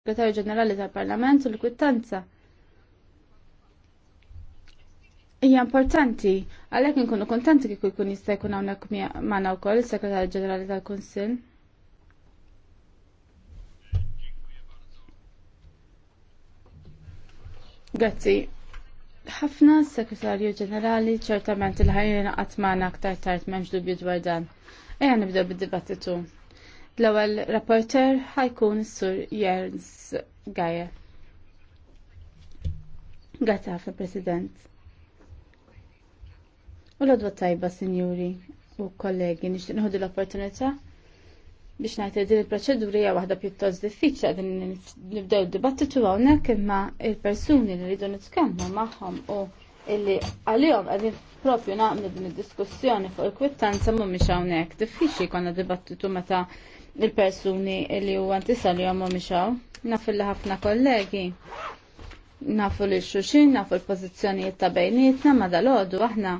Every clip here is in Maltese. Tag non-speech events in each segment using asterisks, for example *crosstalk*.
segretarju ġenerali tal-Parlament u l-kwittanza. Hija importanti, għalhekk inkunu kontenti kieku jkun jista' jkun hawnhekk magħna wkoll is-Segretarju Ġenerali tal-Kunsill. Grazzi. Ħafna s-Sekretarju Ġenerali ċertament il-ħajjina qatt magħna aktar tard m'hemmx dubju dwar dan. Ejja nibdew bid-dibattitu. L-ewwel rapporter ħajkun Sur Jerns Gajer. Grazzi ħafna President. U l tajba, Sinjuri u kollegi, nixtieq nħodu l-opportunità biex ngħid din il-proċeduri hija waħda pjuttost diffiċli din nibdew dibattitu hawnhekk imma il-persuni li rridu nitkellmu magħhom u illi għalihom qegħdin propju naqmlu din id-diskussjoni fuq il-kwittanza mhumiex hawnhekk. Diffiċli jkollna dibattitu meta il-persuni li huwa ntisa li għamma miexaw. Nafu li ħafna kollegi. Nafu li xuxin, nafu l pozizjoni ta' bejnietna, ma dal-ħodu aħna.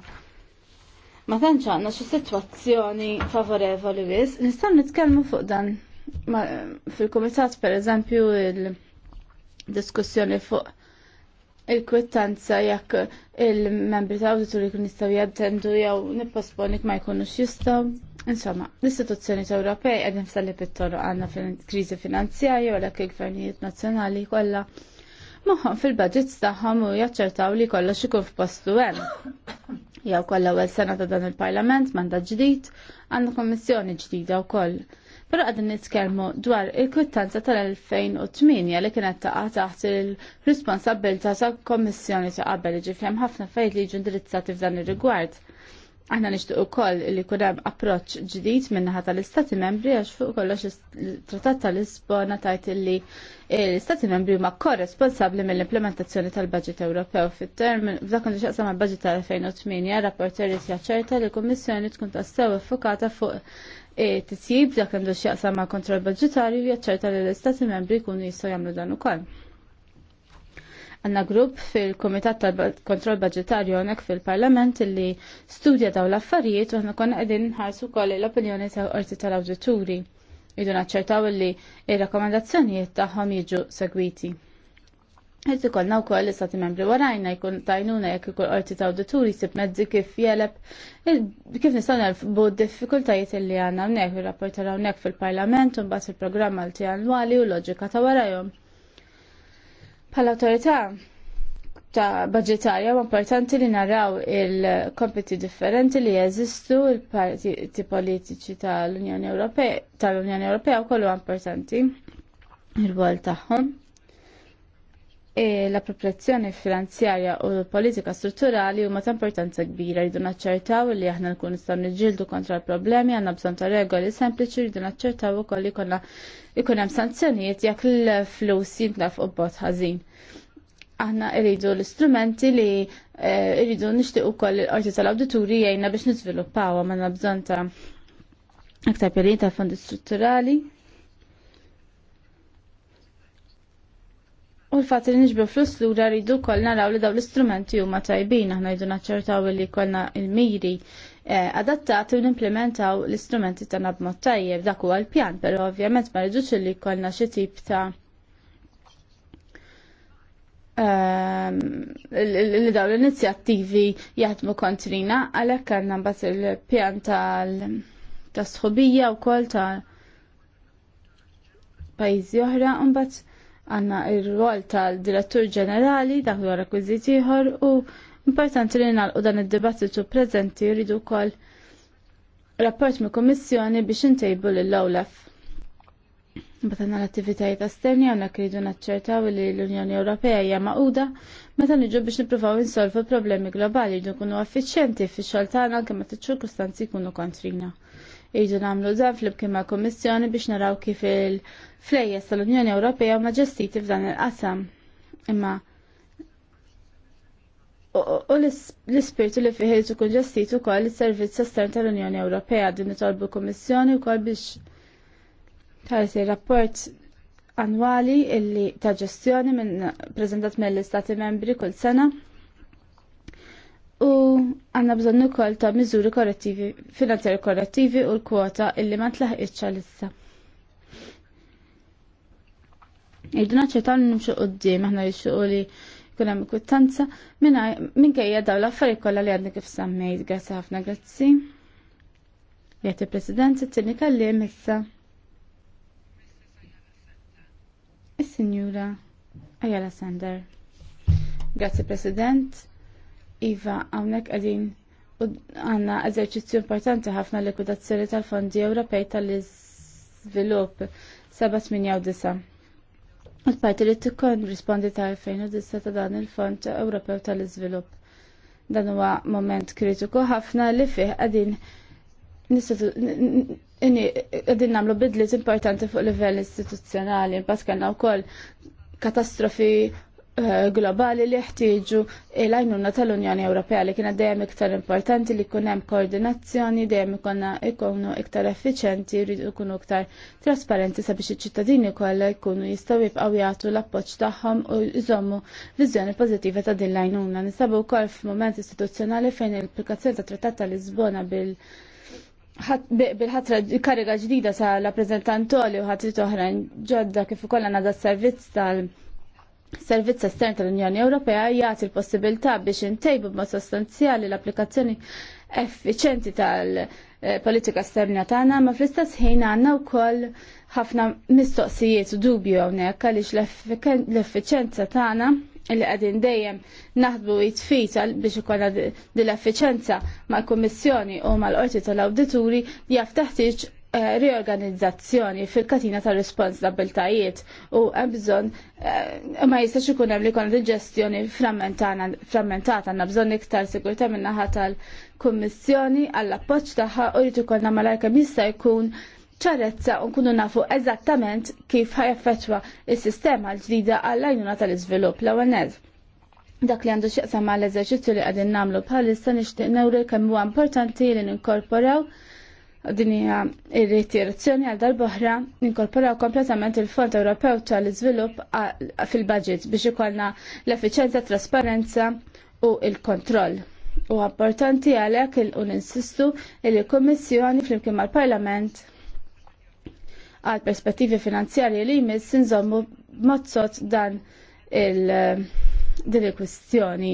Ma tantx għandna xi sitwazzjoni favorevoli wis, nistan nitkellmu fuq dan. Fil-kumitat pereżempju il-diskussjoni fuq il-kwittanza jekk il-membri ta' auditori kun jistaw jattendu jew nipposponi ma jkunux jistaw. Insomma, l-istituzzjoni Ewropej qed nifsalli pittoru għanna fil-krizi finanzjarja u l il-gvernijiet nazjonali kolla moħħom fil-budgets tagħhom u jaċċertaw li kollox ikun f'postu hemm. Jew kollha ewwel sena ta' dan il-Parlament mandat ġdid, għandna kommissjoni ġdida wkoll. Però qegħdin nitkellmu dwar il-kwittanza tal-2008 li kienet taqa' taħt il responsabilta ta' kommissjoni ta' qabel ġifjem ħafna fejt li jiġu indirizzati f'dan ir-rigward Aħna u ukoll li kun hemm approċċ ġdid min-naħa tal-Istati Membri għax fuq kollox it-Trattat tal-Lisbona tajt li l-Istati Membri huma korresponsabbli mill-implementazzjoni tal-Baġit Ewropew fit-term f'dakon li xaqsam għal-Budget tal-2008 rapporter jaċċerta li l-Kummissjoni tkun tassew effukata fuq e, tisjib dak li xaqsam għal kontroll budġetarju jaċċerta li l-Istati Membri jkunu jistgħu jagħmlu dan ukoll. Għanna grupp fil-Komitat tal-Kontroll Budgetarju għonek fil-Parlament li studja daw l-affarijiet u għanna konna għedin nħarsu koll l-opinjoni ta' orti tal-Awdituri. Idu naċċertaw li il-rakkomandazzjonijiet tagħhom jiġu segwiti. Għedzi konna u koll l-istati membri warajna jkun tajnuna jek ikol orti ta' auditori sib mezzi kif jeleb, kif nistan bu diffikultajiet li għanna unnek, il-rapport unnek fil-parlament, un bas il-programma l-ti wali u loġika ta' warajom. Pal autorità ta' budgetarja huwa importanti li naraw il-kompeti differenti li jeżistu il-partiti politiċi tal-Unjoni Ewropea tal-Unjoni Ewropea u kollu importanti il-wol tagħhom. E l-appropriazzjoni finanzjarja u l-politika strutturali huma ta' importanza kbira rridu naċċertaw li aħna nkunu nistgħu niġġieldu kontra l-problemi għandna bżonn ta' regoli sempliċi rridu naċċertaw ukoll ikollna ikun hemm sanzjonijiet jekk l-flus jintlaf bot ħażin. Aħna rridu l-istrumenti li e, rridu nixtieq ukoll l qorti tal-awdituri jgħinna biex niżviluppawhom għandna bżonn ta' aktar pjanijiet ta' fondi strutturali U l-fat li nġbru flus l rridu kol naraw li daw l-istrumenti huma tajbin, aħna jdu naċċertaw li kolna il-miri eh, adattati u nimplementaw l-istrumenti ta' nabmod tajjeb, dak huwa l-pjan, pero ovvjament ma rridux li kolna xi tip ta' ehm, li daw l-inizjattivi jaħdmu kontrina, għalhekk għandna mbagħad il-pjan tal-sħubija wkoll ta' pajjiżi oħra, u mbagħad għanna il rol tal-direttur ġenerali dak li rekwiżit ieħor u importanti li nagħlqu dan id-dibattitu prezenti jridu wkoll rapport mill kummissjoni biex intejbu lill-awlaf. Batanna l-attivitajiet esterni għanna kridu naċċertaw li l-Unjoni Ewropea hija maquda meta niġu biex nippruvaw insolvu problemi globali li kunu effiċjenti fix xogħol tagħna kemm meta ċirkustanzi jkunu kontrina. Irridu nagħmlu dan flimkien mal kummissjoni biex naraw kif il-flejjes tal-Unjoni Ewropea ma ġestiti f'dan il-qasam. Imma u l-ispirtu li fih ikun ġestit ukoll is-servizz estern tal-Unjoni Ewropea din nitolbu u wkoll biex ħarsi rapport annwali illi ta' ġestjoni minn preżentat mill-Istati Membri kull sena u għanna bżonnu kol ta' miżuri korrettivi, finanzjari korrettivi u l-kwota illi ma tlaħqitxa lissa. Irdu naċċettaw li nimxu qoddim aħna li xuqu li kun hemm kwittanza minkejja daw l-affarijiet kollha li għandna kif semmejt. għasa ħafna grazzi. Jagħti President t tieni kalli issa. Is-Sinjura Ajala Sander. Grazzi President. Iva, għamnek għadin għanna eżerċizzju importanti ħafna l-likwidazzjoni tal-Fondi Ewropej tal izvilup 7 7-8-9. Il-parti li tikkon rispondi ta' 2009 ta' dan il-Fond Ewropew tal izvilup Dan huwa moment kritiku ħafna li fih għadin nistatu għadin namlu bidliet importanti fuq livell istituzzjonali, mbagħad kellna wkoll katastrofi Eh, globali li jeħtieġu l-għajnuna tal-Unjoni Ewropea li kienet dejjem iktar importanti li jkun hemm koordinazzjoni, dejjem ikonna ikunu iktar effiċenti, rridu ikunu iktar trasparenti sabiex iċ-ċittadini kollha jkunu jistgħu jibqgħu jagħtu l-appoġġ tagħhom u jżommu viżjoni pożittiva ta' din l-għajnuna. Nisabu wkoll f'mument istituzzjonali fejn il applikazzjoni ta' Trattat tal Lisbona bil- bil-ħatra kariga ġdida sa' la prezentantoli u ħatrit oħrajn ġodda kif ukoll għandha servizz tal- servizz estern tal-Unjoni Ewropea jagħti l-possibilità biex intejbu b'mod sostanzjali l-applikazzjoni effiċenti tal-politika esterna tagħna, ma fl-istess ħin għandna wkoll ħafna mistoqsijiet u dubju hawnhekk għaliex l-effiċenza tagħna li qegħdin dejjem naħdbu jitfit biex ikollna din l-effiċenza mal-Kummissjoni u mal-Qorti tal-Awdituri jaftaħtieġ. Eh, riorganizzazzjoni fil-katina ta' responsabiltajiet u għabżon eh, ma jistax ikun hemm li kon ġestjoni frammentata għandna bżonn iktar sigurtà min-naħa tal-Kummissjoni għall-appoġġ tagħha u jrid ikollna malajr kemm jista' jkun ċarezza u nkunu nafu eżattament kif ħajaffettwa is-sistema l-ġdida għall-għajnuna tal-iżvilupp l-ewwel Dak li għandu xieqsam l eżerċizzju li għadin namlu bħalissa nixtieq newri kemm huwa importanti li ninkorporaw din hija ir-retirazzjoni għal dal-boħra inkorporaw kompletament il-Fond Ewropew tal-Iżvilupp fil-budget biex ikollna l-effiċenza, trasparenza u l-kontroll. U importanti għalhekk il ninsistu il kummissjoni flimkien mal-Parlament għal perspettivi finanzjarji li jmiss sinżommu mozzot dan il din il-kwistjoni.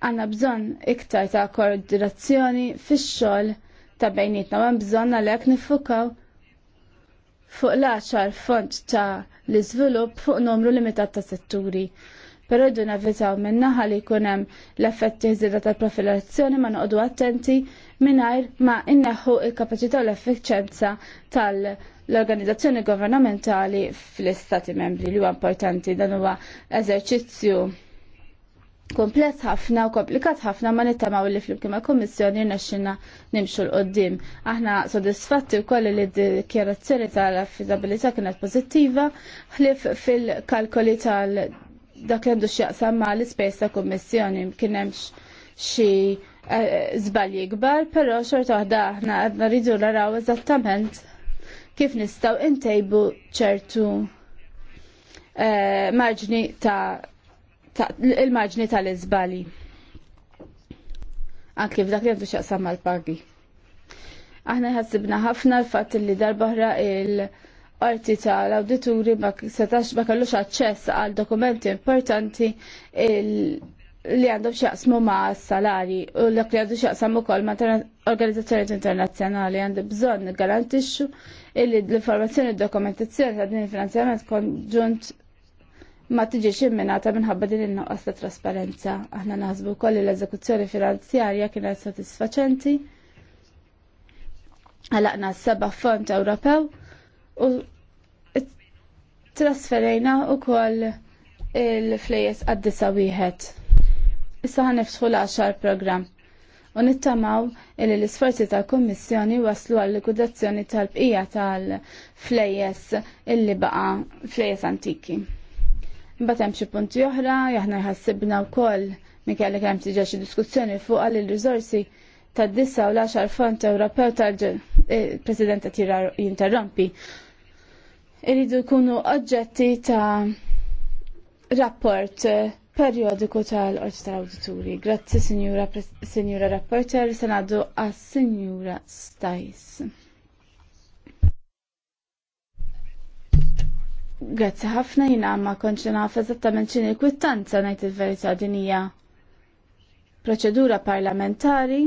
Għanna bżonn iktar ta' koordinazzjoni fix-xogħol ta' bejnietna ma' bżonn għalhekk nifukaw fuq l-10 fond ta' l-iżvilupp fuq numru limitat ta' setturi. Però iddu navvitaw minna li jkun hemm l-effetti ħżieda tal-profilazzjoni ma noqogħdu attenti mingħajr ma inneħħu il-kapaċità u l-effiċenza tal-organizzazzjoni governamentali fl-istati membri li huwa importanti dan huwa eżerċizzju kompless ħafna u komplikat ħafna ma nittamaw li fl-imkien ma' kommissjoni rnexxinna nimxu l-qoddim. Aħna sodisfatti wkoll li d-dikjerazzjoni tal-affidabilità kienet pożittiva ħlif fil-kalkoli tal dak li għandu ma' l-ispejs ta' kommissjoni kien xie xi eh, żbalji kbar, però xorta waħda aħna għadna rridu naraw eżattament kif nistgħu intejbu ċertu eh, marġni ta' il-marġni tal-izbali. Anki f'dak li għandu xaqsam mal-pagi. Aħna ħassibna ħafna l fat li darbaħra il-qorti tal-awdituri ma setax ma kellux aċċess għal dokumenti importanti li għandhom xaqsmu ma' salari u l li għandu xaqsam ukoll ma' organizzazzjoni internazzjonali għandu bżonn garantisċu il l-informazzjoni u dokumentazzjoni ta' din il-finanzjament konġunt ma tiġix imminata minħabba din il-noqqas ta' trasparenza. Aħna naħsbu koll l-eżekuzzjoni finanzjarja kienet satisfaċenti. Għalaqna s-seba fond Ewropew u trasferejna u koll il-flejes għaddisa wieħed. Issa ħanifsħu l-10 program u nittamaw li l-isforzi tal kommissjoni waslu għal likudazzjoni tal-bqija tal-flejes illi baqa flejes antiki. Imbagħad hemm xi punti oħra aħna jħassibna wkoll minkella kemm tiġa xi diskussjoni fuq għal il-riżorsi tad-disa u l għaxar Fond Ewropew tal-President eh, qed jinterrompi. Iridu jkunu oġġetti ta' rapport eh, periodiku tal-Qorti tal-Awdituri. Grazzi, Sinjura Rapporter, se ngħaddu għas-Sinjura Stajs. Grazzi ħafna jina ma konċi naf eżattament x'inhi kwittanza ngħid il-verità din hija proċedura parlamentari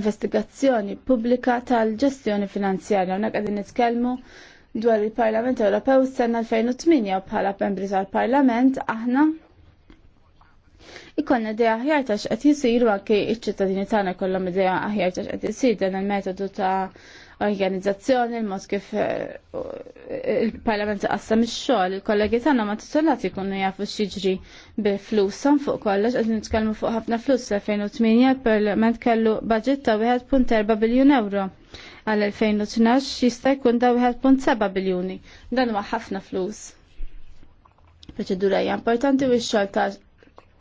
investigazzjoni pubblika tal-ġestjoni finanzjarja unek qegħdin nitkellmu dwar il-Parlament Ewropew s-sena 2008 u bħala membri tal-Parlament aħna Ikonna idea aħjar ta' x'qed jisir anke iċ-ċittadini tagħna kollhom idea aħjar ta' x'qed dan il-metodu ta' organizzazzjoni, il-mod kif eh, il-parlament għassam ix-xogħol, il-kollegi tagħna ma titolati jkunu jafu xieġri bil flushom fuq kollox qed nitkellmu fuq ħafna flus 2008 il-parlament kellu budget ta' 1.4 biljun euro għal 2012 jista' jkun ta' 1.7 biljuni. Dan huwa ħafna flus. Proċedura hija importanti u x-xogħol ta'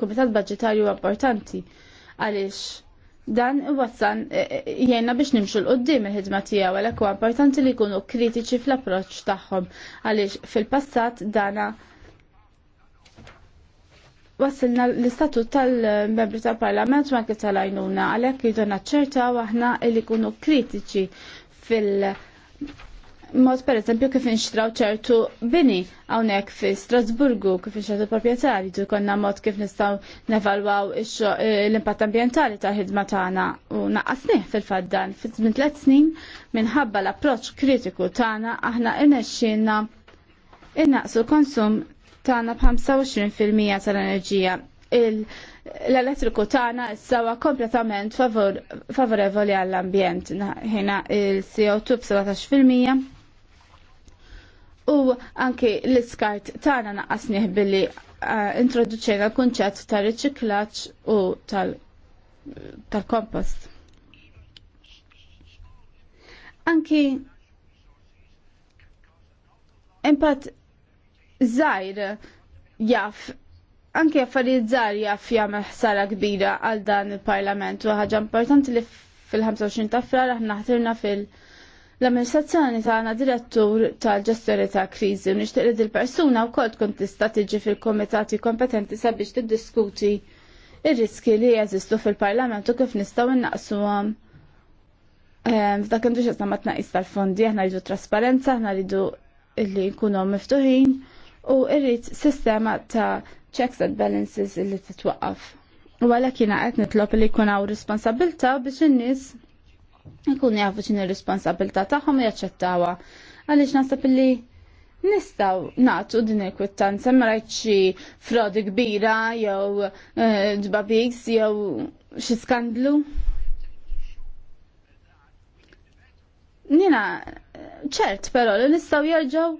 kumitat budġetarju importanti għaliex dan wassan e, e, jena biex nimxu l-qoddim il-ħidma tijaw għalek u importanti li kunu kritiċi fl-approċ tagħhom għaliex fil-passat dana wassilna l-istatut tal-membri tal-parlament ma kif tal-għajnuna għalek jidona ċerta waħna li kunu kritiċi fil- mod per eżempju kif inxtraw ċertu bini hawnhekk fi Strasburgu kif inxtraw proprjetari tu konna mod kif nistgħu nevalwaw eh, l-impatt ambjentali ta' ħidma tagħna u naqqasni fil faddan fi żmien tliet snin minħabba l-approċċ kritiku tagħna aħna irnexxielna innaqsu konsum tagħna b'25% tal-enerġija l-elettriku tagħna issawa kompletament favorevoli għall-ambjent. Ħina il-CO2 b'17% U anke l-iskart tagħna naqqas billi uh, introduċejna l-kunċett ta' riċiklaġġ u tal-kompost. Anki impatt żgħir jaf anke affarijiet żgħar jaf jagħmel ħsara kbira għal dan il-Parlament u ħaġa importanti li fil-25 ta' frar aħna ħtirna fil-, -fil L-amministrazzjoni tagħna direttur tal-ġestjoni ta' kriżi u nixtieq li persuna wkoll tkun tista' tiġi fil-komitati kompetenti sabiex tiddiskuti ir-riski li jeżistu fil-Parlament u kif nistgħu innaqsuhom. Ehm, f'dak indux qed ma tnaqis tal-fondi, aħna rridu trasparenza, aħna rridu li nkunu miftuħin u rrid sistema ta' checks and balances illi titwaqqaf. U għalhekk jiena qed nitlob li jkun hawn responsabilta biex in-nies ikun jafu ċinu responsabilta taħħom jaċċettawa. Għalix nasab li nistaw natu din il-kwittanza ma frodi kbira jew eh, dbabiks jew xi skandlu. Nina ċert però li nistaw jarġaw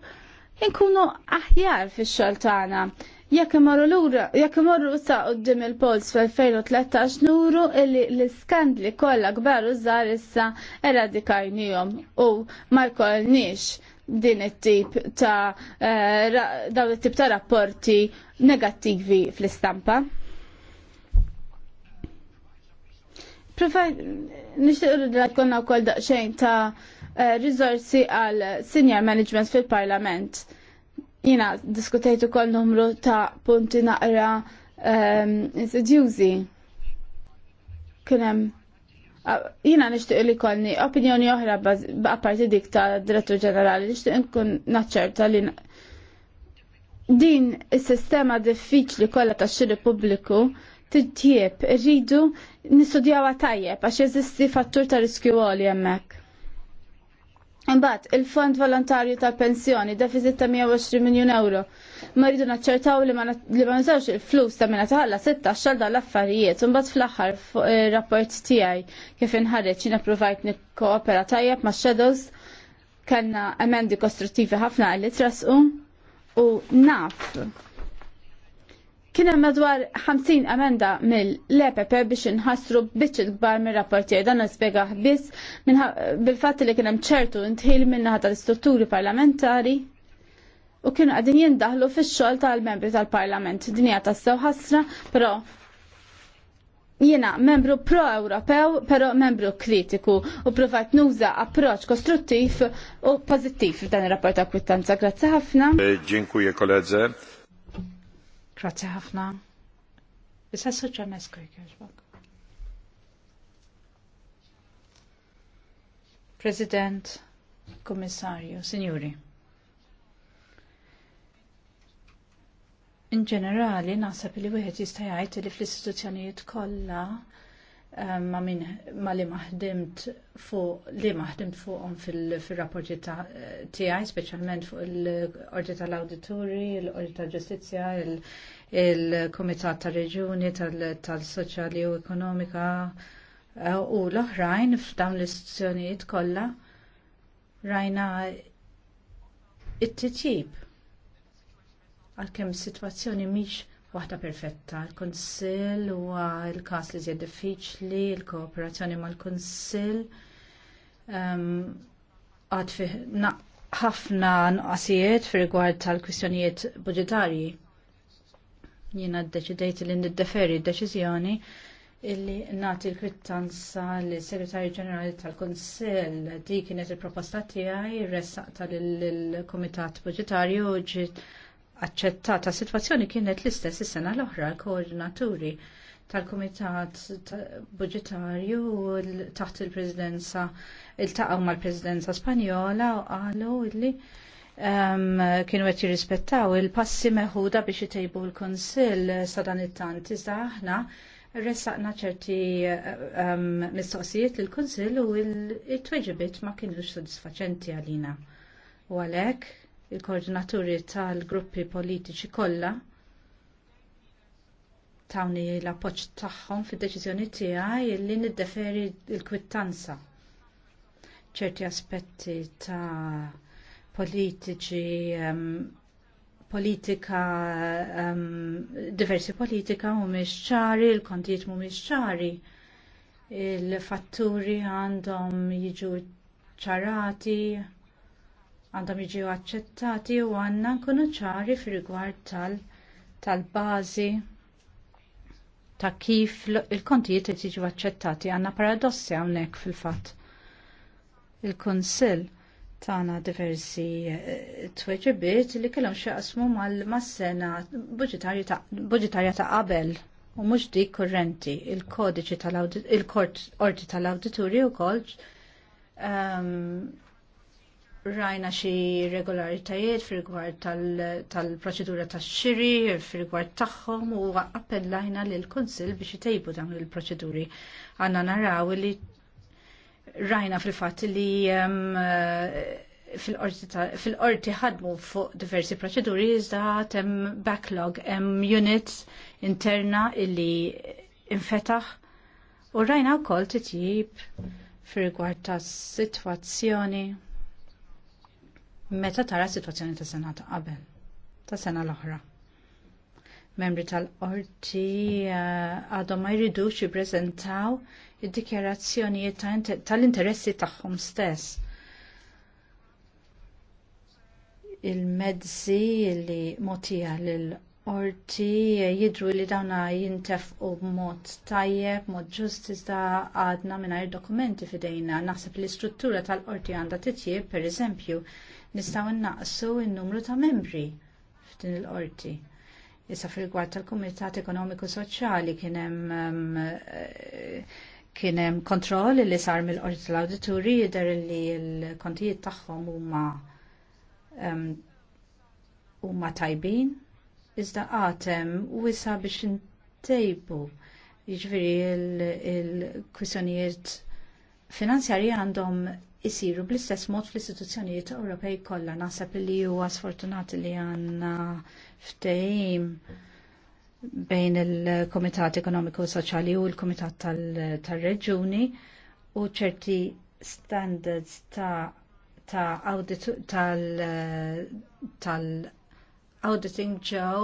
jinkunu aħjar fix-xogħol tagħna. Jekk imorru lura, jekk imorru sa qudiem il-Pols fl-2013 nuru l-iskandli kollha kbar użar issa eradikajnihom u ma jkollniex din it-tip ta' eh, dawn it-tip ta' rapporti negattivi fl-istampa. Profaj, nixtiqru li konna u kol daqxejn ta' eh, rizorsi għal senior management fil-parlament. Jina, diskutejtu kol numru ta' punti naqra ehm, insidjużi. Kunem Jina nishtu li kolni opinjoni oħra b'apparti dik ta' direttur ġenerali, nishtu inkun naċċerta li din is-sistema diffiċli kollha tax-xiri pubbliku titjieb irridu nistudjawha tajjeb għax jeżisti fattur ta' riskju għoli hemmhekk. Imbagħad il-Fond Volontarju tal Pensjoni deficit ta' 120 miljun euro. Ma rridu naċċertaw li ma nużawx il-flus ta' minna taħalla 16 xar l affarijiet Imbagħad fl-aħħar fuq ir-rapport tiegħi kif inħarreġ jiena provajt nikkoopera tajjeb ma' Shadows kellna emendi kostruttivi ħafna li trasqu u naf Kien hemm madwar 50 amenda mill-EPP biex inħassru biċċi kbar mir-rapportier dan nispjegah biss bil-fatt li kien hemm ċertu ntħil minnaħa tal-istrutturi parlamentari u kienu qegħdin jindaħlu fix-xogħol tal-membri tal-Parlament. Dinja tassew ħasra, però jiena membru pro-Ewropew, però membru kritiku u provat nuża approċ kostruttiv u pożittiv f'dan ir-rapport ta' kwittanza. Grazzi ħafna. Eh, dziękuję koledze. Grazzi ħafna. Issa suċċanesku jkieġbak. President, Kommissarju, Signori. In ġenerali, naħseb li wieħed jista' jgħid li fl-istituzzjonijiet kollha Ehm, ma min ma li maħdimt fuq li maħdimt fuqhom fil-rapporti tiegħi speċjalment fuq il-Ordi tal-Awditori, l-Ordi tal-Ġustizzja, il-Kumitat tar-Reġuni tal-Soċjali u Ekonomika eh, u l-oħrajn f'dawn l-istituzzjonijiet kollha rajna it-titjib għalkemm kem sitwazzjoni mhix waħda perfetta. Il-Konsil huwa l-każ li zjed diffiċli, il-kooperazzjoni mal-Konsil ehm, għad um, ħafna nuqqasijiet fi rigward tal-kwistjonijiet Jina Jiena ddeċidejt li niddeferi d-deċiżjoni illi nati l-kwittanza li segretarju ġenerali tal konsil di kienet il-proposta tiegħi ressaqta lill-Kumitat Budġetarju ġiet aċċettata situazzjoni kienet l-istess is-sena l-oħra l-koordinaturi tal-Kumitat Budgetarju taħt il-Presidenza iltaqgħu mal-Presidenza Spanjola u qalu li kienu qed jirrispettaw il-passi meħuda biex itejbu l-Kunsill sa dan it-tant iżda aħna ressaqna ċerti mistoqsijiet lill kunsill u l tweġibit ma kienux sodisfaċenti għalina. U għalhekk il-koordinaturi tal-gruppi politiċi kollha tawni l-appoċ tagħhom fid-deċiżjoni tiegħi li niddeferi l-kwittanza ċerti aspetti ta' politiċi um, politika um, diversi politika mhumiex ċari, il-kontijiet mhumiex ċari, il-fatturi għandhom jiġu ċarati, għandhom jiġu aċċettati u għandna nkunu ċari fir-rigward tal-bażi ta' kif il-kontijiet qed jiġu aċċettati għandna paradossi hawnhekk fil-fatt. Il-Kunsill tana diversi eh, tweġibiet li kellhom xaqsmu mal-massena budġetarja ta' qabel u mhux dik kurrenti il-kodiċi tal-orti tal-awditurju wkoll ehm, rajna xi regolaritajiet fil-gwar tal-proċedura tal tax-xiri, fil-gwar tagħhom u appellajna lil kunsill biex itejbu dawn il-proċeduri. Għanna naraw li rajna fil-fatt li fil-qorti ħadmu fuq diversi proċeduri iżda tem backlog, hemm units interna illi infetaħ u rajna wkoll titjib fil rigward tas-sitwazzjoni meta tara situazzjoni ta' sena ta' qabel, ta' sena l-oħra. Membri tal-qorti eh, għadhom uh, ma jridux jippreżentaw id-dikjarazzjonijiet tal-interessi tagħhom stess. Il-mezzi li motija lil orti jidru li dawna jintef u mod tajjeb, mod ġustis da għadna minna dokumenti fidejna. Naħseb li struttura tal-orti għanda titjib, per eżempju, nistgħu innaqsu n-numru ta' membri f'din il-qorti. Issa fil rigward tal-Kumitat Ekonomiku Soċjali um, eh, kien hemm kontroll li sar mill-qorti tal-awdituri jidher li l-kontijiet tagħhom huma um, huma tajbin iżda għatem wisa biex intejbu jiġifieri il-kwistjonijiet finanzjarji għandhom isiru bl-istess mod fl-istituzzjonijiet Ewropej kollha naħseb li huwa sfortunati li għandna ftehim bejn il-Komitat Ekonomiku Soċjali u l-Komitat tal-Reġuni u ċerti standards ta' ta' tal tal auditing ġew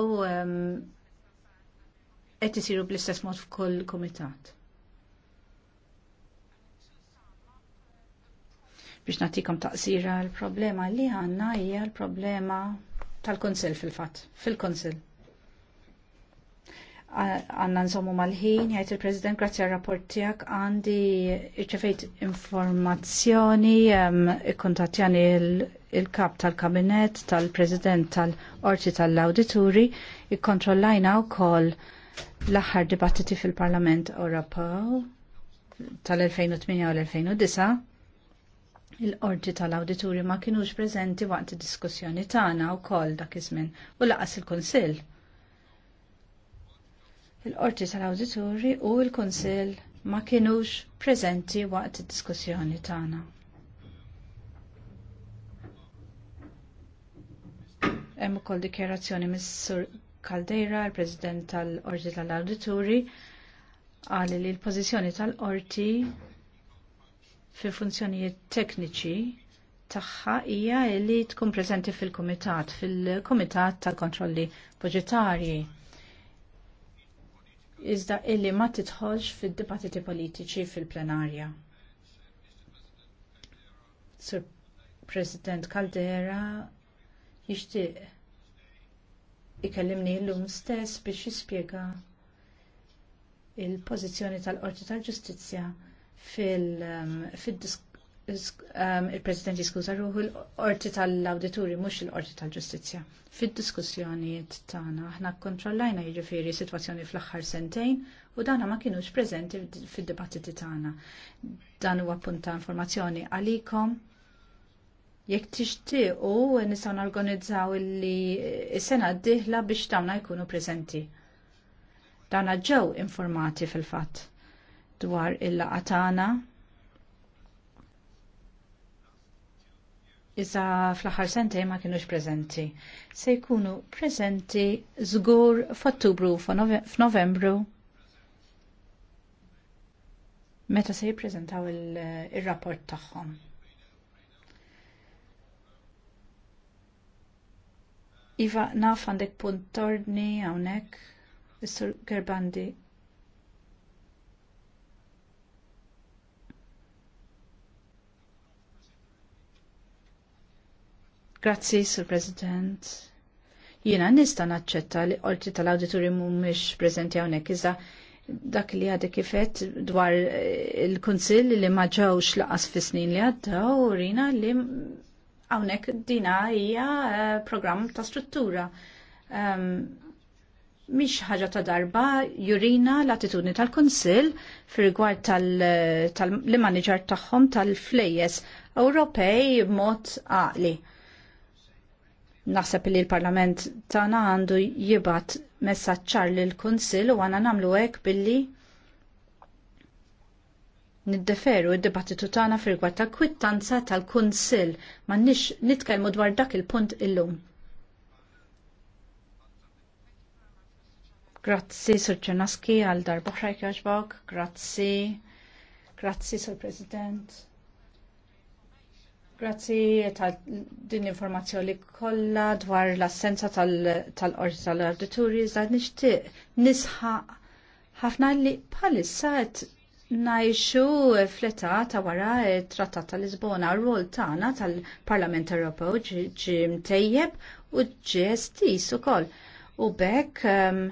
qed isiru bl-istess mod f'kull kumitat. biex natikom taqsira l-problema li għanna hija l-problema tal-konsil fil-fat, fil-konsil. Għanna nżommu mal-ħin, jgħajt il-President, grazzi għal rapportijak, għandi irċevejt informazzjoni, um, kontattjani il-kap il kap tal tal-President, tal-orti tal-auditori, ikkontrollajna u koll l-axar dibattiti fil-Parlament Ewropew tal-2008 u l-2009 Il-qorti tal-awdituri ma kienux preżenti waqt id-diskussjoni tagħna wkoll dak iż-żmien u laqas il-Kunsill. Il-qorti tal-awdituri u l-Kunsill ma kienux preżenti waqt id-diskussjoni tagħna. Hemm ukoll dikjarazzjoni mis-Sur Caldeira, il-President tal-Qorti tal-Awdituri, qal li l-pożizzjoni tal-Qorti fil funzjonijiet tekniċi tagħha hija li tkun preżenti fil-kumitat, fil-kumitat ta' kontrolli budġetarji. Iżda illi ma titħolx fid-dibattiti politiċi fil-plenarja. Sur President Caldera jixtieq ikellimni llum stess biex jispjega il-pożizzjoni tal-Qorti tal-Ġustizzja fil-President um, um, jiskuza ruħu l-orti tal-auditori, mux l-orti tal-ġustizja. fil t tana, ħna kontrollajna jirriferi situazzjoni fl-axħar sentejn u dana ma kienux prezenti fil-dibattiti tana. Dan huwa punta informazzjoni għalikom. Jek tixtiequ nistgħu norganizzaw li s-sena d-dieħla biex tawna jkunu prezenti. Dana ġew informati fil-fatt dwar il-laqatana. Iza fl-aħħar sentej ma kienux prezenti. Se jkunu prezenti żgur f'Ottubru f'Novembru. Meta se jippreżentaw il-rapport il tagħhom. Iva, naf għandek punt torni għawnek, Mr. Gerbandi, Grazzi, Sur President. Jiena nista naċċetta li qorti tal auditori mhumiex preżenti hawnhekk iżda dak li għadek kifet dwar eh, il-Kunsill li ma ġewx laqas fi snin li għaddew rina li hawnhekk dina hija eh, programm ta' struttura. Ehm, mhix ħaġa ta' darba jurina l-attitudni tal-Konsil fir-rigward tal-manager tal, tagħhom tal-flejjes Ewropej b'mod għaqli. Naħseb li l-Parlament tagħna għandu jibat messaċċar lill kunsill u għana nagħmlu hekk billi niddeferu id-dibattitu tagħna firgwa ta' kwittanza tal-Kunsill m'għandniex nitkellmu dwar dak il-punt illum. Grazzi Sur Ġenaski għal darba ħrajk grazzi, grazzi Sur President. Grazzi tal din informazzjoni kollha dwar l-assenza tal-qorti tal-arditturi żgħar nixtieq nisħa ħafna li bħalissa qed ngħixu fleta ta' wara t-Trattat tal-Lisbona r-rol tagħna tal-Parlament Ewropew ġie mtejjeb u ġie stis ukoll. U bekk ehm,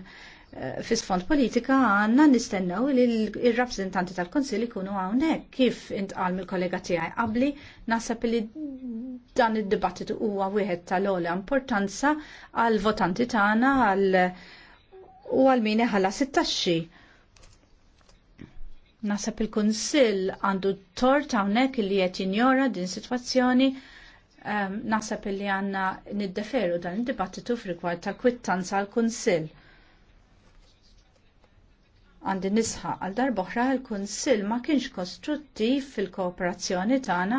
Eh, fis sfond politika għanna nistennaw li il-rappresentanti tal-Konsil ikunu hawnhekk kif intqal mill-kollega tiegħi qabli nasab li dan id-dibattitu huwa wieħed tal-ogħla importanza għal votanti tagħna għal u għal min ħalla sittaxxi. Nasab il-Kunsill għandu tort hawnhekk li qed jinjora din sitwazzjoni um, nasab li għanna niddeferu dan id-dibattitu f'rigward tal-kwittanza għal-Kunsill Għandi nisħa għal darboħra il-Kunsill ma kienx kostruttiv fil-kooperazzjoni tagħna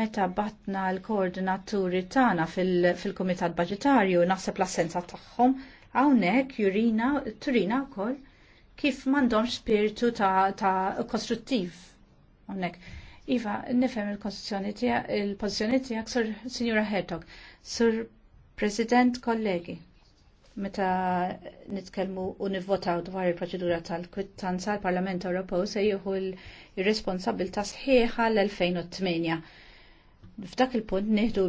meta batna l-koordinaturi tagħna fil-Kumitat Baġitarju naħseb l-assenza tagħhom hawnhekk jurina turina wkoll kif m'għandhomx spiritu ta', kostruttiv hawnhekk. Iva, nifhem il-konstituzzjoni tiegħek sur pożizzjoni tiegħek Sinjura Hertog. Sur President kollegi meta nitkellmu u nivvotaw dwar il-proċedura tal-kwittanza l-Parlament Ewropew se jieħu l ta' sħiħa l-2008. F'dak il-punt nieħdu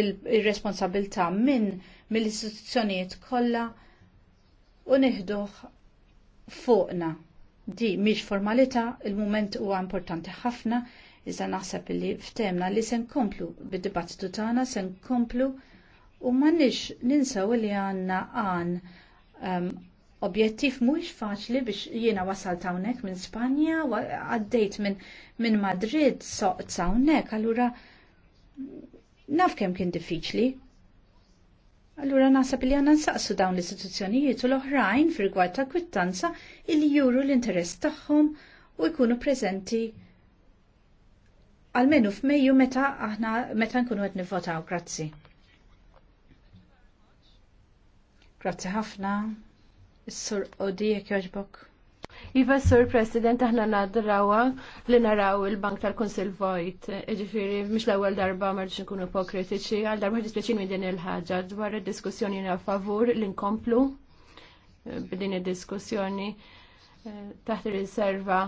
il-responsabilta minn mill-istituzzjonijiet kollha u nieħduh fuqna. Di mhix formalità, il-mument huwa importanti ħafna, iżda naħseb li ftemna li se nkomplu bid-dibattitu tagħna, se nkomplu U mannix ninsaw li għanna għan um, objettiv mux faċli biex jiena wasal hawnhekk minn Spanja, għaddejt minn min Madrid, soqt hawnhekk, allura naf kemm kien diffiċli. Allura nasab li għanna nsaqsu dawn l-istituzzjonijiet u l-oħrajn fil-gwar ta' kwittanza illi juru l-interess tagħhom u jkunu preżenti għalmenu f'Mejju meta aħna meta nkunu qed nivvotaw. Grazzi. Grazzi ħafna. Is-sur Odijek joġbok. Iva, Sur President, aħna nadrawa li naraw il-Bank tal-Konsil Vojt. Ġifiri, mish l-ewel darba marġi nkunu ipokritiċi, għal darba ħedispeċin minn din il-ħagġa dwar il-diskussjoni na favur l-inkomplu b'din il-diskussjoni eh, taħt il-riserva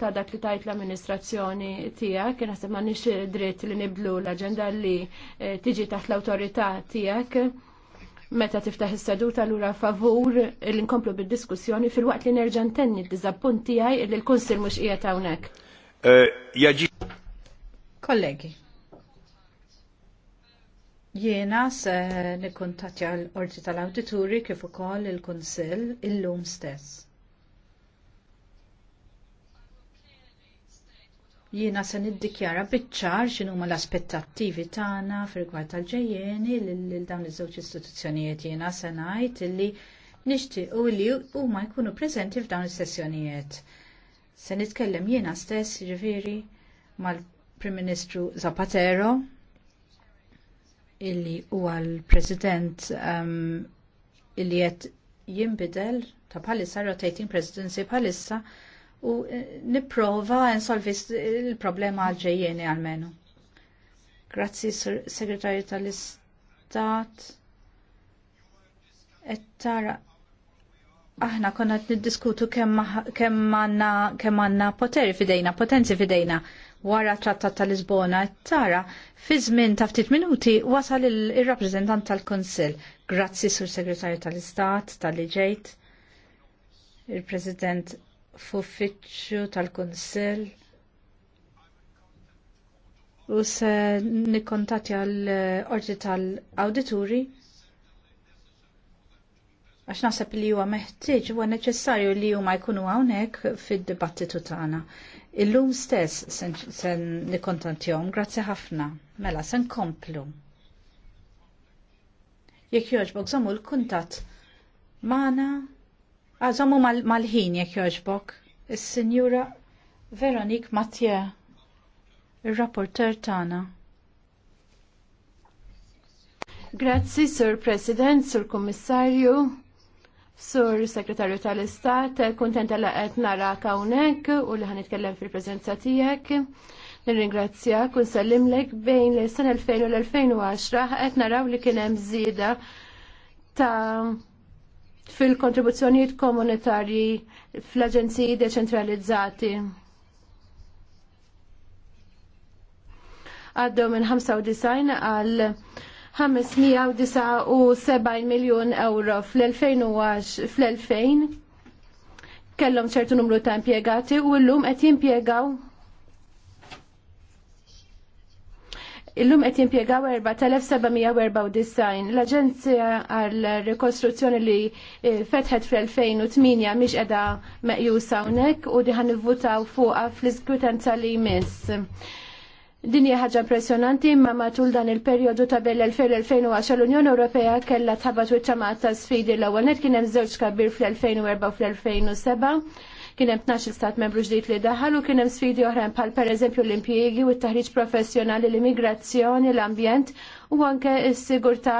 ta' dak li tajt l-amministrazzjoni tijak, naħseb ma' nix dritt li niblu l-agenda li eh, tiġi taħt l awtorità tijak meta tiftaħ is-seduta lura favur li nkomplu bid-diskussjoni fil-waqt li nerġa' ntenni d-diżappunt tiegħi li l konsil mhux qiegħed hawnhekk. Eh, jaġi. Kollegi. Jiena se nikkuntattja l-Qorti tal-Awdituri kif ukoll il-Kunsill illum stess. jiena se niddikjara biċċar x'inhuma l-aspettattivi tagħna fir-rigward tal-ġejjeni lil dawn iż-żewġ istituzzjonijiet jiena se ngħid illi nixtiequ li huma jkunu preżenti f'dawn is-sessjonijiet. Se nitkellem jiena stess ġifieri mal-Prim Ministru Zapatero illi huwa l-President um, illi qed jinbidel ta' palissa rotating presidency bħalissa u eh, niprova nsolvi eh, il-problema għalġejjeni għalmenu. Grazzi segretarju tal-Istat. Ettara, tara aħna konna niddiskutu kemm għandna poteri fidejna, potenzi fidejna wara trattat tal-Lisbona tara fi żmien ta' ftit minuti wasal il-rappreżentant tal konsil Grazzi sur Segretarju tal-Istat tal-li ġejt, il-President f'uffiċċju tal-Kunsill u se nikkontatti l qorti tal-awdituri għax naħseb li huwa meħtieġ huwa neċessarju li huma jkunu hawnhekk fid-dibattitu tagħna. Illum stess se nikkontantjom, grazzi ħafna. Mela, se nkomplu. Jekk jogħġbok żommu l-kuntatt magħna Għazomu mal-ħin jek joġbok. il signora Veronik Mattie, il-rapporter tana. Grazzi, Sur President, Sur Kommissarju, Sur Segretarju tal-Istat, kontenta la għet nara hawnhekk u li itkellem fil-preżenza tiegħek. Nirringrazzjak u lek bejn l sen 2000 u l-2010 qed naraw li kien hemm żieda ta' fil-kontribuzzjonijiet komunitarji fl-aġenziji deċentralizzati. Għaddew minn 95 għal 579 miljon euro fl-2010 fl-2000 kellhom ċertu numru ta' impjegati u llum qed jimpjegaw Illum qed jimpjegaw 4794 l-Aġenzija għal rikostruzzjoni li eh, fetħet fl-2008 mhix qiegħda meqjusa hawnhekk u diħan nivvutaw fuqha fl-iskrutenza li jmiss. Din hija ħaġa impressjonanti imma matul dan il-perjodu ta' bel 2010 l-Unjoni Ewropea kellha tħabat wiċċa ta' sfidi l-ewwel nett kien hemm żewġ kabir fl-2004 u fl-2007 Kien hemm 12 stat membru ġdid li daħal u kien hemm sfidi oħrajn bħal pereżempju l-impjiegi u t-taħriġ professjonali, l-immigrazzjoni, l-ambjent u anke s-sigurtà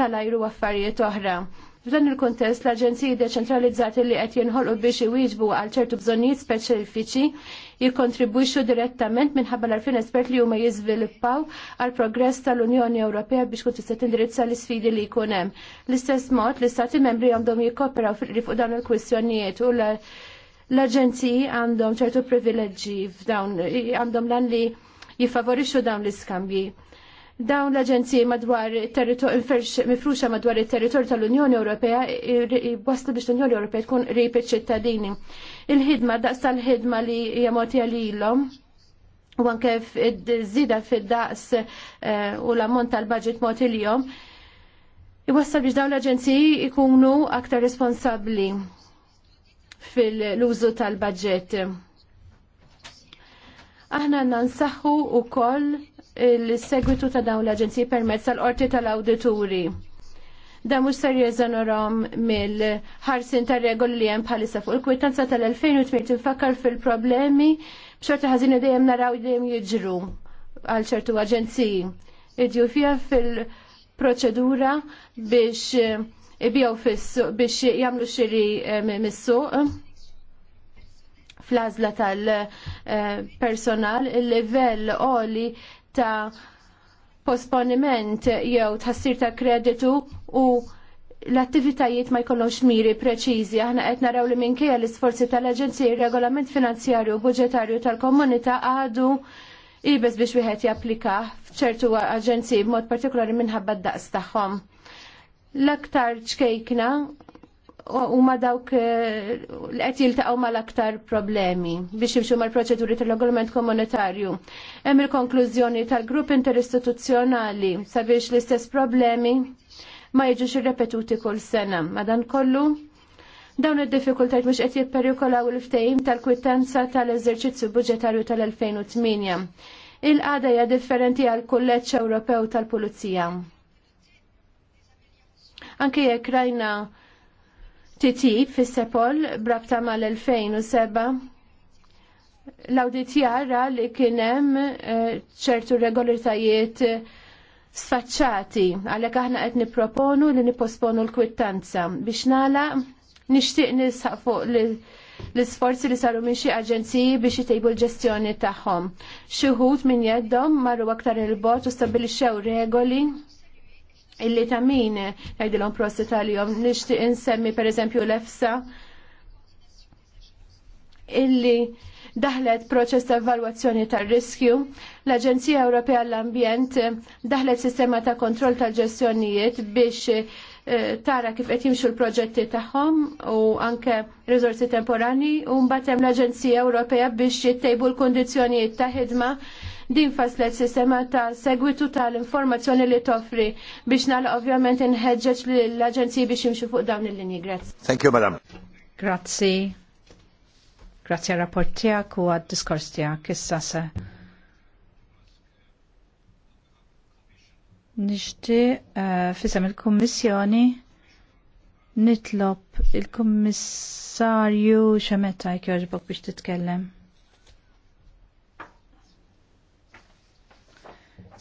tal-ajru affarijiet oħra. F'dan il-kontest l-Aġenziji deċentralizzati li qed jinħolqu biex iwieġbu għal ċertu bżonnijiet speċifiċi jikkontribwixxu direttament minħabba l-arfin espert li huma jiżviluppaw għal progress tal-Unjoni Ewropea biex kun tista' tindirizza l-isfidi li jkun hemm. L-istess mod l-istati membri għandhom fil fuq dawn il-kwistjonijiet u l L-aġenziji għandhom ċertu privileġġi f'dawn, għandhom lan li jifavorixxu dawn l-iskambji. Dawn l-aġenziji madwar mifruxa madwar it territorju tal-Unjoni Ewropea jibwaslu biex l-Unjoni Ewropea tkun rib iċ-ċittadini. Il-ħidma, daqs tal-ħidma li jamoti għalilhom u anke żida fid-daqs eh, u l-ammont tal baġit mod il-jom, iwassal biex dawn l-aġenziji ikunu aktar responsabbli fil-użu tal-budget. Aħna nansaħu u koll il-segwitu ta' dawn l-Aġenziji permezz tal-Qorti tal-Awdituri. Dan mhux ser jeżonorom mill-ħarsin tar-regoli li hemm bħalissa fuq il-kwitanza tal-2008 tinfakkar fil-problemi b'xorta ħażin dejjem naraw dejjem jiġru għal ċertu aġenziji. Idju fija fil-proċedura biex ibijaw fissu biex jamlu xiri eh, missu eh, fl tal-personal eh, il-level oli ta' posponiment jew tħassir ta' kreditu u l-attivitajiet ma jkollhomx miri preċiżi. Aħna qed naraw li minkejja l-isforzi tal-Aġenzija regolament finanzjarju u budġetarju tal-komunità għadu ibes biex wieħed japplika f'ċertu aġenziji b'mod partikolari minħabba d-daqs tagħhom. L-aktar ċkejkna u ma dawk eh, l-qed jiltaqgħu mal-aktar problemi biex jimxu mal-proċeduri tal-regolament komunitarju. Hemm il-konklużjoni tal-grupp interistituzzjonali sabiex l-istess problemi ma jiġux irrepetuti kull sena. Madan kollu dawn id-diffikultajt mhux qed jipperikolaw il-ftehim tal-kwittanza tal-eżerċizzju budġetarju tal-2008. Il-qada hija differenti għal kulleġġ Ewropew tal-Pulizija. Anke jekk rajna titib fis-sepol brabta mal-2007 l-awdit jara li kienem eh, ċertu regolaritajiet sfaċċati għalhekk aħna qed nipproponu li nipposponu l-kwittanza biex nagħlaq nixtieq nisaq fuq li l-isforzi li saru minn xi aġenziji biex jtejbu l-ġestjoni tagħhom. Xi wħud minn jeddhom marru aktar il-bot u stabbilixxew regoli illi ta' min għajdilom prosti tal-jom nishti insemmi per eżempju l-EFSA illi daħlet proċess ta' evalwazzjoni tar riskju l-Aġenzija Ewropea l-Ambjent daħlet sistema ta' kontroll tal-ġestjonijiet biex Eh, tara kif qed jimxu l-proġetti tagħhom u anke riżorsi temporani u mbagħad hemm l-Aġenzija Ewropea biex jittejbu l-kundizzjonijiet ta' ħidma din faslet sistema ta' segwitu tal-informazzjoni li toffri biex nagħlaq ovvjament inħeġġeġ l-Aġenziji biex jimxu fuq dawn il-linji. Grazzi. Thank you, madam. Grazzi. Grazzi għal rapport tiegħek u għad-diskors tiegħek. Issa se Nishti uh, eh, fisem il-Kommissjoni nitlob il-Kommissarju xemetta jkjoġbok biex titkellem.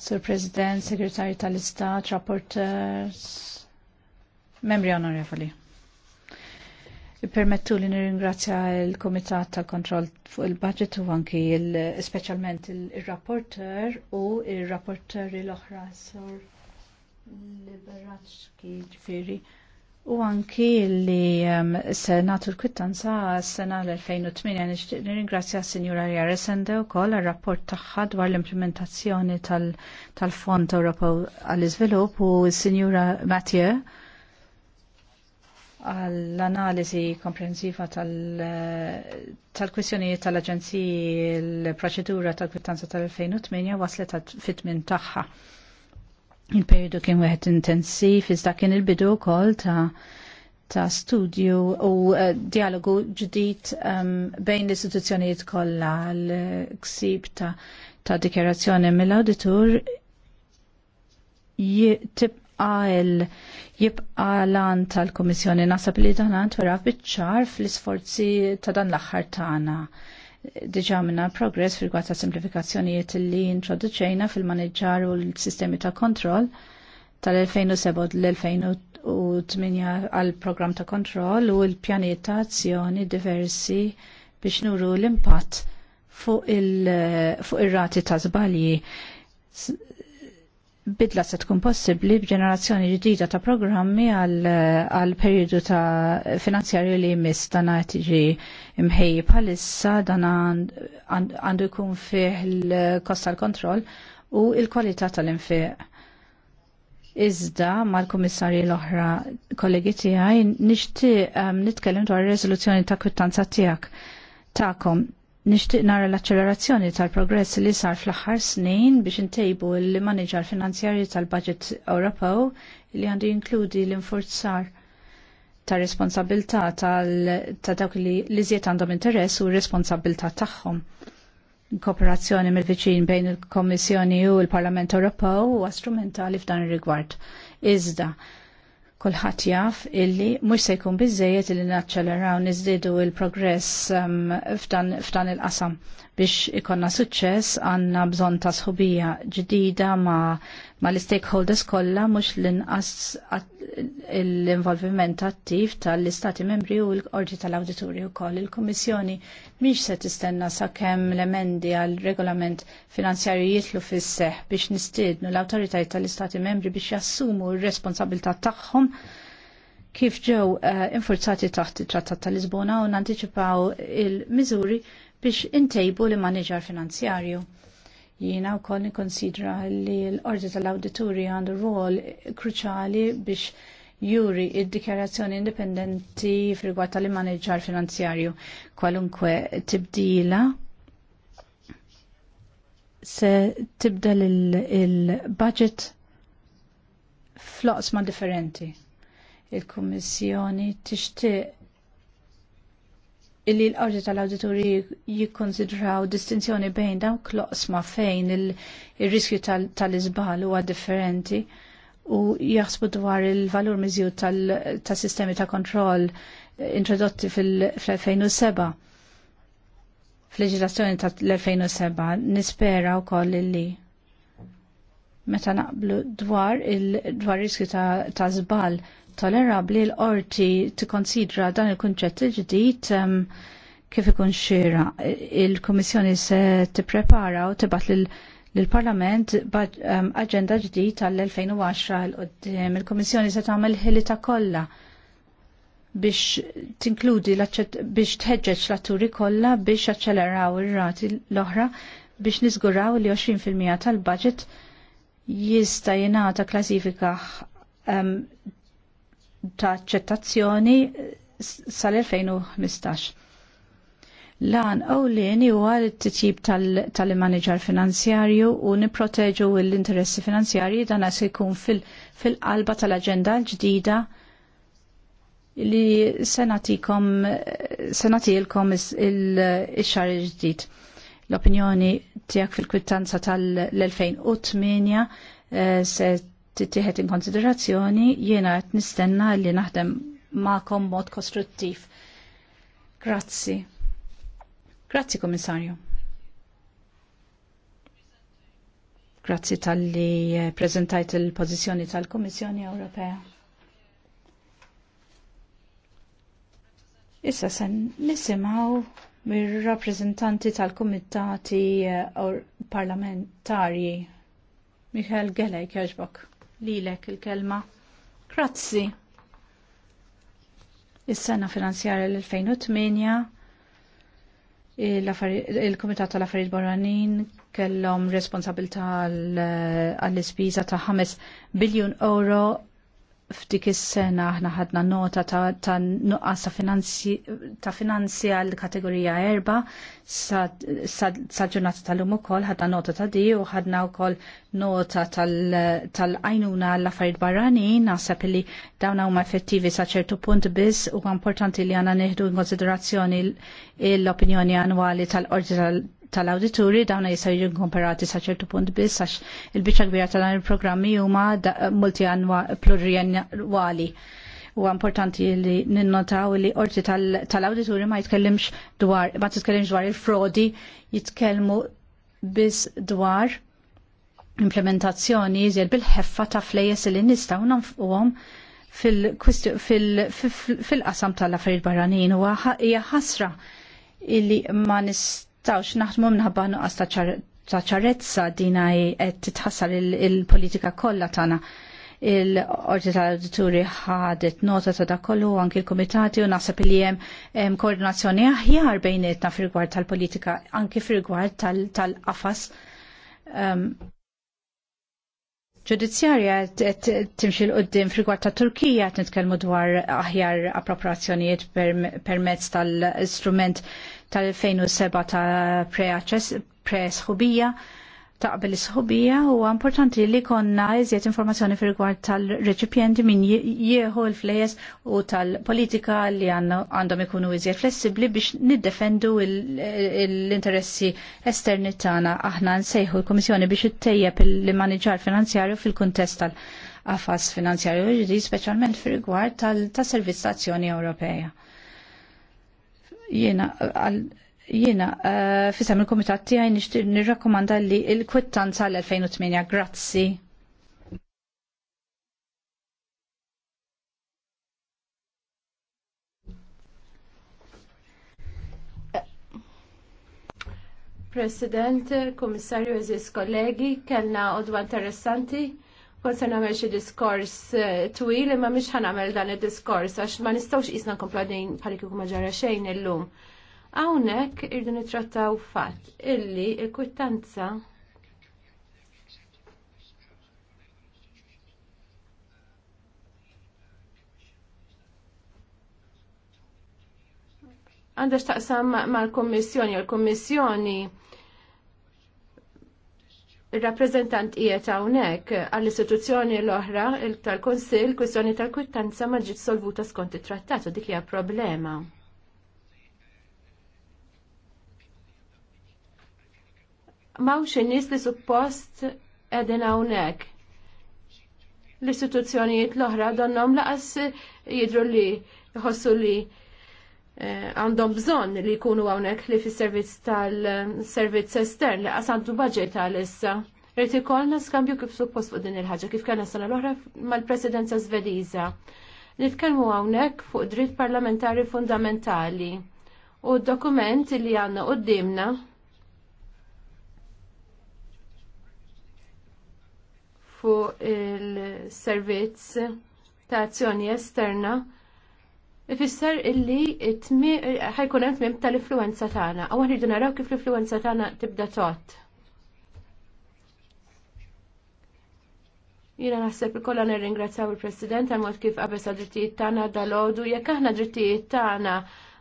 Sir President, Segretarju tal-Istat, Rapporters, Membri Onorevoli. Permettu li nirringrazzja il-Komitat tal-Kontroll fuq il-Budget u anki specialment il-rapporter u il-rapporter l-oħra sor Liberaċki ġifiri u anki li um, senatu l-kwittanza s-sena l-2008 nir nirringrazzja s-Sinjura Jaresende u koll rapport taħħa dwar l-implementazzjoni tal-Fond Europa Ewropew għall-Iżvilupp u s-Sinjura Mathieu għall-analizi komprensiva tal-kwissjonijiet tal eh, kwissjonijiet tal l-proċedura tal-kwittanza tal-2008 waslet fit min tagħha. Il-periodu kien wieħed intensiv, iżda kien il-bidu wkoll ta' ta' studju u eh, dialogu ġdid ehm, bejn l-istituzzjonijiet kollha l-ksib ta' ta' dikjerazzjoni mill-auditur għal jibqa lan tal-Komissjoni nasab li dan għant vera bitċar fl-isforzi ta' dan l-axħar tagħna. Diġa minna progress fil ta' simplifikazzjonijiet li introduċejna fil-maneġġar u l-sistemi ta' kontroll tal-2007 l-2008 għal program ta' kontroll u l-pjaniet ta' azzjoni diversi biex nuru l-impatt fuq il-rati ta' zbalji bidla se tkun possibbli b'ġenerazzjoni ġdida ta' programmi għal periodu ta' finanzjarju li jmiss dan tiġi mħej bħalissa dan għandu jkun fih il-kost tal-kontroll u il-kwalità tal-infiq. Iżda mal-kummissarji l-oħra kollegi tiegħi nixtieq ehm, nitkellem dwar ir-reżoluzzjoni ta' kwittanza tiegħek tagħkom Nixtieq nara l-accelerazzjoni tal-progress li sar fl-aħħar snin biex intejbu l-manager finanzjarji tal-budget Ewropew li għandu jinkludi l-infurzar ta' responsabilità ta' dawk li ziet għandhom interess u responsabilta tagħhom. Kooperazzjoni mill-viċin bejn il-Kommissjoni u l-Parlament Ewropew huwa strumentali f'dan ir-rigward. Iżda, Kulħadd jaf illi mhux se jkun biżejjed illi naċċeleraw niżdiedu il-progress um, f'dan il-qasam biex ikonna suċċess għandna bżonn ta' sħubija ġdida ma' mal-stakeholders kollha mhux l-inqas l-involviment attiv tal-Istati membri u l-Qorti tal-Awditurju wkoll. Il-Kummissjoni mhix se tistenna sakemm l-emendi għal regolament finanzjarju jitlu fis seħħ biex nistiednu l-awtoritajiet tal-Istati membri biex jassumu r-responsabilità tagħhom kif ġew eh, infurzati taħt it-Trattat tal-Lisbona u nantiċipaw il-miżuri biex intejbu l maniġar finanzjarju Jiena wkoll nikkonsidra li l-Ordi tal-Awdituri għandu rwol kruċali biex juri id-dikjarazzjoni indipendenti fil tal-manager finanzjarju kwalunkwe tibdila se tibdel il-budget il ma' differenti. Il-Kummissjoni tixtieq illi l-qorti tal-awdituri jikkonsidraw distinzjoni bejn dawk kloqsma fejn il-riskju tal-izbal huwa differenti u jaħsbu dwar il-valur miżju tal-sistemi ta' kontroll introdotti fil-2007 fl-leġilazzjoni tal-2007 nispera u koll illi meta naqblu dwar il riskju ta' zbal tollerabli l-qorti tikkonsidra dan il-kunċett il-ġdid kif ikun xira. Il-Komissjoni se tipprepara u t-bat l-Parlament aġenda ġdid għall 2010 l-qoddim. Il-Komissjoni se tagħmel ħilita kollha biex tinkludi biex tħeġġeġ l-atturi kollha biex aċċeleraw ir-rati l-oħra biex niżguraw li 20% tal-budget jista jingħata klasifika um, ta' ċettazzjoni sal-2015. Lan u huwa t-tip tal-manager finanzjarju u niproteġu l-interessi finanzjarji dan se jkun fil-qalba tal-aġenda l-ġdida li senatikom senatilkom il-xar ġdid. L-opinjoni tiegħek fil-kwittanza tal-2008 eh, se tittieħed in konsiderazzjoni jiena qed nistenna li naħdem magħkom mod kostruttiv. Grazzi. Grazzi Komissarju. Grazzi tal-li eh, prezentajt il-pożizzjoni tal kummissjoni Ewropea. Issa sen nisimaw mir-rappreżentanti tal-Kumitati eh, Parlamentari Michael Gelej Kjerġbok lilek il-kelma. Grazzi. Is-sena finanzjarja l-2008 il-Komitat tal-Affarijiet Barranin kellhom responsabilità għall-ispiża ta' 5 biljun euro f'dik is-sena aħna ħadna nota ta', ta nuqqas ta' finanzi ta' għal kategorija erba sa, sa, sa ġurnata tal-lum ukoll ħadna nota ta' di u ħadna wkoll nota tal-għajnuna tal l-affarijiet barranin naħseb li dawn huma effettivi sa' ċertu punt biss u importanti li għandna neħdu in konsiderazzjoni l-opinjoni annwali tal-Qorti tal-awdituri dawna jisaw jinkomparati sa' sa'ċertu punt biss il-biċċa kbira tal il-programmi huma multi plurianwali. U importanti li ninnotaw li orti tal-awdituri ma jitkellimx dwar, ma jitkellimx dwar il-frodi, jitkellmu biss dwar implementazzjoni jizjed bil-ħeffa ta' flejes li nistaw nanfuqom fil-qasam tal-affarijiet barranin u hija ħasra illi ma nis T'awx naħdmu minħabba nuqqas ta' ċarezza dina qed titħassal il-politika kollha tagħna il-orti tal-auditori ħadet nota ta' dakollu anki l-komitati u nasab li jem koordinazzjoni aħjar bejnietna fil-gwar tal-politika anki fil-gwar tal-qafas ehm, ġudizzjarja l qoddim fil-gwar ta' Turkija t-nitkelmu dwar aħjar appropriazzjonijiet permezz tal-istrument tal-2007 ta' pre-sħubija ta' qabel sħubija u importanti li konna iżjed informazzjoni fil rigward tal-reċipjenti min jieħu l-flejes u tal-politika li għandhom ikunu iżjed flessibli biex niddefendu l-interessi esterni tagħna aħna nsejħu l-Kummissjoni biex ittejjeb il-maniġar finanzjarju fil-kuntest tal- afas finanzjarju ġdid speċjalment fir rigward tal-servizzazzjoni Ewropea. Jiena jiena eh, fisem il-komitat tiegħi nixtieq nirrakkomanda li l-kwittanza l-2008 grazzi. President, Komissarju, Eżis, kollegi, kellna odwa interessanti Forse se nagħmel xi diskors eh, twil imma mhix ħanamel dan id-diskors għax ma nistgħux qisna nkompladin bħal kieku ma ġara xejn illum. Hawnhekk irdu nittrattaw fatt illi l-kwittanza għandax taqsam mal-kommissjoni, l-kommissjoni il-rappresentant qiegħed hawnhekk għall-istituzzjoni l-oħra tal-Kunsill kwistjoni tal-kwittanza ma ġiet solvuta skont it-trattat u dik hija problema. Mawx in-nies li suppost qegħdin hawnhekk. L-istituzzjonijiet l-oħra donhom laqas jidru li jħossu li Eh, għandhom bżonn li jkunu hawnhekk li fis-servizz tal-servizz estern li qasantu budget issa. Rriti ikollna skambju kif suppost fuq din il-ħaġa kif kellna sena l-oħra mal-Presidenza Li Nitkellmu hawnhekk fuq dritt parlamentari fundamentali u d-dokument li għandna dimna fuq il-servizz ta' azzjoni esterna ifisser illi t-tmi ħajkun hemm tmiem tal-influenza tagħna, aw rridu naraw kif l-influenza tagħna tibda tot. Jiena naħseb ikollha nirringrazzjaw il-President għal mod kif qabeż drittijiet tagħna dal-għodu jekk aħna drittijiet tagħna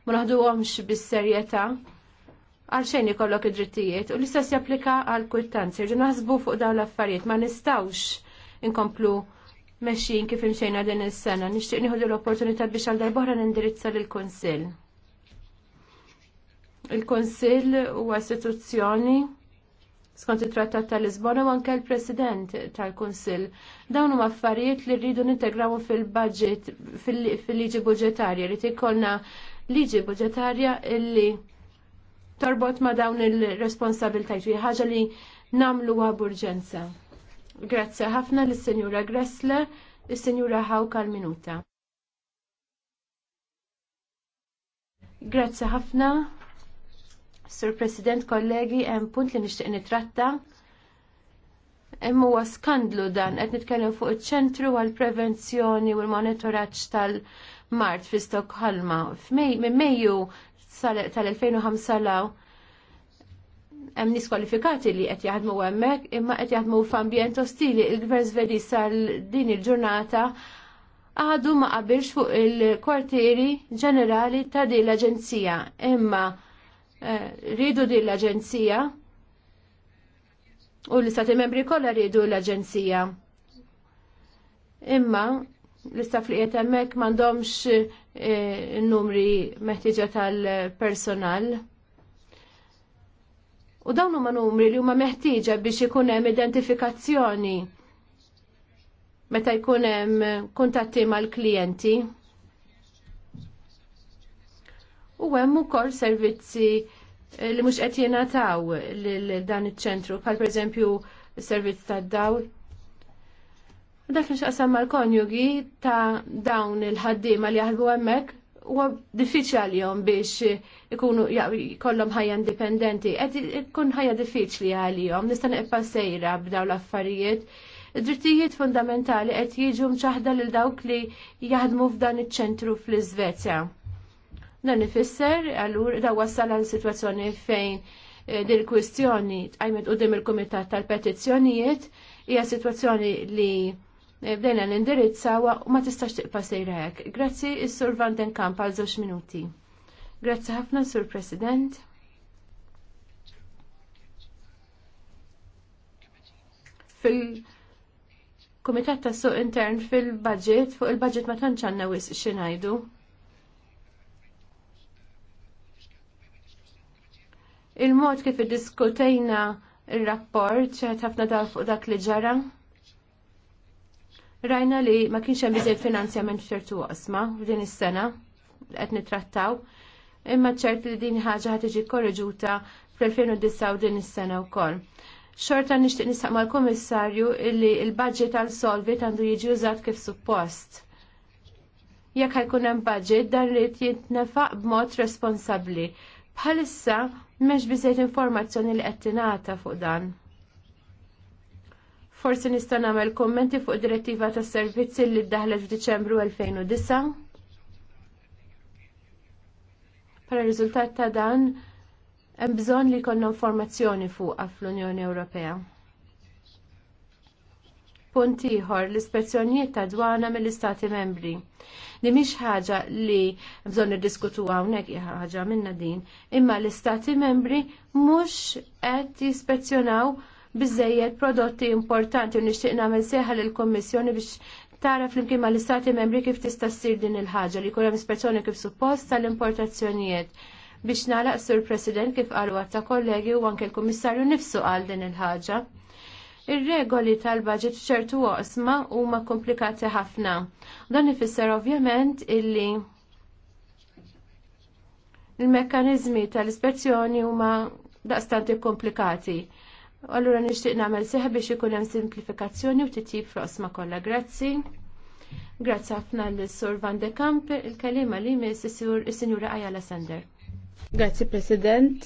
ma naħduhomx bis-serjetà għal xejn ikollok id-drittijiet u l-istess japplika għal kwittanzi. Rridu naħsbu fuq dawn l-affarijiet ma nistgħux inkomplu meċin kif imxejna din is-sena. Nixtieq nieħu l-opportunità biex għal darbora nindirizza lill kunsill Il-Kunsill huwa istituzzjoni skont it-Trattat tal-Lisbona u anke l-President tal-Kunsill. Dawn huma affarijiet li rridu nintegrawhom fil-budget fil-liġi budġetarja li ikollna liġi budġetarja illi torbot ma dawn il-responsabiltajt ħaġa li nagħmluha b'urġenza. Grazzi ħafna lis senjura Gressle, is-Sinjura Hawka l-minuta. Grazzi ħafna. Sur President, kollegi, hemm punt li nixtieq nitratta. Hemm huwa skandlu dan qed nitkellem fuq iċ-ċentru għall prevenzjoni u l-monitoraġġ tal-Mart fi Stokholma. Minn Mejju tal-2005 hemm nies kwalifikati li qed jaħdmu hemmhekk imma qed jaħdmu f'ambjent ostili. Il-Gvern Svedi sal din il-ġurnata għadu ma qabilx fuq il-kwartieri ġenerali ta' din l-Aġenzija. Imma eh, rridu din l-Aġenzija u l-istati membri kollha rridu l-Aġenzija. Imma l-istaf li qed hemmhekk m'għandhomx eh, numri meħtieġa tal-personal. U dawn huma numri li huma meħtieġa biex ikun hemm identifikazzjoni meta jkun hemm kuntatti mal-klijenti. U hemm ukoll servizzi eh, li mhux qed jingħataw lil dan iċ-ċentru, bħal pereżempju servizz tad-dawl. Dak nixqasam mal-konjugi ta' dawn il-ħaddiema li jaħdmu hemmhekk huwa diffiċli għalihom biex ikunu jkollhom ħajja indipendenti. Qed ikun ħajja diffiċli għalihom, nista' neqpa sejra b'dawn l-affarijiet. Drittijiet fundamentali qed jiġu mċaħda lil dawk li jaħdmu f'dan iċ-ċentru fl-Iżvezja. Dan ifisser allur da wassal għal sitwazzjoni fejn eh, din il-kwistjoni tqajmet qudiem il-Kumitat tal-Petizzjonijiet hija sitwazzjoni li bdejna indirizza wa ma tistax tiqpa sejra hekk. Grazzi s sur Van den Kamp għal żewġ minuti. Grazzi ħafna Sur President. Fil-Kumitat tas Suq Intern fil-Budget, fuq il-Budget ma tantx għandna wisq xi ngħidu. Il-mod kif iddiskutejna il rapport ċeħet ħafna dal fuq dak li ġara. Rajna li ma kienx hemm biżejjed finanzjament f'ċertu qosma din is-sena qed nittrattaw, imma ċert li din ħaġa ħad tiġi korreġuta fl 2019 u din is-sena wkoll. Xorta nixtieq nisaq mal-Kummissarju illi l-budget għall solvit għandu jiġi użat kif suppost. Jekk ħajkun hemm budget dan li jitnefaq b'mod responsabbli. Bħalissa m'hemmx biżejjed informazzjoni li qed tingħata fuq dan. Forsi nista' nagħmel kommenti fuq direttiva tas servizzi li ddaħlet f'Diċembru 2009. Per riżultat ta' dan, hemm bżonn li jkollna informazzjoni fuqha fl-Unjoni Ewropea. Punt ieħor l-ispezzjonijiet ta' dwana mill-Istati Membri. Li mhix ħaġa li bżonn niddiskutuha hawnhekk hija ħaġa minna din, imma l-Istati Membri mhux qed jispezzjonaw biżejjed prodotti importanti u nixtieq nagħmel seħħa lill-Kummissjoni biex tara flimkien mal istati membri kif tista' ssir din il-ħaġa li jkun hemm ispezzjoni kif suppost tal-importazzjonijiet biex nalaq sur President kif qalu ta' kollegi u anke l-Kummissarju nifsu għal din il-ħaġa. Ir-regoli tal-budget ċertu waqsma huma komplikati ħafna. Dan ifisser ovvjament illi il-mekkanizmi tal-ispezzjoni huma daqstanti komplikati. Allura nixtieq nagħmel seħ biex ikun hemm simplifikazzjoni u titjib fl-qosma kollha. Grazzi. Grazzi ħafna lis sur Van de Kamp, il kelima li mis is-Sinjura Ajala Sender. Grazzi President,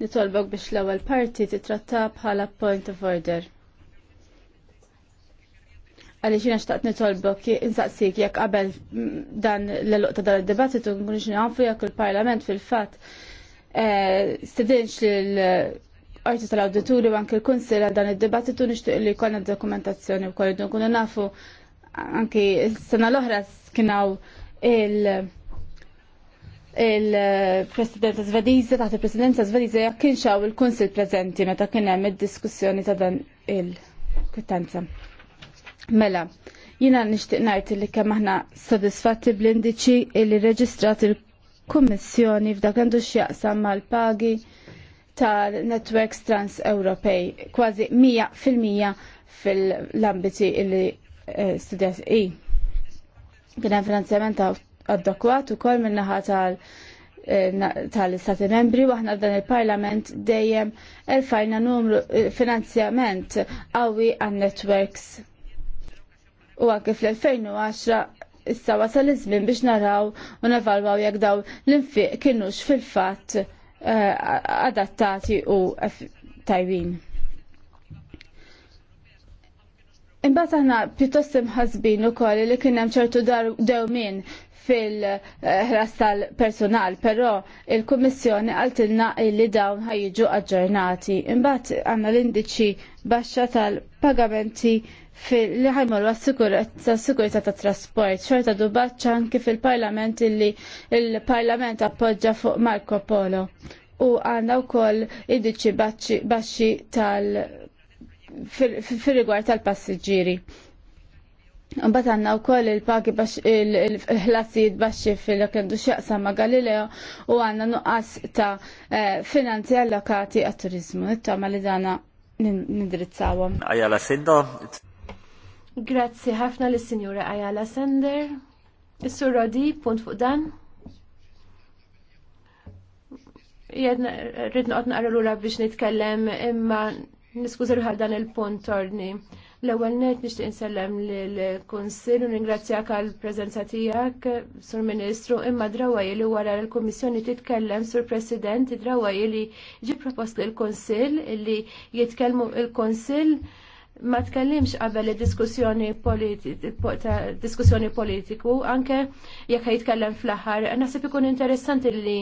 nitolbok biex l-ewwel parti titratta bħala point of order. Għalli xina xtaqt nitolbok insaqsik jekk qabel mm, dan l-luqta dan id-dibattitu mhux nafu jekk il-Parlament fil-fatt eh, stedinx lil l tal-Awdituri u anke l-Kunsil dan id-dibattitu nixtieq li jkollna dokumentazzjoni wkoll idu nkunu nafu anke s-sena l-oħra kienaw il- il-presidenza svediza taħt il-presidenza svediza jekk kien xaw il-kunsil preżenti meta kien hemm id-diskussjoni ta' dan il-kwittanza. Mela, jina nixtieq ngħid li kemm aħna sodisfatti bl-indiċi li reġistrat il-Kummissjoni f'dak għandu x'jaqsam mal-pagi tal-networks trans-Ewropej, kważi 100% fil-ambiti illi eh, studjat i. Kien hemm finanzjament adekwat ukoll min-naħa eh, tal-Istati Membri waħna dan il-Parlament dejjem il-fajna numru eh, finanzjament qawwi għan-networks. U anke fl-2010 issa wasal iż-żmien biex naraw u nevalwaw jekk daw l-infiq kienux fil-fatt Eh, adattati u tajbin. Imbagħad aħna pjuttost imħasbin ukoll li kien hemm ċertu dewmien fil-ħras tal-personal, però il-Kummissjoni għaltilna li dawn ħajġu aġġornati. Imbagħad għandna l-indiċi baxxa tal-pagamenti li ħajmorru għas-sikurezza sikurezza ta' trasport. Xorta dubaċċa anki fil-Parlament illi il-Parlament appoġġa fuq Marco Polo u għandna wkoll indiċi baxxi tal fil-rigward tal-passiġġieri. Mbagħad għandna wkoll il-pagi il-ħlasijiet baxxi fil-kendu x'jaqsam ma' Galileo u għandna nuqqas ta' eh, finanzi allokati għat-turizmu. Nittama li dana nindirizzawhom. Ajala sindo. Grazzi ħafna l sinjura Ayala Sender. Is-sur Rodi, punt fuq dan. Jedna rrid noqgħod naqra lura biex nitkellem imma niskuża ruħal dan il-punt torni. L-ewwel nett nixtieq insellem lill-Kunsill u ningrazzjak għal preżenza tiegħek, Sur Ministru, imma drawaj li wara l-Kummissjoni titkellem sur President, drawaj li ġi propost lill-Kunsill li jitkellmu il-Kunsill il kunsill ma tkellimx qabel id-diskussjoni diskussjoni politiku, anke jekk jitkellem fl-aħħar, naħseb ikun interessanti li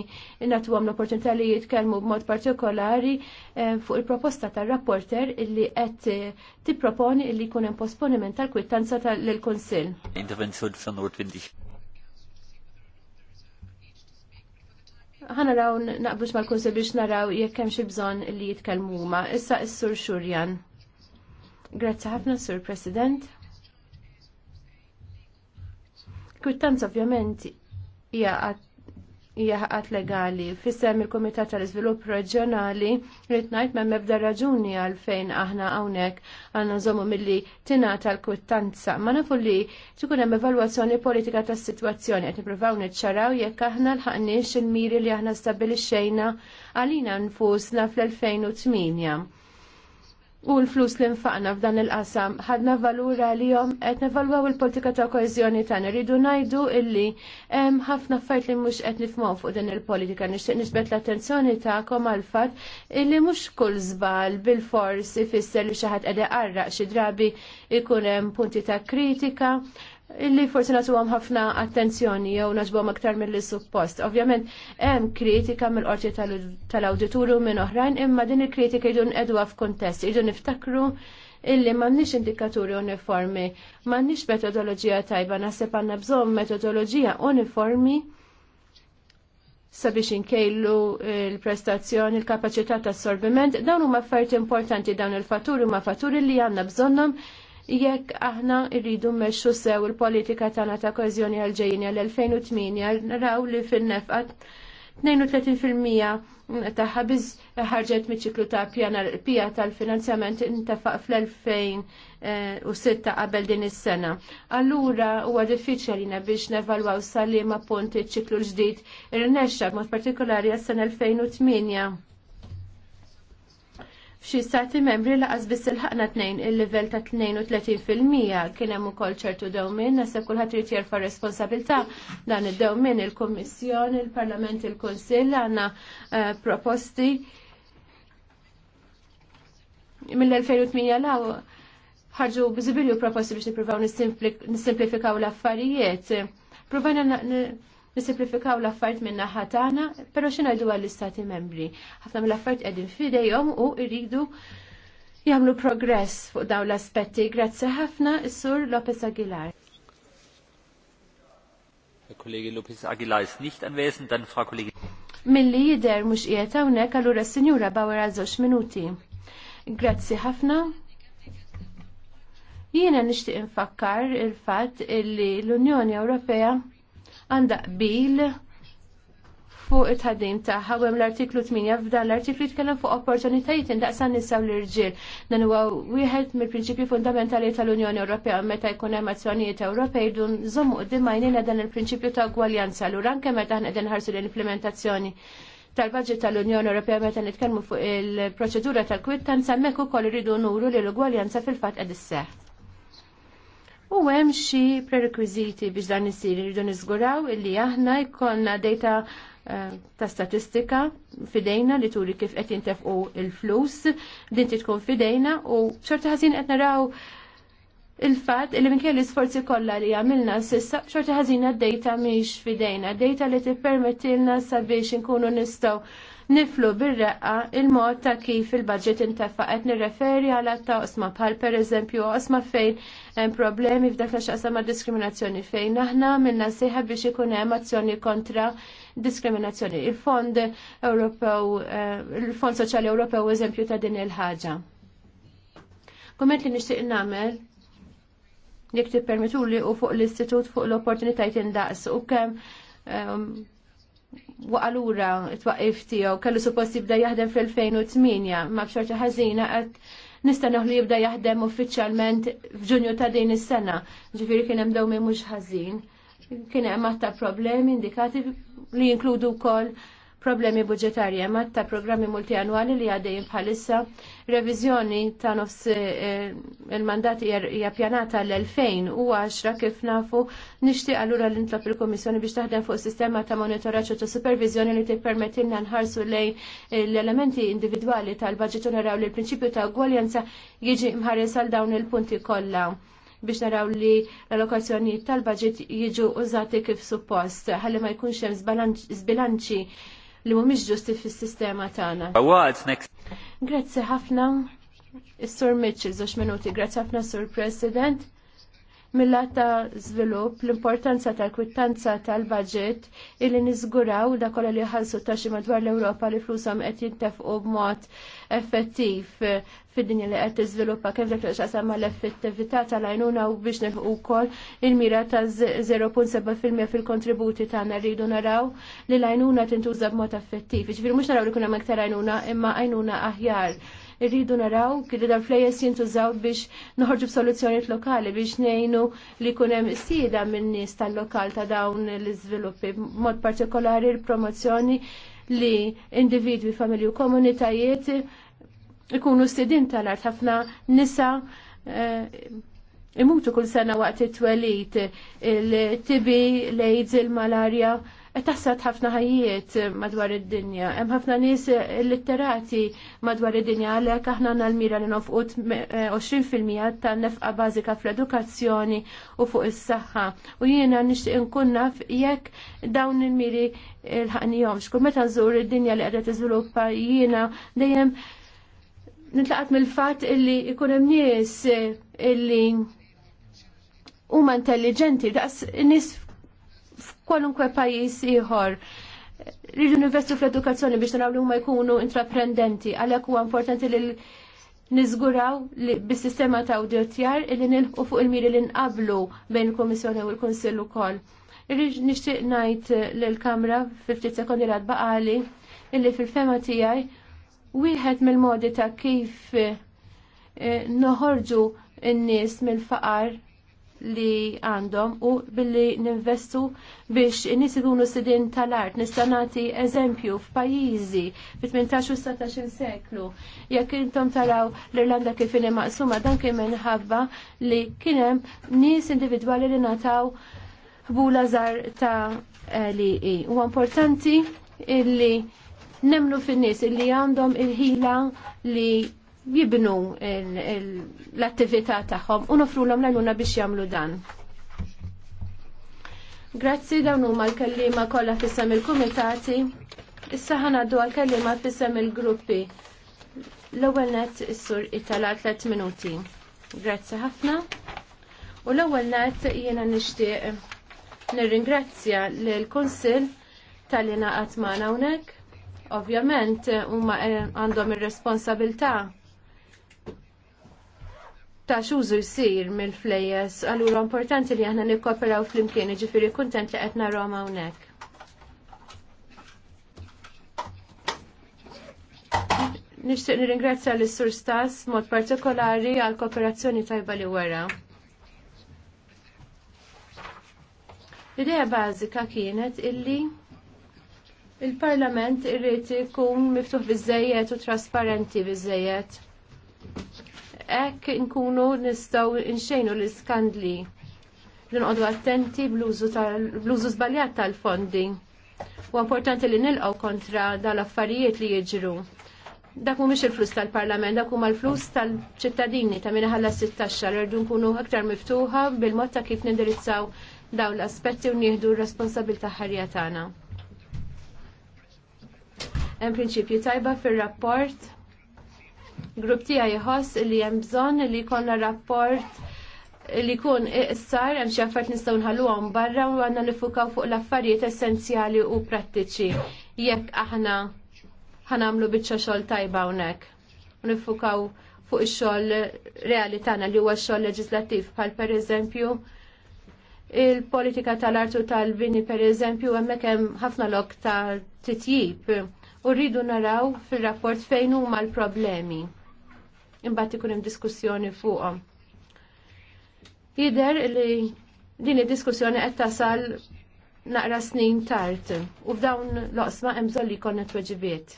natuhom l-opportunità li jitkellmu b'mod partikolari eh, fuq il-proposta tar-rapporter illi qed eh, tipproponi li jkun hemm posponiment tal-kwittanza tal-Kunsill. Intervenzjoni ħana raw naqbux mal-kunsil biex naraw jekk hemm xi bżonn li jitkellmu huma. Issa s-sur Xurjan. Grazzi ħafna, Sur President. Kwittanza ovvjament hija ħaqat legali. Fissem il-Komitat tal-Iżvilupp Reġjonali rrid ngħid m'hemm ebda raġuni għalfejn aħna hawnhekk għandna nżommu milli tingħata l-kwittanza. Ma nafu li tkun hemm evalwazzjoni politika tas-sitwazzjoni qed nippruvaw niċċaraw jekk aħna lħaqniex il-miri li aħna stabbilixxejna għalina nfusna fl-2008 u l-flus li nfaqna f'dan il-qasam ħadna valura li jom qed nevalwaw il-politika ta' koezjoni tagħna rridu ngħidu illi hemm ħafna affarijiet li mhux qed nifhmhom fuq din il-politika nixtieq nisbet l-attenzjoni tagħkom għal fatt illi mhux kull żball bil-fors ifisser li xi ħadd qed iqarraq xi drabi ikun hemm punti ta' kritika illi forsi natu għam ħafna attenzjoni jew naġbu aktar mill suppost Ovvjament, hemm kritika mill-qorti tal-awdituru minn oħrajn, imma din il-kritika idun edwa f'kontest, idun niftakru illi m'għandniex indikaturi uniformi, m'għandniex metodoloġija tajba, naħseb għandna bżonn metodoloġija uniformi sabiex inkejlu il-prestazzjoni, il-kapacità tas-sorbiment. dawn huma affarijiet importanti dawn il-fatturi huma fatturi li għandna bżonnhom jekk aħna rridu mmexxu sew il-politika tagħna ta' koeżjoni għal ġejjin għal-2008 naraw li fil nefqa 32% taħħa biz ħarġet miċ-ċiklu ta' pija tal-finanzjament intafaq fl-2006 qabel din is-sena. Allura huwa diffiċli biex nevalwaw sal-liema punti ċiklu ġdid irnexxa mod partikolari għas-sena 2008 F'xi stati membri laqas biss il-ħakna tnejn il-livell ta' 32% kien hemm ukoll ċertu dewmien nasa kulħadd irid jerfa' responsabilità dan id-dewmien il-Kummissjoni, il-Parlament, il-Kunsill għandna eh, proposti mill-2008 law ħarġu biżibilju proposti biex nippruvaw nissimplifikaw l-affarijiet. Provajna nisimplifikaw l-affarijiet minna naħa tagħna, però xi għall-istati membri. Ħafna mill-affarijiet qegħdin f'idejhom u jridu jagħmlu progress fuq dawn l-aspetti. Grazzi ħafna is-Sur Lopez Aguilar. Kollegi Lopez Aguilar ist nicht anwesend, dann Frau Kollegin. Milli jider mhux qiegħed hawnhekk allura sinjura Bawer għal minuti. Grazzi ħafna. Jiena nixtieq infakkar il-fatt li l-Unjoni Ewropea għandha qbil fuq it-ħadim taħħa għem l-artiklu 8 f'dan l-artiklu jitkellem fuq opportunitajiet indaqsan nisaw l-irġiel. Dan huwa wieħed mill-prinċipji fundamentali tal-Unjoni Ewropea meta jkun hemm azzjonijiet Ewropej dun żommu qudiem għajnina dan il-prinċipju ta' gwaljanza l anke meta aħna qegħdin ħarsu l-implementazzjoni tal-budget tal-Unjoni Ewropea meta nitkellmu fuq il-proċedura tal-kwittanza hemmhekk ukoll iridu nuru li l-ugwaljanza fil-fatt qed isseħħ u hemm xi prerekwiżiti biex dan isir irridu niżguraw illi aħna jkollna data eh, ta' statistika fidejna li turi kif qed jintefqu l flus din tkun fidejna u xorta ħażin qed naraw il fatt li minkejja l-isforzi kollha li għamilna sissa xorta ħażina d-dejta mhix fidejna, dejta li tippermettilna sabiex inkunu nistgħu niflu bir-reqqa il-mod ta' kif il-budget intefa' qed nirreferi għal ta' osma bħal pereżempju osma fejn hemm problemi f'dak li xaqsam ma' diskriminazzjoni fejn aħna minna sieħa biex ikun hemm azzjoni kontra diskriminazzjoni. Il-Fond Ewropew, eh, il-Fond Soċjali Ewropew eżempju ta' din il-ħaġa. Kumment li nixtieq nagħmel jekk tippermetuli u fuq l-istitut fuq l-opportunitajt indaqs u kemm ehm, waqalura twaqif tiegħu kellu suppost jibda jaħdem fil 2008 ma b'xorta ħażina qed nista' li jibda jaħdem uffiċjalment f'Ġunju ta' din is-sena. Ġifieri kien hemm dewmi mhux ħażin. Kien hemm aktar problemi indikati li jinkludu wkoll problemi budġetarji ma ta' programmi multianwali li għaddejjin bħalissa reviżjoni ta' nofs eh, il mandati er-, hija pjanata l-2010 kif nafu nixtieq allura l intlop il-Kummissjoni biex taħdem fuq sistema ta' monitoraġġ u ta' supervizjoni li tippermettilna nħarsu lejn l-elementi individwali tal-budget u naraw li l-prinċipju ta' gwaljanza jiġi mħares għal dawn il-punti kollha biex naraw li l-allokazzjoni tal-budget jiġu użati kif suppost, ħalli ma jkunx hemm zbilanċi li mhumiex ġusti fis-sistema tagħna. Grazzi ħafna. Is-Sur Mitchell, żewġ minuti, grazie ħafna Sur President mill-lat ta' żvilupp l-importanza tal-kwittanza tal-budget illi niżguraw da kollha li ta' xi madwar l-Ewropa li flushom qed jintefqu b'mod effettiv fid-dinja li qed tiżviluppa kif dak li sama l-effettività tal-għajnuna u biex nilħu wkoll il-mira ta' 0.7% fil-kontributi tagħna rridu naraw li l-għajnuna tintuża b'mod effettiv. Ġifieri mhux naraw li kuna hemm iktar għajnuna imma għajnuna aħjar Irridu naraw kif dal flejes jintużaw biex noħorġu b'soluzzjonijiet lokali biex ngħinu li jkun hemm minn nies tal-lokal ta' dawn l-iżviluppi, mod partikolari l-promozzjoni li individwi, familji u komunitajiet ikunu stidin tal-art ħafna nisa eh, imutu kull sena waqt it-twelit il-tibi, l-AIDS, il-malarja. il tibi l aids il malarja tassat ħafna ħajjiet madwar id-dinja. Hemm ħafna nies litterati madwar id-dinja għalhekk aħna għandna l-mira li nofqu 20% eh, tan-nefqa bażika fl-edukazzjoni u fuq is-saħħa. U jiena nixtieq inkun naf jekk dawn il-miri l-ħanihomx. Kull meta nżur id-dinja li qiegħda tiżviluppa jiena dejjem nitlaqat mill-fatt illi ikun hemm nies illi huma intelligenti, daqs nies kwalunkwe pajis ieħor. Rridu investu fl-edukazzjoni biex naraw li huma jkunu intraprendenti, għalhekk huwa importanti li niżguraw li bis-sistema ta' awdjotjar li nilħu fuq il-miri li nqablu bejn il-Kummissjoni u l-Kunsill ukoll. Irrid nixtieq ngħid lill-Kamra fi ftit sekondi li baqali illi fil-fema tiegħi wieħed mill-modi ta' kif eh, noħorġu n-nies mill-faqar li għandhom u billi ninvestu biex nis ikunu sidin tal-art. Nista' nagħti eżempju f'pajjiżi fit-18 u 17 seklu. Jekk intom taraw l-Irlanda kif inhi maqsuma dan kien minħabba li kien hemm nies individwali li nataw bula żar ta' li huwa e e. importanti illi nemnu fin-nies illi għandhom il-ħila li jibnu l-attività tagħhom u nofrulhom l-għajnuna biex jagħmlu dan. Grazzi dawn huma l kallima kollha fissem il-kumitati. Issa ħanaddu għal kallima fissam il-gruppi. L-ewwel net is-sur itala 3 minuti. Grazzi ħafna. U l-ewwel net jiena nixtieq nirringrazzja lill-Kunsill tal-li naqat magħna hawnhekk. Ovvjament huma eh, għandhom ir-responsabilità ta' xużu jsir mill-flejes, allura importanti li aħna nikkoperaw fl-imkien, ġifiri kuntent li qed narahom hawnhekk. Nixtieq nirringrazzja lis sur Stas mod partikolari għal kooperazzjoni tajba li wara. L-idea bażika kienet illi il-Parlament irrid ikun miftuħ biżejjed u trasparenti biżejjed hekk nkunu nistgħu nxejnu l-iskandli li nqodu attenti bl-użu żbaljat tal-fondi. U importanti li nilqgħu kontra dal-affarijiet li jiġru. Dak miex il-flus tal-Parlament, dak huma l-flus tal-ċittadini ta' min ħalla 16 rridu nkunu aktar miftuħa bil-mod ta' kif nindirizzaw dawn l-aspetti u nieħdu r-responsabilità ħarja tagħna. Hemm prinċipju tajba fir-rapport grupp tiegħi jħoss li hemm bżonn li jkollna rapport li jkun iqsar hemm xi affarijiet nistgħu għom barra u għandna nifukaw fuq l-affarijiet essenzjali u prattiċi jekk aħna ħanamlu biċċa xogħol tajba hawnhekk. Nifukaw fuq ix-xogħol reali tagħna li huwa x-xogħol leġislattiv bħal pereżempju il-politika tal-artu tal-bini pereżempju hemmhekk hemm ħafna lok ta' titjib u rridu naraw fil-rapport fejn huma l-problemi. Imbagħad ikun hemm diskussjoni fuqhom. Jider li din id-diskussjoni qed tasal naqra snin tard u f'dawn l-oqsma hemm bżonn li jkollna tweġibiet.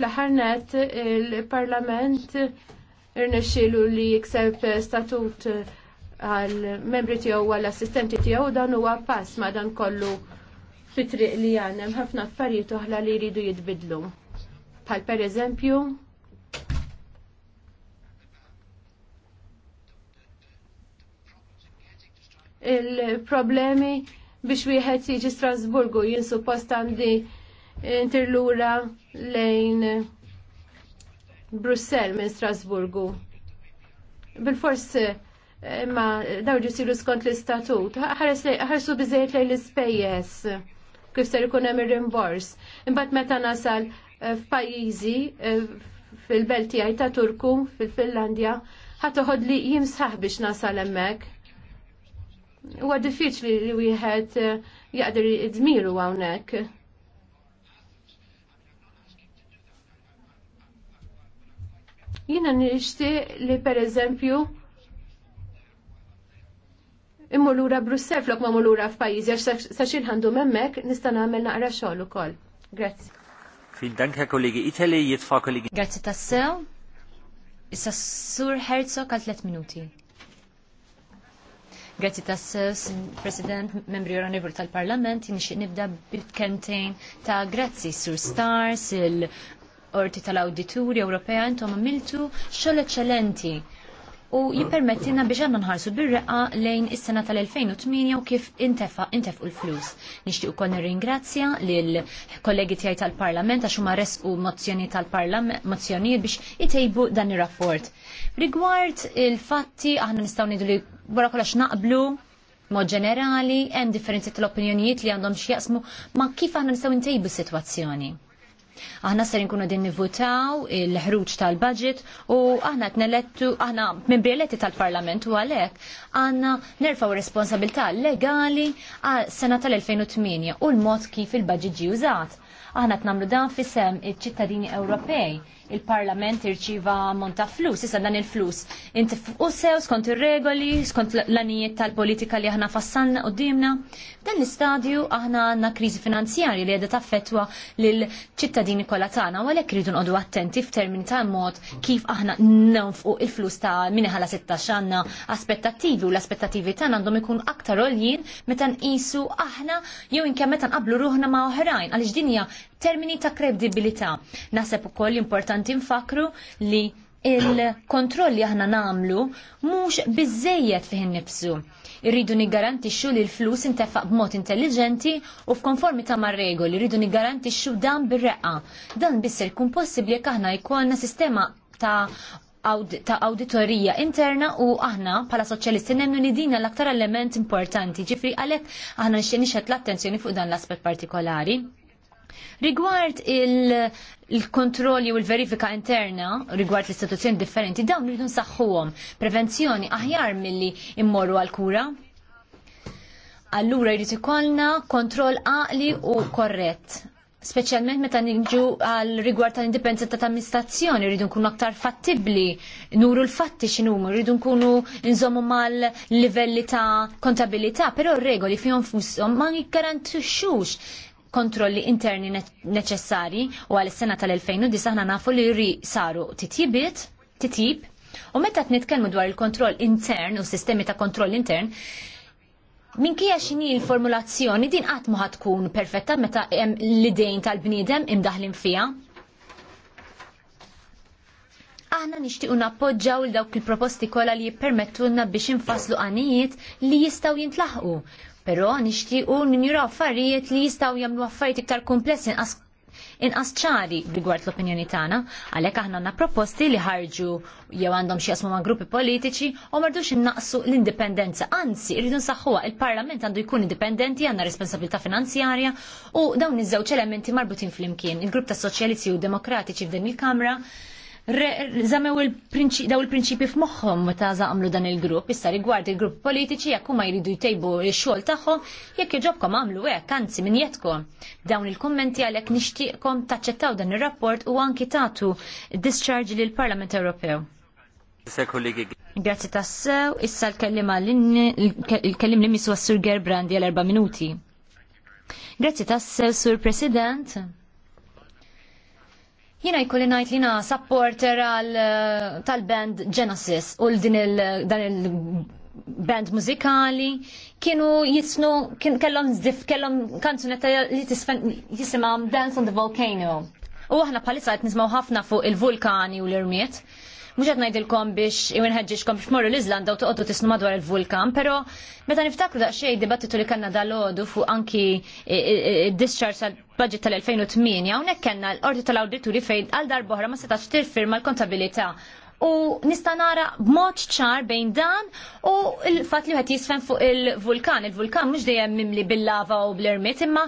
Fl-aħħar net il-Parlament irnexxielu li jikseb statut għal membri tiegħu għall assistenti tiegħu dan huwa pass ma dan kollu fitriq li għannem ħafna affarijiet oħra li jridu jitbidlu. Pal per eżempju, il-problemi biex wieħed jiġi Strasburgu jinsu suppost għandi interlura lejn Brussell minn Strasburgu. Bil-fors ma daw siru skont l-istatut. Ħarsu bizzejt lejn l-ispejjeż kif ser ikun hemm ir-rimbors. Imbagħad meta nasal eh, f'pajjiżi eh, fil-belt tiegħi ta' Turku fil-Finlandja ħadd toħod li jimsħaħ biex nasal hemmhekk. Huwa diffiċli li wieħed eh, jaqdir idmiru hawnhekk. Jiena nixtieq li pereżempju immur lura Brussel flok ma mulura f'pajjiżi għax sa għandu memmek nista' għamil naqra xogħol ukoll. Grazzi. Fil danka kollegi Itali jitfa kollegi. Grazzi tassew. Issa Sur Herzog għal 3 minuti. Grazzi tas President, membri onorevoli tal-Parlament, nixtieq nibda bit-kentejn ta' grazzi Sur Stars, il-Orti tal-Awditurja Ewropea, intom għamiltu xogħol eċċellenti u jipermettina biex għanna nħarsu bir-reqqa lejn is-sena tal-2008 u kif intefa intefqu l-flus. Nixtieq ukoll nirringrazzja l kollegi tiegħi tal-Parlament għax huma resqu mozzjoni tal-Parlament mozzjonijiet biex jitejbu dan ir-rapport. Rigward il-fatti aħna nistgħu ngħidu li wara kollox naqblu mod ġenerali hemm differenzi tal-opinjonijiet li għandhom x'jaqsmu ma kif aħna nistgħu ntejbu s-sitwazzjoni Aħna ser nkunu din nivutaw il-ħruġ tal-budget u aħna t-nelettu, aħna membri tal-parlament u għalek għanna nerfaw responsabilità legali għal sena tal-2008 u l-mod kif il-budget ġi użat. Aħna t-namlu dan fissem il iċ-ċittadini Ewropej il-Parlament irċiva monta flus, issa dan il-flus. Inti u sew skont ir-regoli, skont l-anijiet tal-politika li aħna fassanna dimna. Dan l-istadju aħna għandna kriżi finanzjarja li qiegħda taffettwa l ċittadini kollha tagħna, għalek għalhekk ridu nqogħdu attenti f'termini ta' mod kif aħna nonfqu il-flus ta' min ħala 16 għandna aspettattivi u l-aspettattivi tagħna għandhom ikun aktar oljin meta nqisu aħna jew inkemm meta nqablu ruħna ma' oħrajn għaliex dinja termini ta' kredibilità. Naseb ukoll importanti nfakru li il-kontroll li aħna namlu mhux biżejjed fih innifsu. Irridu niggarantixxu li l-flus intefaq b'mod intelligenti u f'konformità mar-regoli, irridu niggarantixxu dan bir-reqqa. Dan biss jkun possibbli jekk aħna jkollna sistema ta' ta' auditorija interna u aħna pala soċjalisti nemnu li dina l-aktar element importanti ġifri għalek aħna nxenixet l-attenzjoni fuq dan l-aspet partikolari. Rigward il-kontrolli u l-verifika interna, rigward l-istituzzjoni differenti, dawn rridu nsaħħuhom prevenzjoni aħjar milli immorru għal-kura. Allura jrid ikollna kontroll għaqli u korrett Speċjalment meta niġu għal rigward tal indipendenza ta' amministrazzjoni, rridu nkunu aktar fattibli, nuru l-fatti x'inhuma, rridu nkunu nżommu mal-livelli ta' kontabilità, però regoli fihom fushom ma jikkarantixxux kontrolli interni neċessari u għal sena tal-2009 aħna nafu li jri saru titjibit, titjib, u meta t-nitkelmu dwar il-kontroll intern u sistemi ta' kontroll intern, Min kija xini l-formulazzjoni din għatmu tkun perfetta meta l-idejn tal-bnidem imdaħlin fija? Aħna nishtiqu nappoġġaw l dawk il-proposti kolla li jippermettulna biex infaslu għanijiet li jistaw jintlaħqu Però nixtiequ ninjuraw affarijiet li jistgħu jagħmlu affarijiet iktar komplessi inqas inqas ċari rigward l-opinjoni tagħna, għalhekk aħna għandna proposti li ħarġu jew għandhom xi jasmu ma' gruppi politiċi u mardux innaqsu l-indipendenza. Anzi, irridu nsaħħuha il-Parlament għandu jkun indipendenti, għandna responsabilità finanzjarja u dawn iż-żewġ elementi marbutin flimkien. Il-grupp tas Soċjalisti u Demokratiċi f'din il-Kamra zamew daw il-prinċipi f'moħħhom ta' zaqamlu dan il-grupp, issa rigward il-grupp politiċi jekk huma jridu jtejbu x-xogħol tagħhom, jekk iġobkom għamlu hekk anzi min jedkom. Dawn il-kummenti għalhekk nixtieqkom taċċettaw dan ir-rapport u anki tagħtu discharge lill parlament Ewropew. Grazzi tassew, issa l-kellima l missu li miswa Sur Gerbrandi għal erba' minuti. Grazzi tassew, Sur President. Jina jkolli najt li na supporter eh, tal-band Genesis u din il-dan il-band mużikali kienu jisnu kellom kellhom zdif kellhom kanzunetta li jisimha Dance on the Volcano. U aħna bħalissa qed nismgħu ħafna fuq il-vulkani u l-irmiet mux għed najdilkom biex iwinħedġiġkom biex morru l-Izlanda u toqgħodu tisnu madwar il-vulkan, pero meta niftakru daqsxejn dibattitu li kanna dal-ħodu fuq anki discharge budget tal-2008 hawnhekk kellna l-ordi tal-awdituri fejn għal darbohra ma setax tirfirma l-kontabilità u nista' nara b'mod ċar bejn dan u l-fatt li qed jisfen fuq il-vulkan. Il-vulkan mhux dejjem mimli bil-lava u bl-ermit imma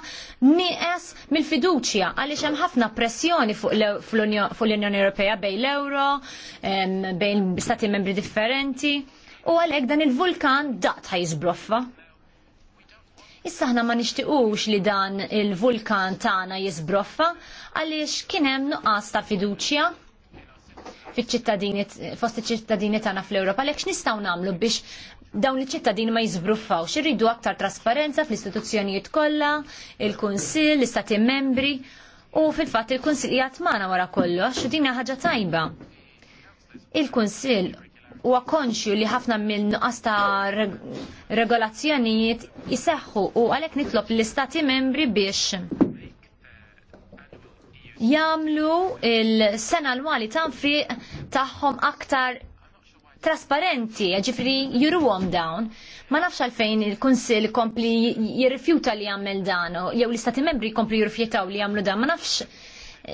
nieqes mill-fiduċja għaliex hemm ħafna pressjoni fuq l-Unjoni Ewropea bejn l-euro, bejn stati membri differenti. U għalhekk dan il-vulkan daqt ħajżbroffa. Issa ħna ma nixtiequx li dan il-vulkan tagħna jisbroffa għaliex kien hemm nuqqas ta' fiduċja fost iċ-ċittadini tagħna fl-Ewropa għalhekk nistgħu nagħmlu biex dawn iċ-ċittadini ma jiżbruffawx. Irridu aktar trasparenza fl-istituzzjonijiet kollha, il-Kunsill, l-Istati membri u fil-fatt il-Kunsill qiegħed magħna wara kollox u din ħaġa tajba. Il-Kunsill huwa konxju li ħafna minn nuqqas ta' regolazzjonijiet jiseħħu u għalhekk nitlob l-istati membri biex jagħmlu il-sena l-wali tanfiq tagħhom aktar trasparenti, ġifri juruhom dawn. Ma nafx għalfejn il-Kunsil kompli jirrifjuta li jagħmel dan, jew l-Istati Membri kompli jirrifjutaw li jagħmlu dan, ma nafx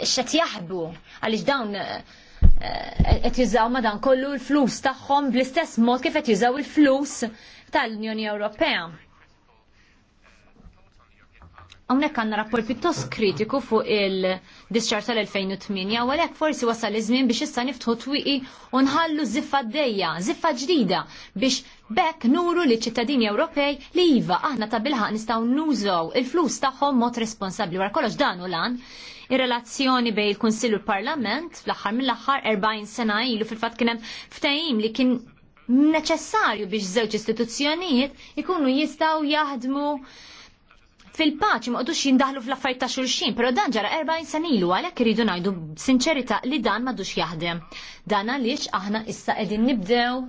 x'qed jaħbu għaliex dawn qed jużaw madan kollu l-flus tagħhom bl-istess mod kif qed jużaw il-flus tal-Unjoni Ewropea. Hawnhekk għandna rapport pjuttost kritiku fuq il-disċar tal-2008, u għalhekk forsi wasal iż-żmien biex issa niftħu twiqi u nħallu ziffa d-dejja, ziffa ġdida biex bekk nuru li ċittadini Ewropej li iva aħna ta' bilħaq nistgħu nużaw il-flus tagħhom mod responsabbli wara kollox dan u lan ir-relazzjoni bejn il-Kunsill u l-Parlament fl-aħħar mill-aħħar 40 sena ilu fil-fatt kien hemm ftehim li kien neċessarju biex żewġ istituzzjonijiet ikunu jistgħu jaħdmu fil-paċi ma qdux jindahlu fl-affarijiet ta' xulxin, però dan ġara 40 sena ilu għalhekk iridu ngħidu sinċerità li dan m'għadux jaħdem. Dan għaliex aħna issa qegħdin nibdew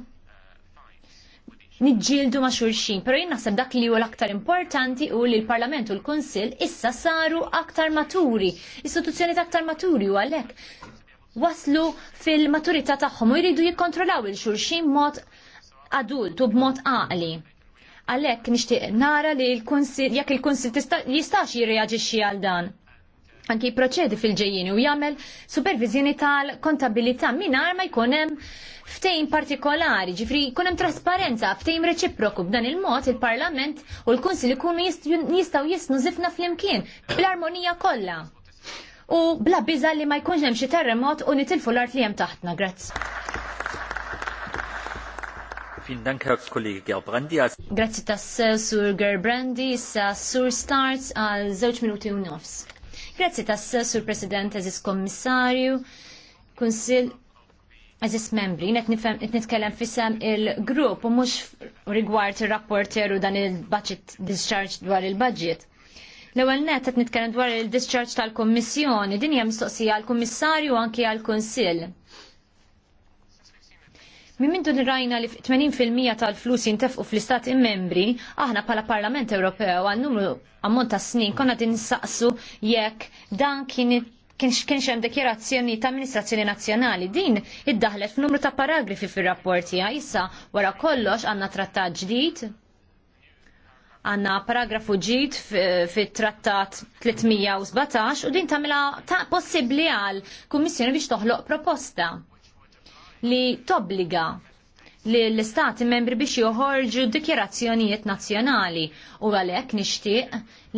niġġieldu ma' xulxin, pero jien naħseb dak li huwa l-aktar importanti u li l-Parlament u l-Kunsill issa saru aktar maturi, istituzzjoni aktar maturi u għalhekk waslu fil-maturità tagħhom u jridu jikkontrollaw il-xulxin mod adult u b'mod għaqli. Għalhekk nixtieq nara li l-Kunsill jekk il-Kunsill jistax jirreaġixxi għal dan anki proċedi fil-ġejjini u jagħmel supervizjoni tal-kontabilità mingħajr ma jkun hemm ftejn partikolari, ġifri jkun hemm trasparenza, ftejn reċiproku b'dan il-mod il-Parlament u l-Kunsil ikunu jistgħu jisnu zifna flimkien bl-armonija kollha. U bla biza li ma jkunx hemm xi terremot u nitilfu l-art li hemm taħtna, grazz. Vielen Dank, Herr Kollege Gerbrandi. Grazie tas Sur Gerbrandi, sa Sur Starts għal żewġ minuti u nofs. Grazie tas Sur President, Eżis Kommissarju, Kunsil, Aziz membri, net nitkellem fissam il-grupp u mux rigward il u dan il-budget discharge dwar il-budget. L-ewwel net qed nitkellem dwar il-discharge tal-Kummissjoni, din hija mistoqsija għall-Kummissarju anke għall-Kunsill. Min mintu rajna li 80% tal-flus jintefqu fl-istati membri, aħna pala Parlament Ewropew għal numru ammont ta' snin konna din saqsu jekk dan kien kienx hemm dekjerazzjoni ta' amministrazzjoni nazzjonali. Din iddaħlet f'numru ta' paragrafi fir-rapporti issa wara kollox għandna trattat ġdid għanna paragrafu ġid fit-trattat 317 u din tagħmilha ta' possibli għal kummissjoni biex toħloq proposta li tobbliga li l-istati membri biex joħorġu dikjerazzjonijiet nazzjonali u għalhekk nixtieq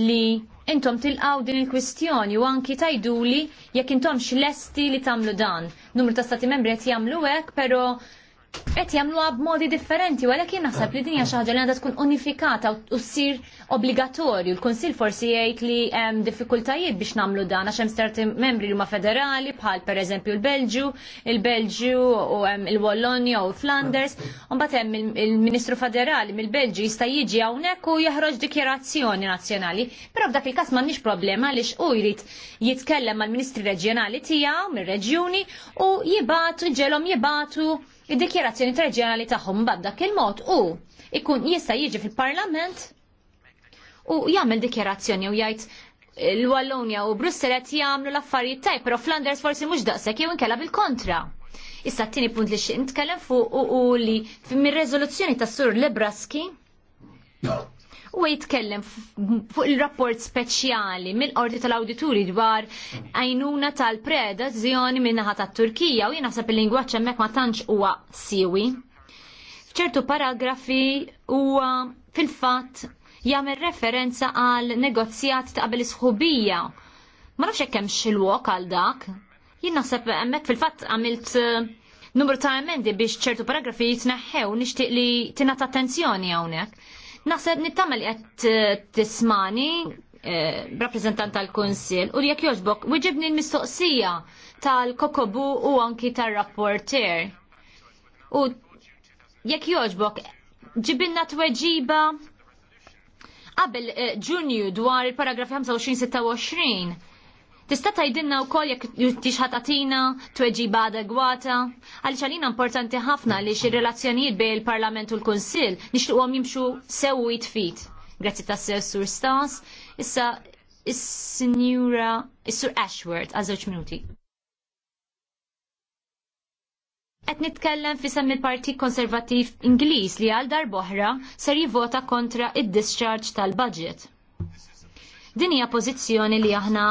li intom tilqaw din il-kwistjoni u anki tajduli jekk intomx lesti li tagħmlu dan. Numru ta' stati membri qed jagħmlu hekk, pero jamlu jagħmluha b'modi differenti, jien naħseb li din hija xi ħaġa li għanda tkun unifikata u ssir obbligatorju. Il-Kunsill forsi jgħid li hemm diffikultajiet biex nagħmlu dan għax hemm start membri l-ma federali bħal pereżempju l-Belġju, il-Belġju u l il-Wallonja u Flanders, un bat hemm il-Ministru Federali mill belġu jista' jiġi hawnhekk u jeħroġ dikjerazzjoni nazzjonali. Però f'dak il-każ m'għandniex problema għaliex u jrid jitkellem mal-Ministri Reġjonali tiegħu mir-reġjuni u jibatu ġelhom jibatu id-dikjerazzjoni traġjonali tagħhom b'dak il-mod u ikun jista' jiġi fil-Parlament u jagħmel dikjerazzjoni u jgħid l-Wallonja u Brussel qed jagħmlu l-affarijiet tajb, però Flanders forsi mhux daqshekk jew inkella bil-kontra. Issa t-tieni punt li xi nitkellem fuq u li mir-reżoluzzjoni tas Sur Lebraski *laughs* u jitkellem fuq il-rapport speċjali mill-qorti tal-awdituri dwar għajnuna tal-preda zjoni minnaħat tat-Turkija u jinaħseb il-lingwaċ hemmhekk ma tantx huwa siwi. F'ċertu paragrafi huwa fil-fatt jagħmel referenza għal negozjat ta' qabel isħubija. Ma nafx hekk hemm xilwok għal dak. Jien naħseb hemmhekk fil-fatt għamilt eh, numru ta' emendi biex ċertu paragrafi jitneħħew nixtieq li tingħata attenzjoni hawnhekk. Naħseb nittamel qed eh, tismani eh, rappresentant tal konsil u jekk jogħġbok, wieġibni l-mistoqsija tal-Kokobu u anki tar-rapporter. U jekk jogħġbok, ġibinna tweġiba qabel eh, ġunju dwar il-paragrafi 25-26 Tista' tgħidilna wkoll jekk tiċħatatina, tweġiba adegwata għaliex għalina importanti ħafna li xi relazzjonijiet bejn il-Parlament u l-Kunsill għom jimxu sewu jitfit. Grazzi tas-sew Sur Stas. Issa is-Sinjura is-Sur Ashworth għal żewġ minuti. Qed nitkellem fi semmi partit Konservattiv Ingliż li għal dar boħra ser jivvota kontra id-discharge tal-budget. Din hija pożizzjoni li aħna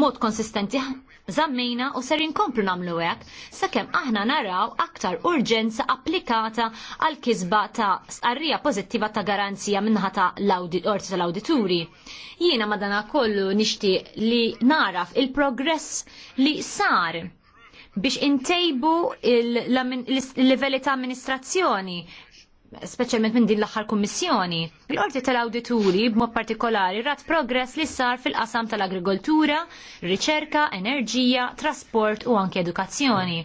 mod konsistenti żammejna u ser inkomplu namlu hekk sakemm aħna naraw aktar urġenza applikata għal kisba ta' arrija pożittiva ta' garanzija minnaħa ta' l-orti tal-awdituri. Jiena madana kollu nixtieq li naraf il-progress li sar biex intejbu il-livelli ta' amministrazzjoni speċjalment minn din l-aħħar kummissjoni. l qorti tal-awdituri b'mod partikolari rat progress li sar fil-qasam tal-agrikoltura, riċerka, enerġija, trasport u anke edukazzjoni.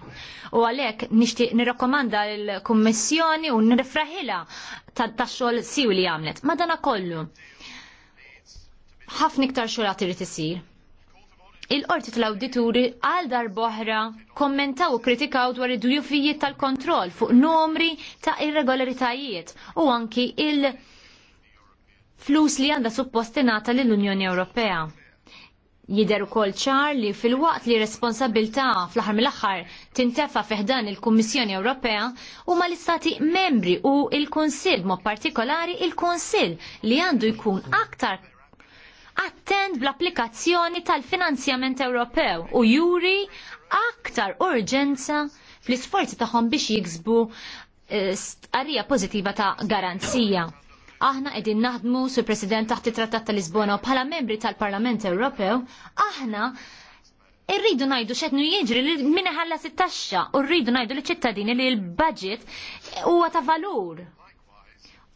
U għalhekk nixtieq nirrakomanda l-Kummissjoni u nirrifraħilha tax-xogħol siw li għamlet. Madana kollu. Ħafna iktar xogħol għad isir il-qorti tal-awdituri għal darboħra kommentaw u kritikaw dwar id-dujufijiet tal-kontroll fuq numri ta' irregolaritajiet u anki il-flus li għanda suppostinata l-Unjoni Ewropea. Jider ukoll ċar li fil-waqt li responsabilta fl-aħħar mill-aħħar tintefa fiħdan il-Kummissjoni Ewropea u ma l-Istati membri u il-Kunsill, mod partikolari il-Kunsill li għandu jkun aktar attent bl-applikazzjoni tal-finanzjament Ewropew u juri aktar urġenza fl-isforzi tagħhom biex jiksbu eh, stqarrija pożittiva ta' garanzija. Aħna qegħdin naħdmu sur President taħt it-Trattat tal Lisbona u bħala membri tal-Parlament Ewropew, aħna irridu najdu xetnu jiġri li minna ħalla taxxa u rridu najdu li ċittadini li l-budget huwa ta' valur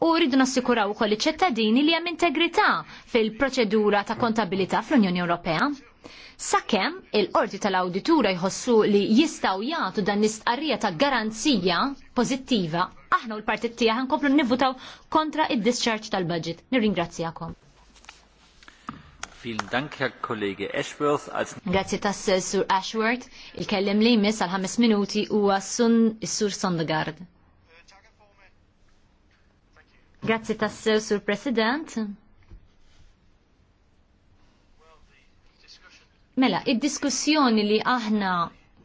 u rridu nassikuraw ukoll iċ-ċittadini li hemm integrità fil-proċedura ta' kontabilità fl-Unjoni Ewropea. Sakemm il-qorti tal-awditura jħossu li jistgħu jagħtu dan l-istqarrija ta' garanzija pożittiva, aħna u l-partit tiegħek nkomplu nivvutaw kontra id-discharge tal-budget. Nirringrazzjakom. Vielen Dank, Herr Kollege Ashworth. Grazie tas Sur Ashworth. Il-kellem li jmiss għal ħames minuti huwa Sun Sur Sondegard. Grazzi tassew sur President. Mela, id-diskussjoni li aħna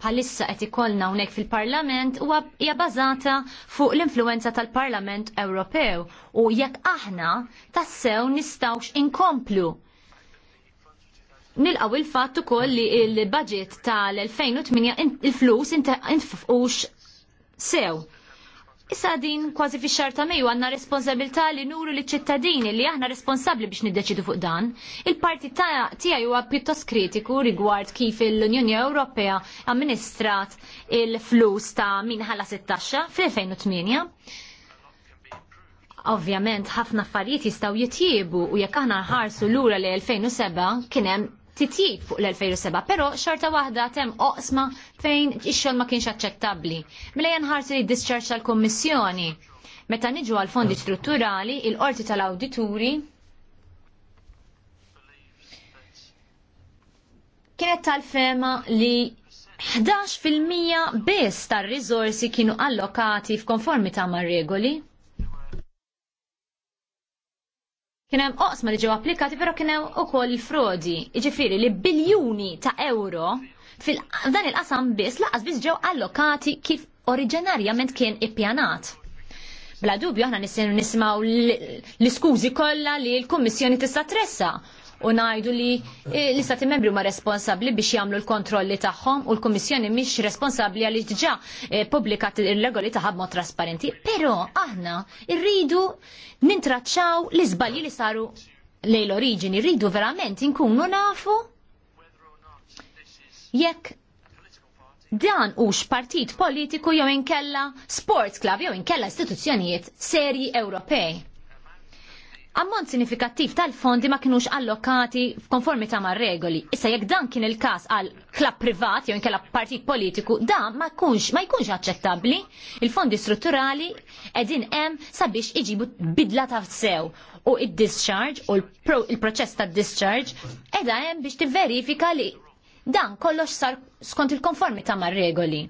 bħalissa qed ikollna hawnhekk fil-Parlament huwa hija bażata fuq l-influenza tal-Parlament Ewropew u jekk aħna tassew nistgħux inkomplu Nilqaw il-fatt ukoll li l-budget tal-2008 il-flus intfqux sew Issa din kważi fi xar ta' meju għanna responsabilità li nuru li ċittadini li aħna responsabli biex niddeċidu fuq dan. Il-parti tija juwa pjuttost kritiku rigward kif l-Unjoni Ewropea amministrat il-flus ta' min ħalla 16 fil-2008. Ovvjament ħafna affarijiet jistgħu jitjiebu u jekk aħna ħarsu lura li 2007 kien hemm titjib fuq l-2007, pero xorta wahda tem oqsma fejn ix-xogħol ma kienx aċċettabbli. Mela jenħarsi li discharge tal-Kommissjoni. Meta niġu għal fondi strutturali, il-qorti tal-awdituri kienet tal-fema li 11% biss tar-riżorsi kienu allokati f'konformità mar regoli Kien hemm oqsma li ġew applikati però kien hemm ukoll il-frodi. Jiġifieri li biljuni ta' euro fil-dan il-qasam biss laqas biss ġew allokati kif oriġinarjament kien ippjanat. Bla dubju aħna nisimgħu l-iskużi kollha li l-Kummissjoni tista' tressa u ngħidu li eh, l-istati membri huma responsabbli biex jagħmlu l-kontrolli tagħhom u l-Kummissjoni mhix responsabbli għaliex diġà eh, pubblikat ir-regoli tagħha b'mod trasparenti. Però aħna rridu nintraċċaw l-iżbalji li saru lejn l-oriġini, rridu verament inkunu nafu jekk dan hux partit politiku jew inkella sports club jew inkella istituzzjonijiet serji Ewropej ammont sinifikattiv tal-fondi ma kienux allokati f'konformità ma' regoli. Issa jekk dan kien il-każ għal klab privat jew inkella partit politiku, dan ma kunx ma jkunx aċċettabbli. Il-fondi strutturali edin hemm sabiex iġibu bidla ta' sew u id-discharge u l-proċess ta' discharge edha hemm biex tivverifika li dan kollox sar skont il-konformità ma' regoli.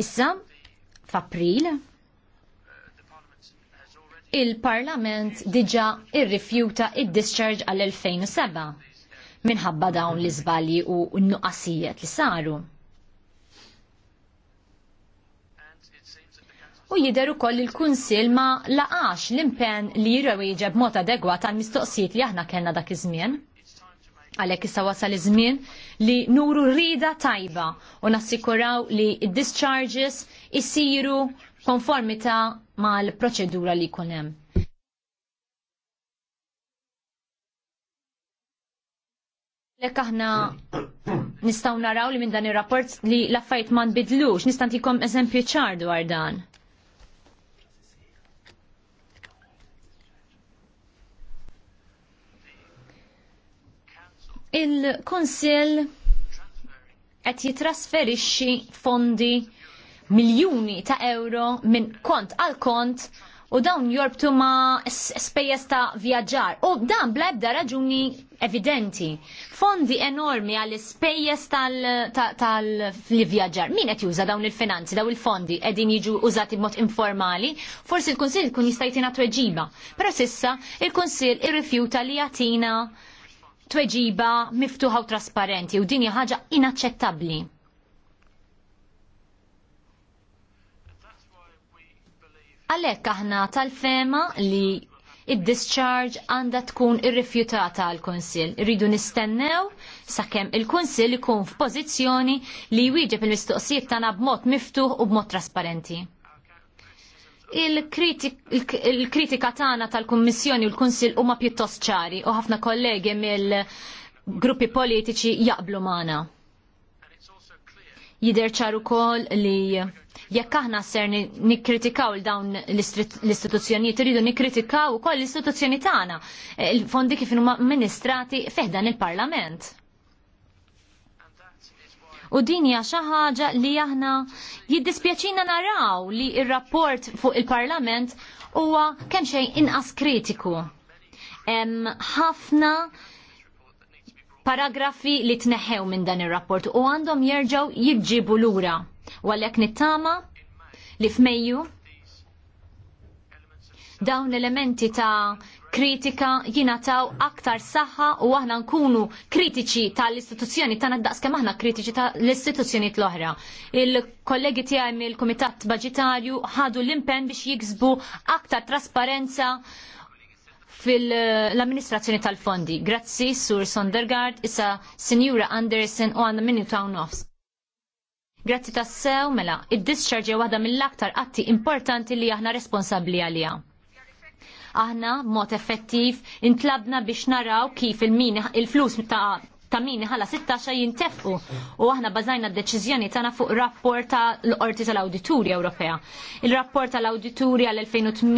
Issa, f'April, il-Parlament diġa irrifjuta id-discharge għal-2007 minħabba dawn l-iżbalji u n-nuqqasijiet li saru. U jider ukoll il-Kunsil ma laqax l-impen li jirweġa b'mod adegwat għal mistoqsijiet li aħna kellna dak iż-żmien. Għalhekk issa wasal iż-żmien li nuru rida tajba u nassikuraw li d-discharges isiru konformita mal-proċedura li kunem. Lek aħna nistaw naraw li minn dan ir-rapport li l man ma nbidlux, nista' eżempju ċar dwar dan. Il-Konsil qed jitrasferixxi fondi miljuni ta' euro minn kont għal kont u dawn jorbtu ma spejjeż ta' vjaġġar. U dan bl-ebda raġuni evidenti. Fondi enormi għall spejjeż tal-vjaġġar. Min qed juża dawn il-finanzi, dawn il-fondi qegħdin jiġu użati b'mod informali, forsi l-Kunsill kun jista' jtina tweġiba. Però sissa il-Kunsill irrifjuta li jagħtina tweġiba miftuħa u trasparenti u din hija ħaġa inaċċettabbli. Għalhekk aħna tal-fema li id-discharge għandha tkun irrifjutata għal konsil Irridu nistennew sakemm il-Kunsill ikun f'pożizzjoni li jwieġeb il-mistoqsijiet tagħna b'mod miftuħ u b'mod trasparenti. Il-kritika tagħna tal-Kummissjoni u l-Kunsill huma pjuttost ċari u ħafna kollegi mill-gruppi politiċi jaqblu magħna. Jidher ċar ukoll li jekk aħna ser nikkritikaw dawn l-istituzzjonijiet iridu nikkritikaw ukoll l-istituzzjoni tagħna eh, il-fondi kif huma amministrati dan il-Parlament. U din hija xi ħaġa li aħna jiddispjaċina naraw li ir-rapport fuq il-Parlament huwa kemm xejn inqas kritiku. Hemm ħafna paragrafi li tneħew minn dan ir-rapport u għandhom jerġgħu jibġibu lura. U għalhekk nittama li f'Mejju dawn elementi ta' kritika jingħataw aktar saħħa u aħna nkunu kritiċi tal-istituzzjoni tagħna daqskemm aħna kritiċi tal-istituzzjoni l-oħra. Il-kollegi tiegħi mill-Kumitat Baġitarju ħadu l-impenn biex jiksbu aktar trasparenza fil-amministrazzjoni tal-fondi. Grazzi, Sur Sondergaard, issa Sinjura Anderson u għanna minni ta' nofs. Grazzi sew, mela, id-discharge waħda mill-aktar atti importanti li aħna responsabli għalija aħna mod effettiv intlabna biex naraw kif il il-flus ta' ta' min ħala 16 jintefqu u aħna bażajna d-deċiżjoni tagħna fuq rapport tal-Qorti tal-Awditurja Ewropea. Il-rapport tal-Awditurja l 2008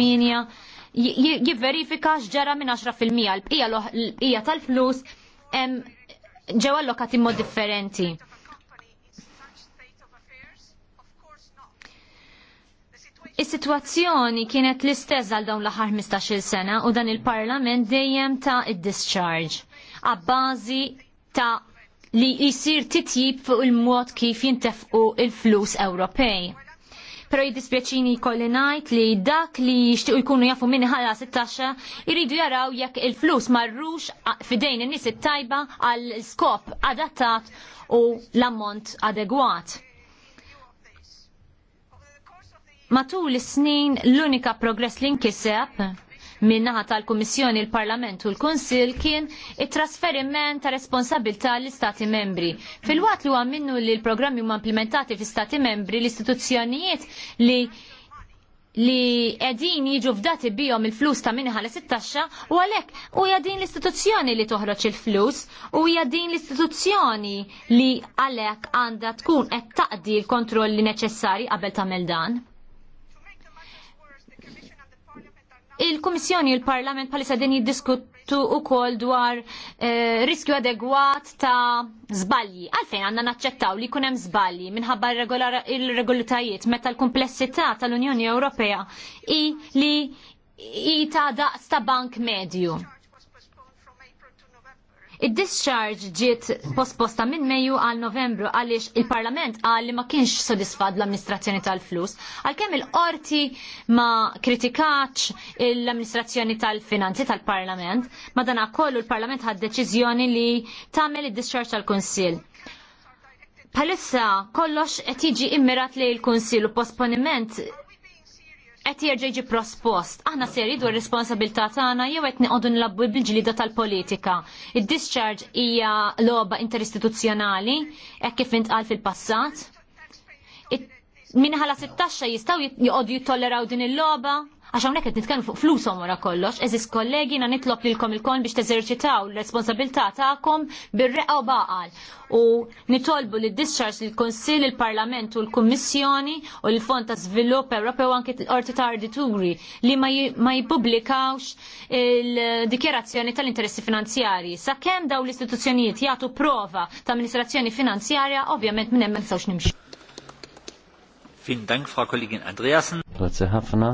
jivverifika x'ġara minn 10% l-bqija l-bqija tal-flus ġew allokati mod differenti. Is-sitwazzjoni kienet l-istess għal dawn l-aħħar 15-il sena u dan il-Parlament dejjem ta' id-discharge għabbażi ta' li jisir titjib fuq il-mod kif jintefqu il-flus Ewropej pero jiddispjaċini kolli ngħid li dak li jixtiequ jkunu jafu minni ħala 16 jridu jaraw jekk il-flus marrux fidejn in-nies it-tajba għal skop adattat u l-ammont adegwat. Matul is-snin l-unika progress li nkiseb minnaħa tal-Kummissjoni, il-Parlament u l-Kunsil kien it-trasferiment ta' responsabilità l-Istati membri. Fil-wat li huwa minnu li l-programmi huma implementati fl-Istati membri, l-istituzzjonijiet li li edin jiġu fdati bijom il-flus ta' minni ħala 16 u għalek u jadin l-istituzzjoni li toħroċ il-flus u jadin l-istituzzjoni li għalek għanda tkun qed taqdi l-kontrolli neċessari qabel tagħmel dan. il-Kummissjoni u l-Parlament palissa din jiddiskutu kol dwar eh, riskju adegwat ta' zbalji. Għalfejn għandna naċċettaw li jkun hemm zbalji minħabba il-regolitajiet meta l-komplessità tal-Unjoni Ewropea i li i ta' daqs ta' bank medju. Id-discharge ġiet posposta minn Mejju għal Novembru għaliex il-Parlament għal li ma kienx sodisfad l-amministrazzjoni tal-flus, għalkemm il-qorti ma kritikax l-amministrazzjoni tal-finanzi tal-Parlament, madana kollu l-Parlament għad deċiżjoni li tagħmel id-discharge tal konsil Palissa kollox qed jiġi immirat li l-Kunsill u posponiment qed jerġa' jiġi prospost. Aħna ser jridu r-responsabilità tagħna jew qed nieqogħdu nlabbu bil-ġlida tal-politika. Id-discharge hija logħba interistituzzjonali hekk kif intqal fil-passat. Minħala 16 jistgħu joqogħdu jittolleraw din il-logħba Għax hawnhekk qed nitkellmu fuq flushom wara kollox, eżis kollegi na nitlob lilkom ilkoll biex teżerċitaw l-responsabilità tagħkom bir-reqa u baqal. U nitolbu li discharge lill konsil il-Parlament u l-Kummissjoni u l-Fond ta' Svilupp Ewropew anke l-Orti ta' Arditturi li ma jippubblikawx il-dikjerazzjoni tal-interessi finanzjarji. Sakemm daw l-istituzzjonijiet jagħtu prova ta' amministrazzjoni finanzjarja, ovvjament minn hemm ma nimxu. Vielen dank, Frau Kollegin Andreasen. Grazie ħafna,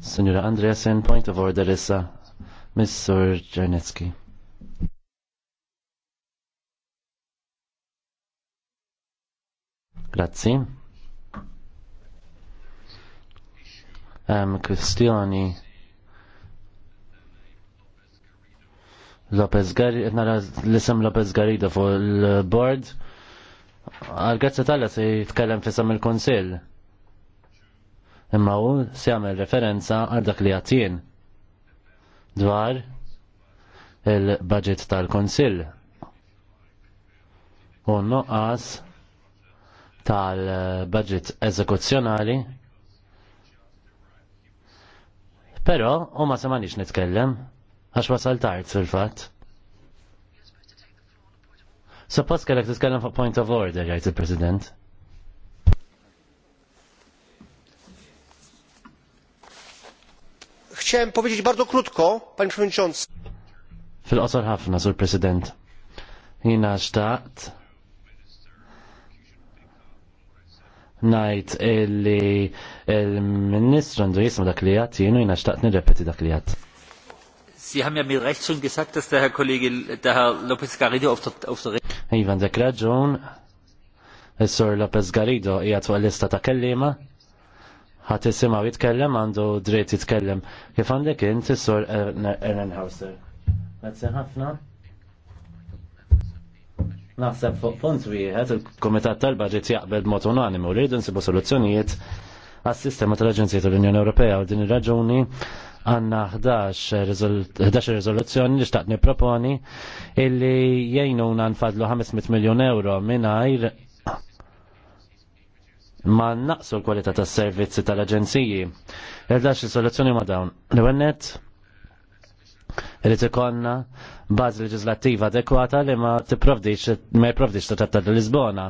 Signora Andreasen, point of order issa. Mr. Czernecki. Grazzi. Um, kwestjoni Lopez Garrido, nara l-isem Lopez Garrido fuq il-board. Għal-gazza se jitkellem fissam il-konsil imma u se jagħmel referenza għal dak li għatjien dwar il-budget tal konsil u noqqas tal-budget eżekuzzjonali Pero, u ma samanix nitkellem, għax wasal tard fil-fat. Suppost kellek titkellem fuq point of order, jgħid il-President. Chciałem powiedzieć bardzo krótko, panie przewodniczący. Fil-qosor ħafna, sur president. Jina xtaqt najt illi il-ministru għandu jisma dak li għat, jienu jina xtaqt nirrepeti dak li għat. Sie haben ja mir recht schon gesagt, dass der Herr Kollege, der Herr López Garrido auf der, auf der Ivan, de raġun, il-sur Garrido jgħat fuq lista ta' ħat isimaw jitkellem għandu dritt jitkellem. Kif għandek inti sur Hauser. Grazzi ħafna. Naħseb fuq punt wieħed il-Kumitat tal-Baġit jaqbel b'mod unanimu li rridu nsibu soluzzjonijiet għas-sistema tal-Aġenzija tal-Unjoni Ewropea u din ir-raġuni għanna 11 riżoluzzjoni li xtaqt proponi illi jgħinuna nfadlu 500 miljon euro mingħajr ma naqsu l-kwalità tas servizzi tal-aġenziji. Irdax il-soluzzjoni ma dawn. l wennet Irid ikonna bażi leġislattiva adekwata li ma tipprovdix ma jipprovdix ta' tatta l-Lisbona.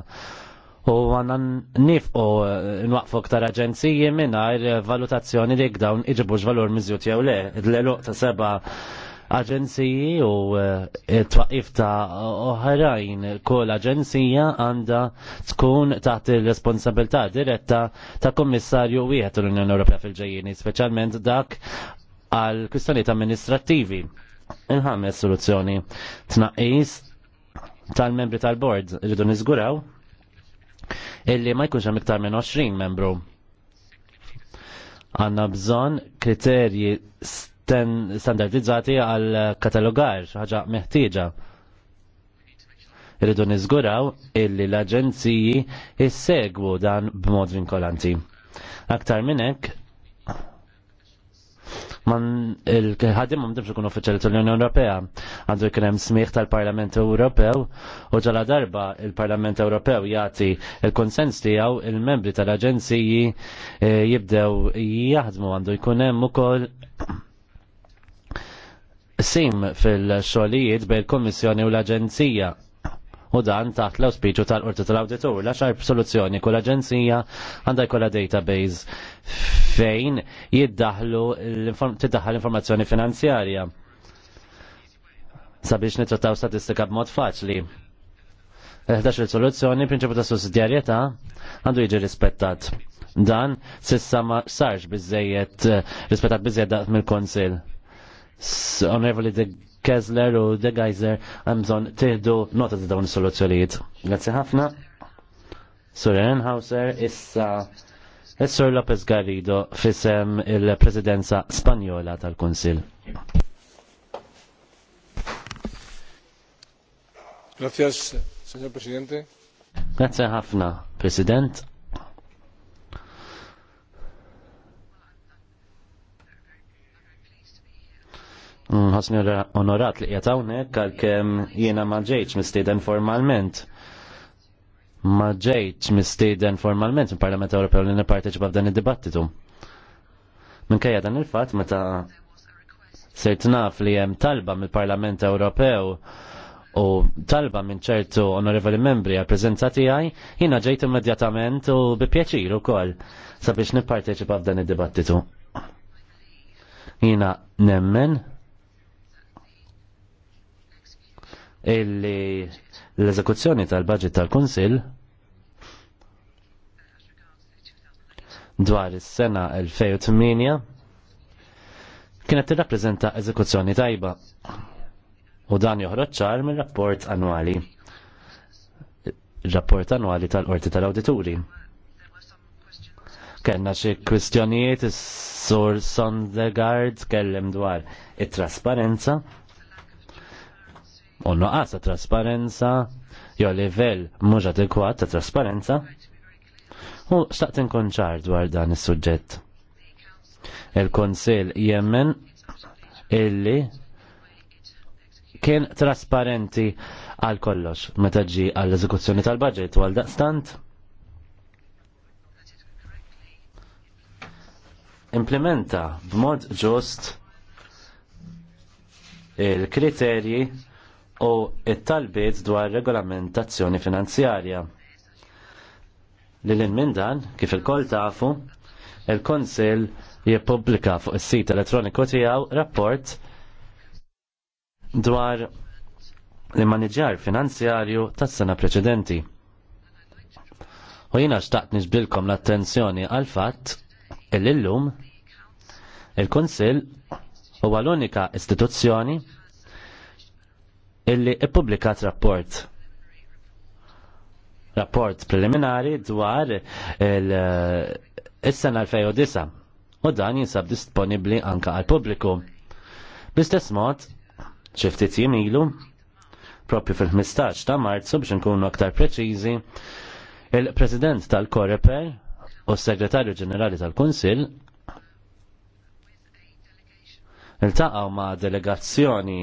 U għanna nifqu nwaqfu ktar aġenziji minna valutazzjoni li għdawn iġibux valur mizjut jew le. Id-leluq ta' seba' aġenziji u eh, e, twaqif ta' oħrajn kol aġenzija għanda tkun taħt il-responsabilità diretta ta' kommissarju wieħed l-Unjoni Ewropea fil-ġejjini, speċjalment dak għal kwistjonijiet amministrattivi. Inħames soluzzjoni tnaqqis tal-membri tal-bord rridu niżguraw illi ma jkunx hemm iktar minn 20 membru. Għandna bżonn kriterji standardizzati għal katalogar, ħaġa meħtieġa. Irridu niżguraw illi l-aġenziji jissegwu dan b'mod vinkolanti. Aktar minn hekk, man il-ħadim ma mdibx ikun tal-Unjoni Ewropea. Għandu jkun hemm smieħ tal-Parlament Ewropew u ġala darba il-Parlament Ewropew jagħti il-konsens tiegħu il-membri tal-aġenziji eh, jibdew jaħdmu għandu jkun hemm ukoll sim fil-xogħlijiet bejn il-Kummissjoni u l-Aġenzija u dan taħt l-auspiċu tal-qorti tal-auditur la xarb soluzzjoni kull aġenzija għandha jkollha database fejn jiddaħlu tiddaħħal informazzjoni finanzjarja sabiex nitrattaw statistika b'mod faċli. Eħdax il-soluzzjoni, prinċipu ta' sussidjarjetà għandu jiġi rispettat. Dan sissa ma sarx biżejjed eh, rispettat biżejjed mill-Konsil Onorevoli de Kessler u the Geyser għamżon tiħdu nota ta' dawn is-soluzzjonijiet. Grazzi ħafna. Sur Enhauser issa Sir Lopez Garrido fisem il-Presidenza Spanjola tal-Kunsil. Grazie, signor Presidente. Grazie ħafna, President. Għasnjura mm, onorat li qiegħed hawnhekk għalkemm jiena ma ġejtx mistieden formalment. Ma mistiden mistieden formalment in parlament Ewropew li nipparteċipa f'dan id-dibattitu. Minkejja dan il-fatt meta sirt naf li hemm talba mill-Parlament Ewropew u talba minn ċertu onorevoli membri għal-prezentati għaj, jina ġejt immedjatament u bi pjaċir u kol sabiex nipparteċipa f'dan id-dibattitu. Jina nemmen illi l-eżekuzzjoni tal-budget tal-Kunsill dwar is-sena 2008 kienet tirrappreżenta eżekuzzjoni tajba u dan joħroġ ċar mill rapport annwali. Il-rapport annwali tal-Qorti tal-Awdituri. Kellna xi kwistjonijiet is-Sur Sondegard kellem dwar it-trasparenza u noqas ta' trasparenza jew livell mhux adekwat ta' trasparenza. U xtaqt inkun ċar dwar dan is-suġġett. Il-Konsil jemmen illi kien trasparenti għal kollox meta ġi għall eżekuzzjoni tal-budget u għal daqstant. Implementa b'mod ġust il-kriterji u it-talbiet dwar regolamentazzjoni finanzjarja. Lilin minn dan, kif il koll tafu, il-Konsil jippubblika fuq is-sit elettroniku tiegħu rapport dwar l-maniġjar finanzjarju tas-sena preċedenti. U jina xtaqt nisbilkom l-attenzjoni għal fatt il-lum il-Konsil huwa l-unika istituzzjoni illi ippubblikat rapport rapport preliminari dwar il-sena eh, 2009 u dan jinsab disponibli anka għal pubbliku. Bistess mod, xiftit jimilu, propju fil-15 ta' marzu biex nkunu aktar preċiżi, il-President tal-Koreper u s-Segretarju Ġenerali tal-Kunsil il-taqaw ma' delegazzjoni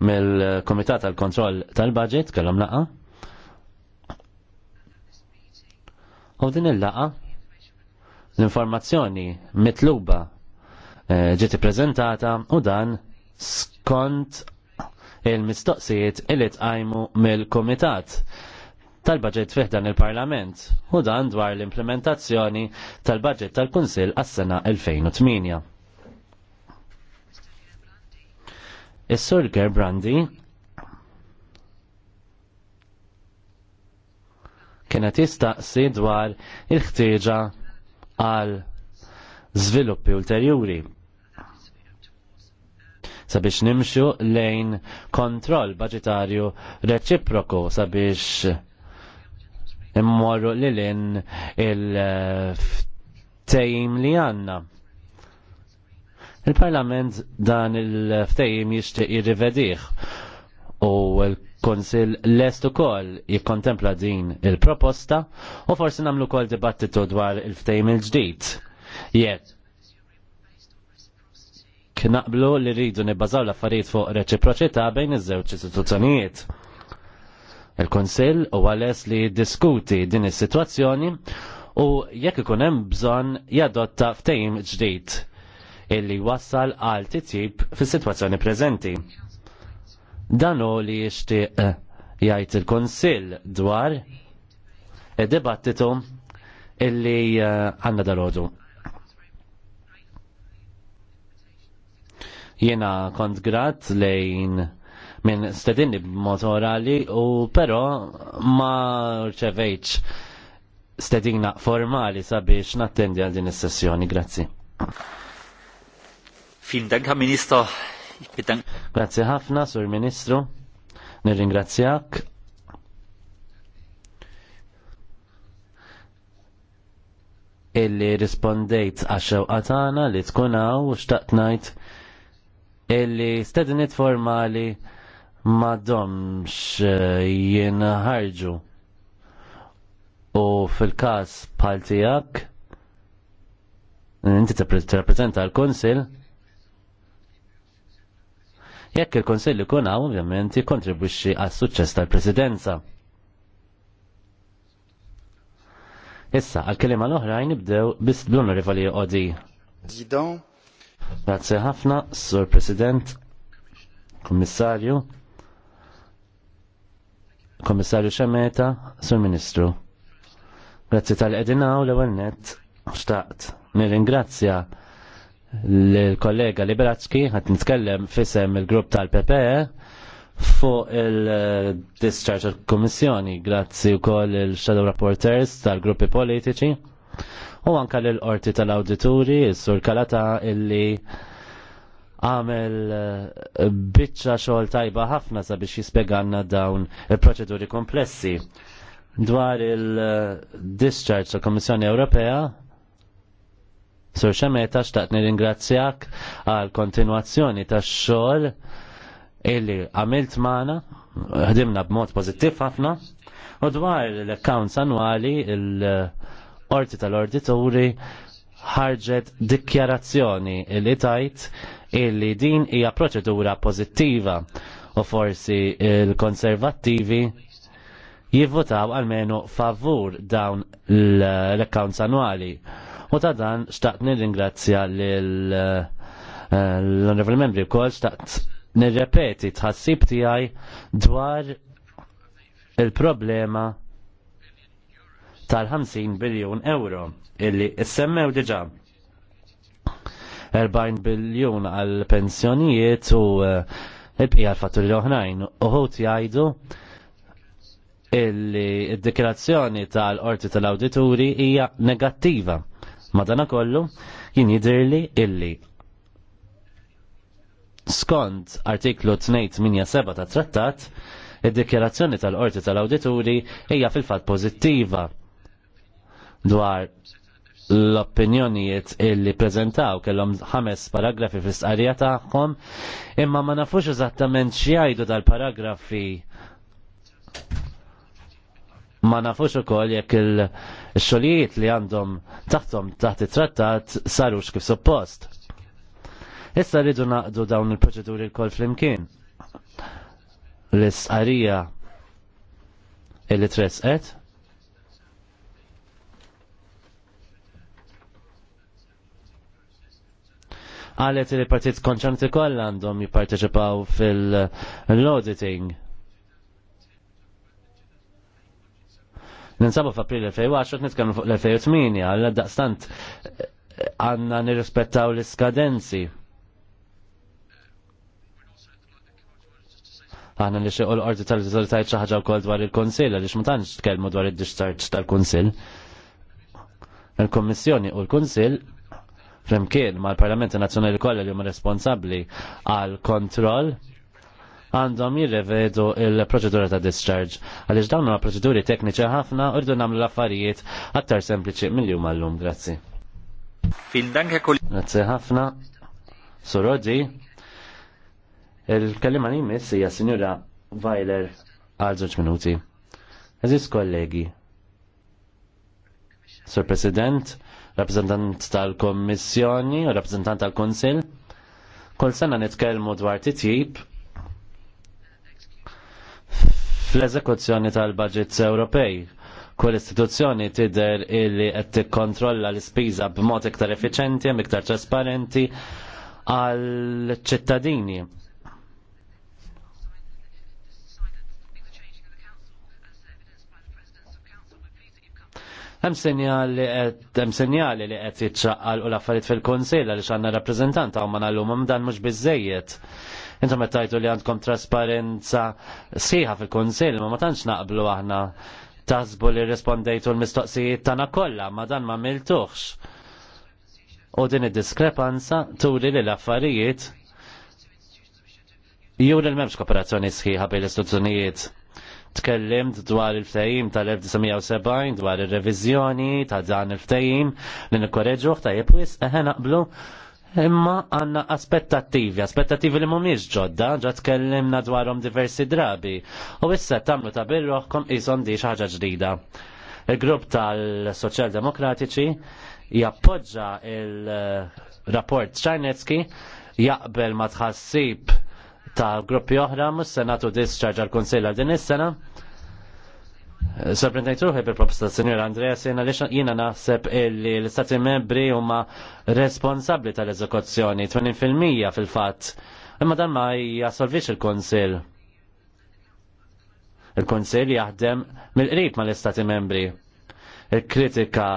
mill-Komitat tal-Kontroll tal-Budget kellhom laqa. U din il-laqa l-informazzjoni mitluba eh, ġiet prezentata u dan skont il-mistoqsijiet il tqajmu mill-Komitat tal-budget fih dan il-Parlament u dan dwar l-implementazzjoni tal-budget tal-Kunsill għas-sena 2008. Is-Sur Gerbrandi kienet jistaqsi dwar il-ħtieġa għal żviluppi ulterjuri sabiex nimxu lejn kontroll budgetarju reċiproku sabiex immorru li lin il-tejm li għanna. Il-Parlament dan il-ftejim jixtieq jirrivedih u l-Konsil lest ukoll jikkontempla din il-proposta u forsi nagħmlu wkoll dibattitu dwar il-ftejim il-ġdid. Jiet, naqblu li rridu nibbażaw l-affarijiet fuq reċiproċità bejn iż-żewġ istituzzjonijiet. Il-Konsil u għales li diskuti din is-sitwazzjoni u jekk ikun hemm bżonn jadotta ftehim ġdid illi wassal għal titjib fis situazzjoni preżenti. Dan li jixtieq eh, jgħid il-Kunsill dwar id-dibattitu illi eh, għandna dalodu. Jiena kont grat lejn minn stedinni b'mod orali u però ma rċevejċ stedina formali sabiex nattendi għal din is-sessjoni. Grazzi. Vielen Grazie ħafna, Sur Ministru. Nirringrazzjak. Illi rispondejt għaxew għatana li tkun għaw u xtaqt illi stednit formali ma domx eh, jenħarġu u fil-kas pal tijak inti t reprezenta l-konsil Jekk il konsilli kun hawn ovvjament jikkontribwixxi għas-suċċess tal-Presidenza. Issa, għal-kelima l-oħrajn nibdew bis bl-onorevoli Odi. Grazie ħafna, Sur President, Kommissarju, Kommissarju Xemeta, Sur Ministru. Grazzi tal-edinaw l-ewel xtaqt. Nir-ingrazzja l-kollega Liberatski ħat nitkellem fisem il-grupp tal-PPE fuq il-discharge tal-Kommissjoni grazzi wkoll il-Shadow Rapporters tal-gruppi politiċi u anka l-orti tal-awdituri, il-sur Kalata illi għamel eh, bitċa xogħol tajba ħafna sabiex jispjeganna dawn il-proċeduri komplessi dwar il-discharge tal-Kommissjoni Ewropea Sur xemeta xtaqt nir-ingrazzjak għal kontinuazzjoni ta' xol illi għamilt maħna, ħdimna b'mod pozittiv ħafna, u dwar l-accounts annuali l-orti tal-ordituri ħarġet dikjarazzjoni illi tajt illi din hija proċedura pozittiva u forsi il-konservattivi jivvotaw għalmenu favur dawn l-accounts annuali. U ta' dan xtaqt nirringrazzja l-Honorable eh, Membri wkoll xtaqt nirrepeti tħassib tiegħi dwar il-problema tal-50 biljun euro illi semmew diġa 40 biljun għal pensjonijiet u eh, il-bqija l-fatturi l-oħrajn uħut jgħidu illi id-dikrazzjoni tal-orti tal-awdituri hija negattiva. Madana kollu, jien jidirli illi skont artiklu 287 ta' trattat, id-dikjerazzjoni tal-qorti tal-awdituri hija fil-fatt pożittiva dwar l-opinjonijiet illi prezentaw kellhom ħames paragrafi fi istqarrija tagħhom, imma ma nafux eżattament x'jgħidu dal-paragrafi ma nafux ukoll jekk il- Ix-xogħlijiet li għandhom taħtom taħt it-trattat sarux kif suppost. Issa rridu naqdu dawn il-proċeduri l-kol flimkien. L-isqarija illi tresqet għalet li partit konċanti kollha għandhom jipparteċipaw fil-auditing Ninsabu f'April 2010 nitkellmu fuq l-2008 għal daqstant għanna nirrispettaw l-iskadenzi. Għanna li xie l-ordi tal-rizultajt xaħġa u koll dwar il-konsil, għalix mutanx tkellmu dwar il-discharge tal-konsil. il komissjoni u l-Konsil flimkien ma l-Parlamenti Nazzjonali kollha li huma responsabbli għal kontroll għandhom jirrevedu il-proċedura ta' discharge. Għaliex dawn huma proċeduri tekniċi ħafna u rridu nagħmlu l-affarijiet aktar sempliċi mill-jum għallum. Grazzi. Grazzi ħafna. Sorodi. Il-kellima li jmiss hija Sinjura Vajler għal żewġ minuti. Eżis kollegi. Sur President, rappresentant tal-Kommissjoni u rappresentant tal-Konsil, kol sena nitkellmu dwar titjib fl-eżekuzzjoni tal-budgets Ewropej. Kull istituzzjoni tidher illi qed tikkontrolla l-ispiża b'mod iktar effiċenti, iktar trasparenti għal ċittadini. Hemm sinjali hemm sinjali li qed jiċċaqal u l-affarijiet fil-Kunsill għaliex għandna rappreżentant hawn ma nagħlumhom dan mhux biżejjed Intom qed tajtu li għandkom trasparenza sħiħa fil-Kunsill, ma ma tantx naqblu aħna tasbu li rispondejtu l-mistoqsijiet tagħna kollha, ma dan ma miltuħx. U din id-diskrepanza turi li l-affarijiet jew li l-memx kooperazzjoni sħiħa bejn l-istituzzjonijiet. Tkellimt dwar il-ftajim tal-1970, dwar il-revizjoni ta' dan il-ftajim li nikkoreġuħ ta' jibwis eħe naqblu Imma għanna aspettattivi, aspettattivi li mumiġ ġodda, ġa tkellimna dwarhom diversi drabi, u issa tamlu ta' birroħkom jizon di ħaġa ġdida. Il-grupp tal-Soċjaldemokratiċi jappoġġa il-rapport Czarnecki jaqbel ma tħassib ta' gruppi oħra mus-senatu disċarġa l-Konsilla din is-sena Sorprendajt ruħi per proposta Senjor Andrea Sena li jina naħseb li l-Stati membri huma responsabli tal-eżekuzzjoni 20% fil-fatt. Imma dan ma jassolvix il-Konsil. Il-Konsil jaħdem mill-qrib ma l istati membri. Il-kritika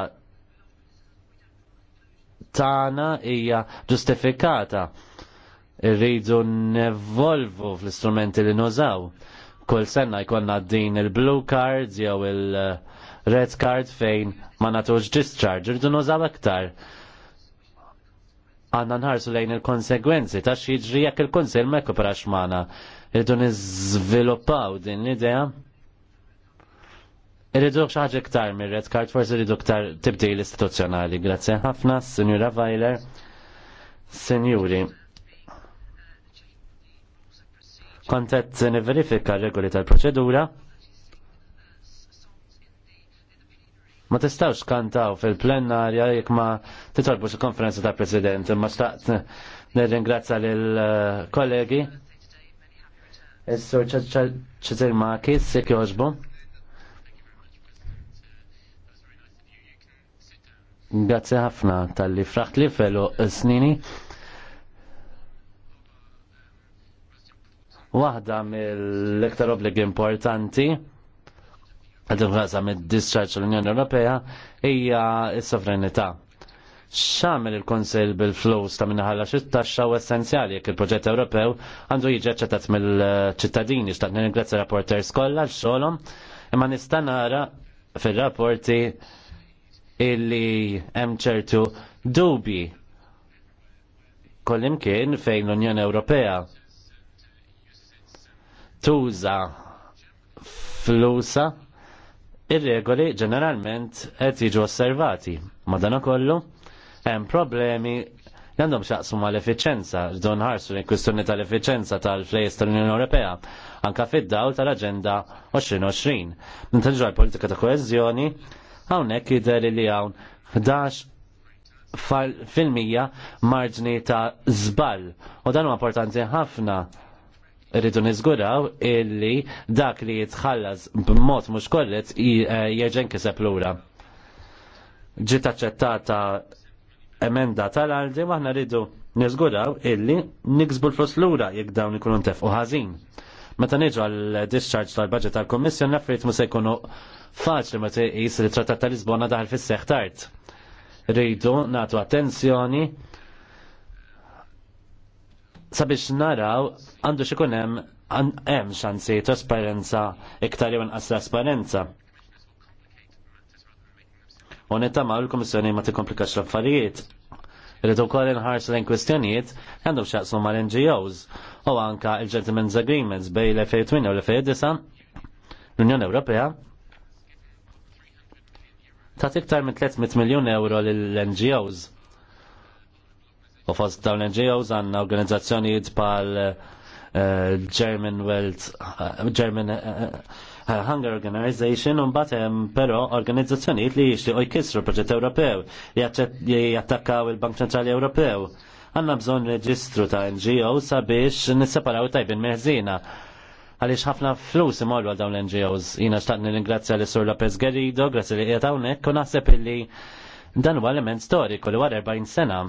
tana hija ġustifikata. Irridu nevolvu fl-istrumenti li nużaw kull senna jkollna din il-blue card jew il-red card fejn ma natux discharge, rridu nużaw aktar. Għanna nħarsu lejn il-konsegwenzi ta' xieġri jekk il-konsil ma jkoprax xmana rridu nizviluppaw din l-idea. Irridu xaħġa ktar mir red card, forse irridu ktar tibdil istituzzjonali. Grazie ħafna, Signora Vajler. Senjuri, kontet niverifika regoli tal-proċedura. Ma tistawx kantaw fil-plenarja jekk ma titolbu xi konferenza ta' president, imma staqt nirringrazzja lil kollegi. Is-sur ċeċir Makis, jekk joġbu. Grazie ħafna tal-li fraħt li felu snini. Waħda mill-iktar obbligi importanti għad-ingraza mid-discharge l-Unjoni Ewropea hija s-sovranità. X'għamel il-Konsil bil-flus ta' minnaħalla xit-taxxa u essenzjali jekk il-proġett Ewropew għandu jiġi aċċettat mill-ċittadini x'taqt nirringrazzja rapporters kollha xogħolhom imma nista' nara fir-rapporti illi hemm ċertu dubi kollimkien fejn l-Unjoni Ewropea tuża flusa ir-regoli ġeneralment qed jiġu osservati. Madanakollu hemm problemi li għandhom x'jaqsmu mal efficienza rridu ħarsu l kwistjoni tal-efficienza tal-flejs tal-Unjoni Ewropea anka fid-dawl tal-Aġenda 2020. tal għal-politika ta' koeżjoni hawnhekk jidher li hawn 11 fil-mija marġni ta' żball, U dan huwa importanti ħafna rridu nizguraw illi dak li jitħallas b'mod mhux korrett eh, jeġen kiseb lura. Ġiet aċċettata emenda tal-għaldi aħna rridu nizguraw illi niksbu l-flus lura jekk dawn ikunu ntefqu ħażin. Meta niġu għal discharge tal-budget tal-Kommissjon naffrit mhux se jkunu faċli meta jqis li trattat tal-Lisbona daħal fis seħħ tard. Rridu nagħtu attenzjoni sabiex naraw għandu xikun hemm hemm xanzi trasparenza iktar jew inqas trasparenza. U nittama l kummissjoni ma tikkomplikax l-affarijiet. Rrid ukoll inħarsu lejn kwistjonijiet għandhom x'jaqsmu mal-NGOs u anka l gentlemens Agreements bej l-2008 u l-2009 l-Unjoni Ewropea ta' iktar minn 300 miljun euro lill ngos U fost dawn NGOs għanna organizzazzjonijiet pal eh, German World eh, German eh, Hunger Organization un batem pero organizzazzjonijiet li jixtiequ jkissru proġett Ewropew li jattakkaw il-Bank Centrali Ewropew. Għanna bżon reġistru ta' NGOs sabiex nisseparaw tajbin meħżina għaliex ħafna flus imorru għal dawn l-NGOs. Jina xtaqni l-ingrazzja li Sur Lopez Gerido grazzi li qiegħed hawnhekk, u naħseb illi dan huwa element storiku li wara 40 sena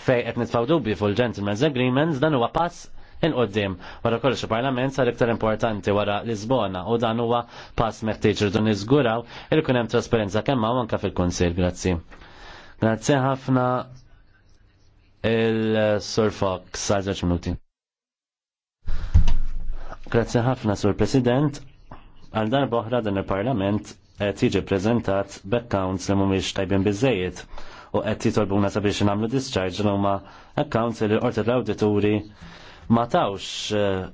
fej qed nitfgħu dubbi fuq il-Gentleman's Agreements dan huwa pass inqoddim wara kollox il-Parlament sar iktar importanti wara Lisbona u dan huwa pass meħtieġ irdu niżguraw il kun hemm trasparenza kemm hawn anke fil-Kunsill, grazzi. Grazzi ħafna il-Sur Fox sar żewġ minuti. Grazzi ħafna Sur President għal darba boħra dan il-Parlament qed tiġi prezentat backcounts li mhumiex tajbin biżejjed u qed jitolbuna sabiex nagħmlu discharge huma accounts li l-qorti l-awdituri ma tawx eh,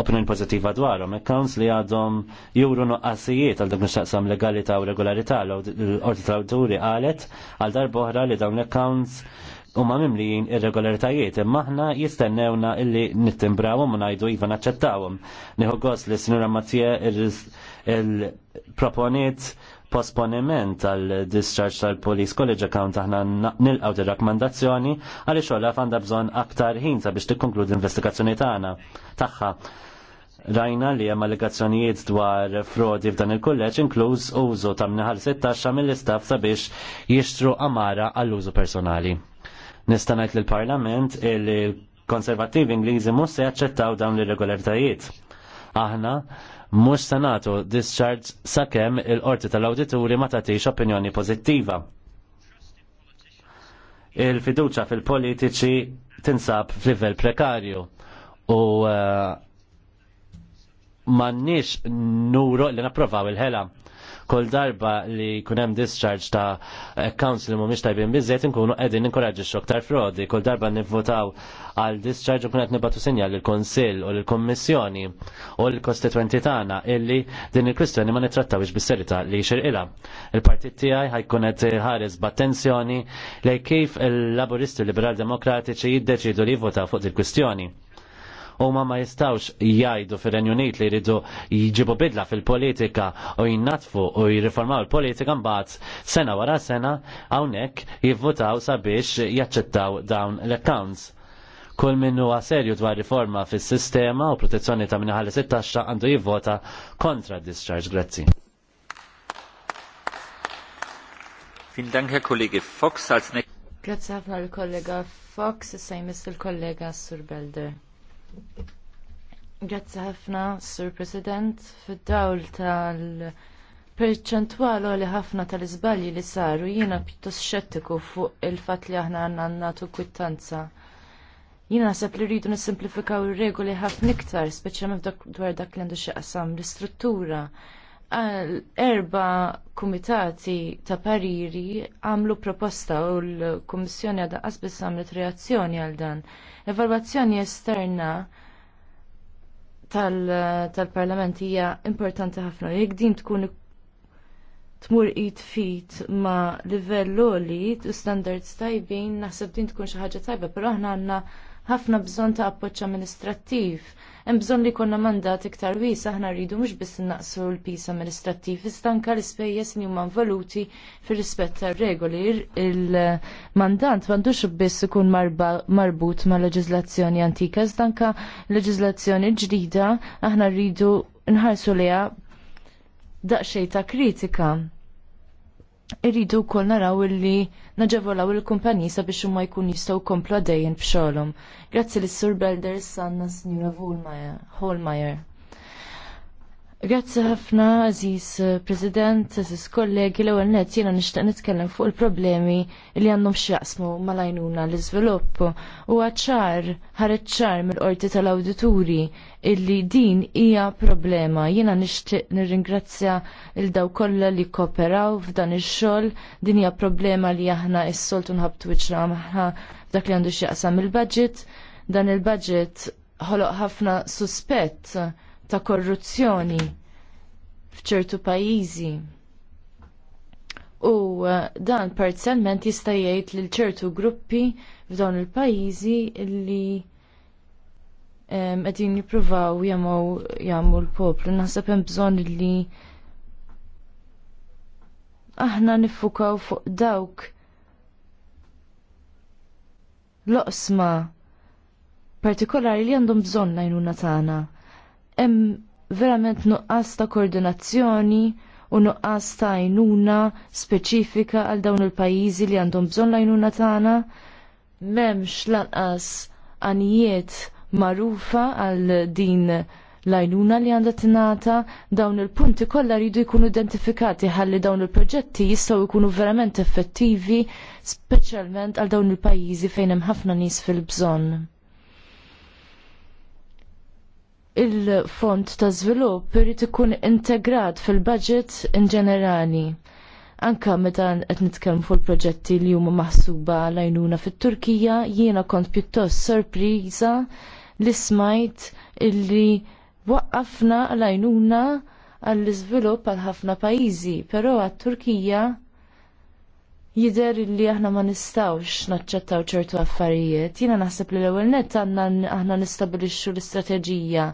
opinjoni pozittiva dwarhom, accounts li għadhom juru nuqqasijiet għal dak nixtaqsam legalità u regolarità l-qorti tal-awdituri qalet għal darbohra li dawn l-accounts u ma mimlijin irregolaritajiet imma aħna jistennewna illi nittimbrawhom u ngħidu iva naċċettawhom. Nieħu gost li s Sinura Mazzija il-proponiet posponiment għal discharge tal-Police College Account aħna nilqaw dir rakkomandazzjoni għaliex xogħla għandha bżonn aktar ħin sabiex tikkonkludi l-investigazzjoni tagħna tagħha. Rajna li hemm allegazzjonijiet dwar frodi f'dan il-kulleġġ inkluż użu ta' mniħal 16 mill-istaff sabiex jixtru amara għall-użu personali. Nista' ngħid l parlament il konservattivi Ingliżi mhux se jaċċettaw dawn l-irregolaritajiet. Aħna mhux se nagħtu discharge sakemm il-qorti tal-awdituri ma tagħtix opinjoni pożittiva. Il-fiduċa fil-politiċi tinsab f'livell prekarju u uh, eh, mannix nuru li napprovaw il-ħela. Kol darba li kunem discharge ta' accounts li mumiex tajbin bizzet nkunu edin inkoraġi xoktar frodi. Kol darba nivvotaw għal discharge u kunet nibatu sinjal l-Konsil u l-Kommissjoni u l-Kostituenti tagħna illi din il-kwistjoni ma nittrattawx bis-serita li xirqila. Il-partit tiegħi ħajkun qed ħares b'attenzjoni li kif il-Laburisti Liberal Demokratiċi jiddeċidu li jivvotaw fuq il-kwistjoni u ma ma jistawx jajdu fil-Renju Unit li jridu jġibu bidla fil-politika u jinnatfu u jirriformaw il-politika mbagħad sena wara sena hawnhekk jivvutaw sabiex jaċċettaw dawn l-accounts. Kull minnu serju dwar riforma fis sistema u protezzjoni ta' minnaħalli 16 għandu jivvota kontra discharge. Grazzi. Vielen Dank, Herr Fox. Als Grazie ħafna l-kollega Fox, sejmis il-kollega Sur Belder. Grazzi ħafna, Sur President, fid-dawl tal- Perċentwal li ħafna tal-iżbalji li saru jiena pjuttost xettiku fuq il-fatt li aħna għandna tu kwittanza. Jiena naħseb li rridu nissimplifikaw ir-regoli ħafna iktar, speċjalment dwar dak li għandu xi qasam l-istruttura erba kumitati ta' pariri għamlu proposta u l-Kummissjoni għadha qasbis għamlet reazzjoni għal dan. Evalwazzjoni esterna tal-parlament tal hija importanti ħafna. Jekk din tkun tmur id fit ma livell u standards tajbin naħseb din tkun xi ħaġa tajba, però aħna għandna ħafna bżonn ta' appoġġ amministrattiv. Hemm bżonn li jkollna mandat iktar wies aħna rridu mhux biss innaqsu l-pis amministrattiv, iżda anke l-ispejjeż li huma involuti fir-rispett tar-regoli. Il-mandant m'għandux biss ikun marbut ma' leġiżlazzjoni antika, iżda anke leġiżlazzjoni ġdida aħna rridu nħarsu liha daqsxejn ta' kritika. Irridu wkoll naraw illi naġevolaw il-kumpanji sabiex huma jkun jistgħu komplu għaddejjin b'xogħolhom. Grazzi lis sur Belder Sanna Signora Holmeyer. Grazzi ħafna, Aziz eh, President, Aziz kollegi, l ewwel net jiena nixtieq nitkellem fuq il-problemi li għandhom x'jaqsmu mal-għajnuna l-iżvilupp. U ċar ħareċċar ċar mill-qorti tal-awdituri illi din hija problema. Jiena nixtieq nirringrazzja il daw kollha li kooperaw f'dan ix-xogħol, din hija problema li aħna s-soltu nħabtu wiċċna magħha dak li għandu x'jaqsam il-budget. Dan il-budget ħoloq ħafna suspett ta' korruzzjoni f'ċertu pajjiżi. U eh, dan parzialment jista' jgħid lil ċertu gruppi f'dawn il-pajjiżi li qegħdin jippruvaw jagħmlu l-poplu. Naħseb hemm bżonn li aħna niffukaw fuq dawk loqsma partikolari li għandhom bżonn lajnuna tagħna hemm verament nuqqas ta' koordinazzjoni u nuqqas ta' għajnuna speċifika għal dawn il-pajjiżi li għandhom bżonn l-għajnuna tagħna m'hemmx lanqas għanijiet magħrufa għal din l-għajnuna li għandha tingħata dawn il-punti kollha jridu jkunu identifikati ħalli dawn il-proġetti jistgħu jkunu verament effettivi speċjalment għal dawn il-pajjiżi fejn hemm ħafna nies fil-bżonn il-fond ta' żvilupp irid ikun integrat fil-budget in ġenerali. Anka meta qed nitkellmu fuq proġetti li huma maħsuba lajnuna fit-Turkija, jiena kont pjuttost sorpriża li smajt illi waqqafna lajnuna għall-iżvilupp għal ħafna pajjiżi, però għat-Turkija jider li aħna ma nistawx naċċettaw ċertu affarijiet. Jina naħseb li l-ewwel net għandna aħna nistabilixxu l-istrateġija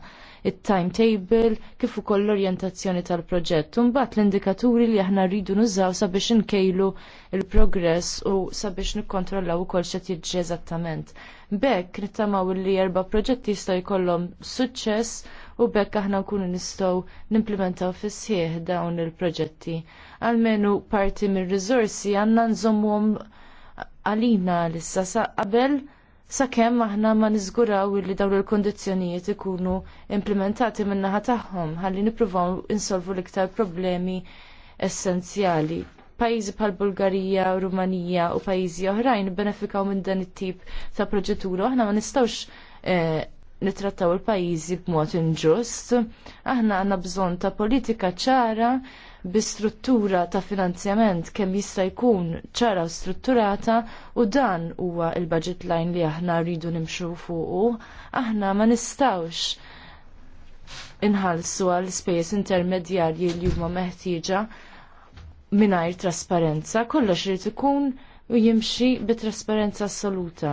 it-timetable kif ukoll l-orjentazzjoni tal-proġett. mbagħad l-indikaturi li aħna rridu nużaw sabiex inkejlu il-progress u sabiex nikkontrollaw ukoll x'qed jiġri eżattament. Bekk nittamaw li erba' proġetti jistgħu jkollhom suċċess u bekk aħna nkunu nistgħu nimplementaw fis-sieħ dawn il-proġetti għalmenu parti mir-riżorsi għandna nżommuhom għalina lissa sa qabel sakemm aħna ma niżguraw li dawn il kundizzjonijiet ikunu implementati min-naħa tagħhom ħalli nippruvaw insolvu l-iktar problemi essenzjali. Pajjiżi bħal Bulgarija, Rumanija u pajjiżi oħrajn benefikaw minn dan it-tip ta' proġettura aħna ma nistgħux eh, nitrattaw il-pajjiżi b'mod inġust. Aħna għandna bżonn ta' politika ċara bi struttura ta' finanzjament kemm jista' jkun ċara strutturata u dan huwa il-budget line li aħna rridu nimxu fuqu, aħna ma nistawx inħallsu għal spejjeż intermedjarji li huma meħtieġa mingħajr trasparenza, kollox irid ikun u jimxi bi trasparenza assoluta.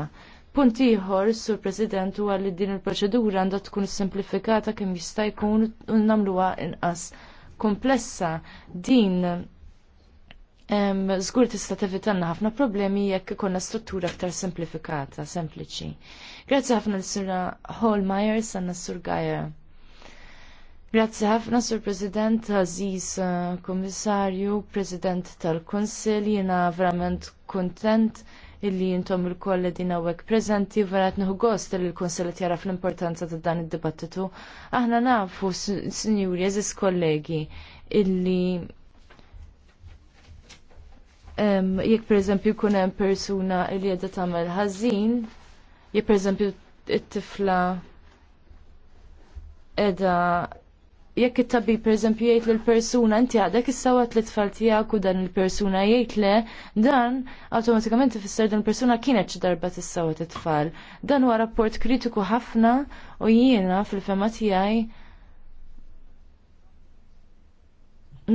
Punt ieħor, Sur President, huwa li din il-proċedura għandha tkun simplifikata kemm jista' jkun u nagħmluha inqas komplessa din Zgur tista' tevitanna ħafna problemi jekk ikonna struttura aktar semplifikata, sempliċi. Grazzi ħafna l-sura Holmeyer sanna s-sur Gajer. Grazzi ħafna sur President Aziz eh, Komissarju, President tal-Konsil, jena verament kontent illi jintom il-koll din għawek prezenti vera nħu gost li l-konsulat jara fl-importanza ta' dan id-dibattitu. Aħna nafu, sinjuri, eżis kollegi, illi jekk per eżempju jkun hemm persuna illi qiegħda tagħmel ħażin, jek per eżempju t-tifla edha jekk it-tabib pereżempju jgħid lill persuna inti għadek issawa t tfal tiegħek u dan il-persuna jgħid le, dan awtomatikament ifisser din il-persuna kienet xi darba tissawa it tfal Dan huwa rapport kritiku ħafna u jiena fil-fema tiegħi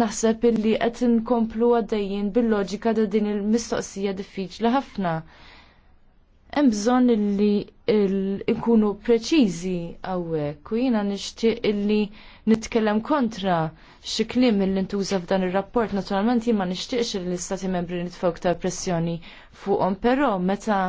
naħseb illi qed inkomplu għaddejjin bil-loġika ta' din il-mistoqsija diffiċli ħafna hemm bżonn illi nkunu preċiżi hawnhekk u jiena nixtieq illi nitkellem kontra xi kliem illi ntuża f'dan ir-rapport. Naturalment jien ma nixtieqx li l-istati membri nitfgħu iktar pressjoni fuqhom, però meta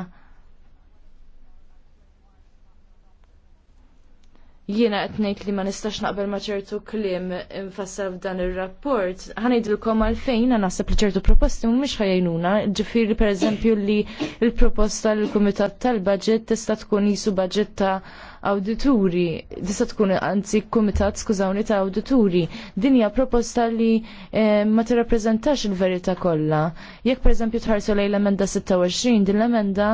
jiena qed ngħid li ma nistax naqbel ma' ċertu kliem infassal f'dan ir-rapport, ħanejdilkom għalfejn għana naħseb li ċertu proposti mhumiex ħajjnuna, ġifieri pereżempju li l-proposta l kumitat tal budget tista' tkun jisu budget ta' awdituri, tista' tkun anzi kumitat skużawni ta' awdituri. Din hija proposta li eh, ma tirrappreżentax il-verità kollha. Jekk pereżempju tħarsu lejn l-emenda 26, din l-emenda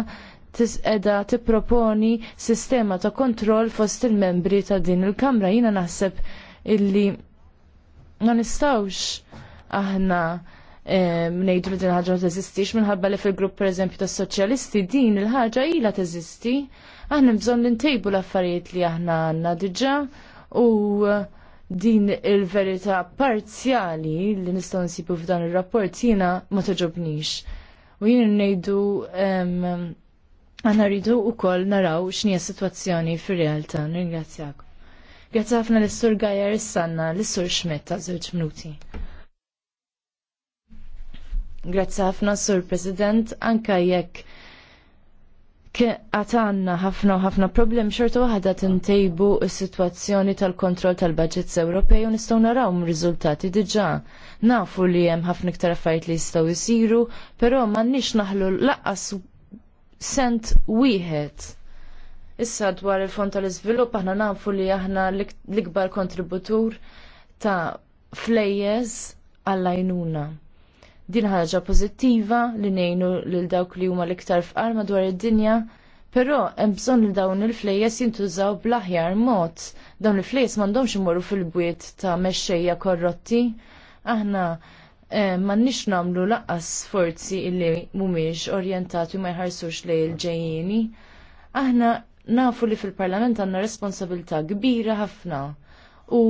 tisqeda tipproponi sistema ta' kontroll fost il-membri ta' din il-Kamra. Jina naħseb illi ma nistawx aħna ngħidu li din ħaġa ma teżistix minħabba li fil-grupp pereżempju tas soċjalisti din il-ħaġa ilha teżisti. Aħna bżonn nintejbu l-affarijiet li aħna għandna diġà u din il-verità parzjali li nistgħu nsibu f'dan ir-rapport jiena ma toġobnix. U jien ngħidu Għanna rridu u kol naraw xnija situazzjoni fir realtà Ringrazzjak. Grazzi ħafna l-Sur Gajer Sanna, l-Sur Schmidt ta' żewġ minuti. Grazzi ħafna Sur President, anka jekk għatanna ħafna u ħafna problem xorta waħda tintejbu s-situazzjoni tal-kontroll tal-budgets Ewropej u nistgħu naraw riżultati diġà. Nafu li hemm ħafna iktar fajt li jistgħu jsiru, però m'għandniex naħlu laqqas sent wieħed. Issa dwar il-fond tal-iżvilupp aħna nafu li aħna l-ikbar kontributur ta' flejjes għall-għajnuna. Din ħaġa pożittiva li ngħinu lil dawk li huma l-iktar fqar madwar id-dinja, però hemm bżonn li dawn il-flejjes jintużaw bl-aħjar mod. Dawn il-flejjes m'għandhomx imorru fil-bwiet ta' mexxejja korrotti. Aħna Eh, ma nix namlu laqqas forzi illi mumiex orientati ma jħarsux li l ġejjini Aħna nafu li fil-parlament għanna responsabilità kbira ħafna u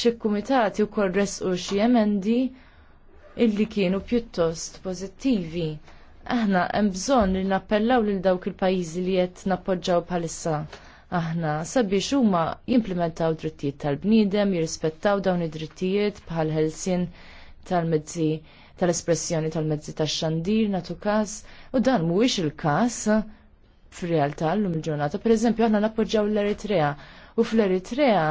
xie kumitati u kol resqu xie emendi illi kienu pjuttost pozittivi. Aħna hemm bżonn li nappellaw lil dawk il-pajjiżi li qed nappoġġaw bħalissa aħna sabiex huma jimplementaw drittijiet tal-bniedem, jirrispettaw dawn id-drittijiet bħal ħelsien tal-mezzi tal-espressjoni tal-mezzi tax-xandir natu każ u dan mhuwiex il-każ f'realtà llum il-ġurnata. Pereżempju aħna nappoġġjaw l-Eritrea u fl-Eritrea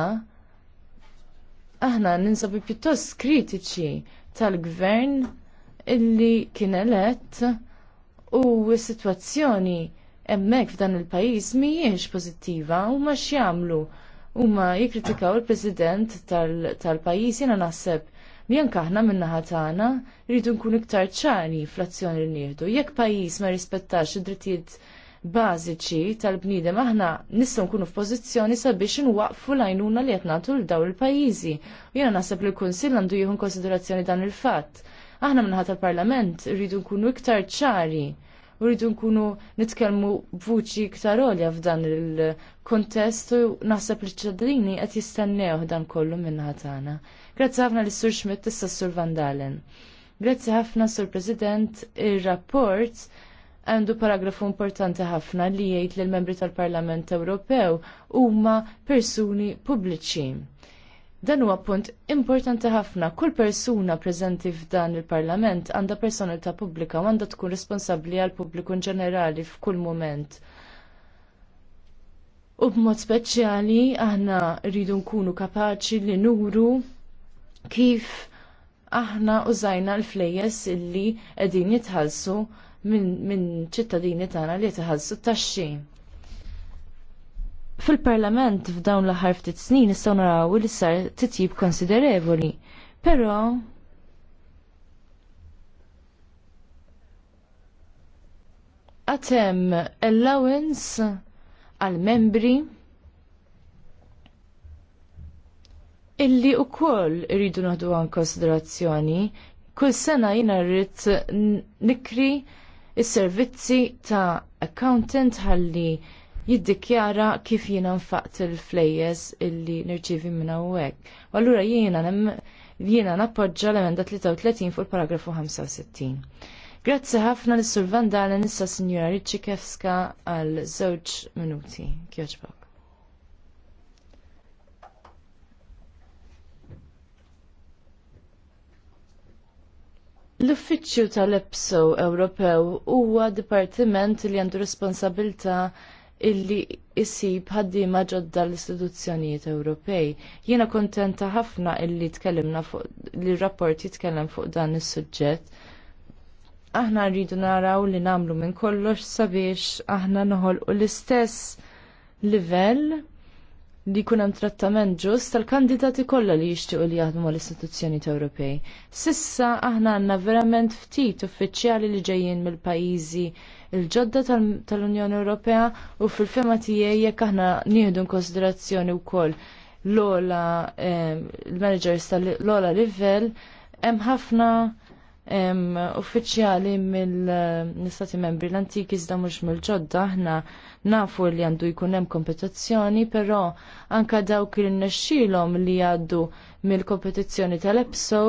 aħna ninsabu pjuttost kritiċi tal-gvern illi kien elett u s-sitwazzjoni emmek f'dan il-pajis mhijiex pożittiva u ma jagħmlu Huma jikkritikaw il-President tal-pajis jiena naħseb li anke aħna min-naħa tagħna rridu nkunu iktar ċari fl-azzjoni li nieħdu. Jekk pajjiż ma rispettax id-drittijiet bażiċi tal-bniedem aħna nistgħu nkunu f'pożizzjoni sabiex inwaqfu l-għajnuna li qed nagħtu l dawl il-pajjiżi. Jiena naħseb li l-Kunsill għandu jieħu konsiderazzjoni dan il-fatt. Aħna minħat tal-Parlament rridu nkunu iktar ċari Uridu rridu nkunu nitkellmu b'vuċi iktar olja f'dan il-kontest u naħseb li ċ-ċittadini qed jistennew dan kollu minnaħa tagħna. Grazzi ħafna lis sur Schmidt tista' Sur Van Dalen. Grazzi ħafna Sur President, ir-rapport għandu paragrafu importanti ħafna li jgħid li l-membri tal-Parlament Ewropew huma persuni pubbliċi. Dan huwa punt importanti ħafna. Kull persuna preżenti f'dan il-Parlament għandha personalità pubblika u għandha tkun responsabbli għal pubbliku in ġenerali f'kull mument. U b'mod speċjali aħna rridu nkunu kapaċi li nuru kif aħna użajna l-flejjes illi qegħdin jitħallsu minn ċittadini tagħna li jitħallsu tax-xejn. Fil-parlament f'dawn l-aħħar ftit snin nistgħu naraw li sar titjib konsiderevoli, però għatem allowance għal-membri illi u koll rridu naħdu għan konsiderazzjoni, kull sena jina rrit nikri il-servizzi ta' accountant ħalli jiddikjara kif jiena nfaqt il-flejjes illi nirċivi minn hawnhekk. allura jiena jiena nappoġġa l-emenda 33 fuq il-paragrafu 65. Grazzi ħafna l sur Van Dalen issa Sinjora Ricci Kefska għal żewġ minuti. Kjoġbok. L-Uffiċċju tal-Epso Ewropew huwa dipartiment li għandu responsabilta illi jisib ħaddiema ġodda l-istituzzjonijiet Ewropej. Jiena kontenta ħafna illi tkellimna fuq li rapport jitkellem fuq dan is-suġġett. Aħna rridu naraw li nagħmlu minn kollox sabiex aħna noħolqu l-istess livell li jkun hemm trattament ġust tal-kandidati kollha li jixtiequ li jaħdmu mal istituzzjonijiet Ewropej. Sissa aħna għandna verament ftit uffiċjali li ġejjin mill-pajjiżi il-ġodda tal-Unjoni Ewropea u fil-fema tiegħi jekk aħna nieħdu konsiderazzjoni wkoll l-ola il-managers tal-ola livell hemm ħafna uffiċjali mill-Istati Membri l-antiki iżda mhux mill-ġodda aħna nafu li għandu jkun hemm kompetizzjoni, però anka dawk li nnexxilhom li għaddu mill-kompetizzjoni tal-EPSO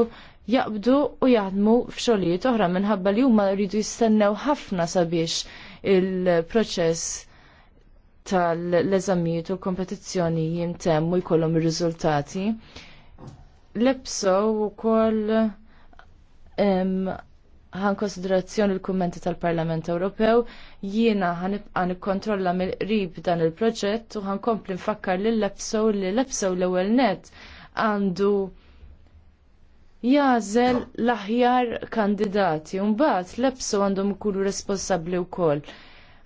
jaqbdu u jaħdmu f'xogħlijiet oħra minħabba li huma jridu jistennew ħafna sabiex il-proċess tal-eżamijiet u kompetizzjoni jintemmu jkollhom ir-riżultati. Lebso wkoll ħan konsiderazzjoni l-kummenti tal-Parlament Ewropew, jiena ħanibqa' nikkontrolla mill-qrib dan il-proġett u ħankompli nfakkar lil lebsow li lebsow l-ewwel net għandu jażel l-aħjar kandidati u mbagħad l għandhom ikunu responsabbli wkoll.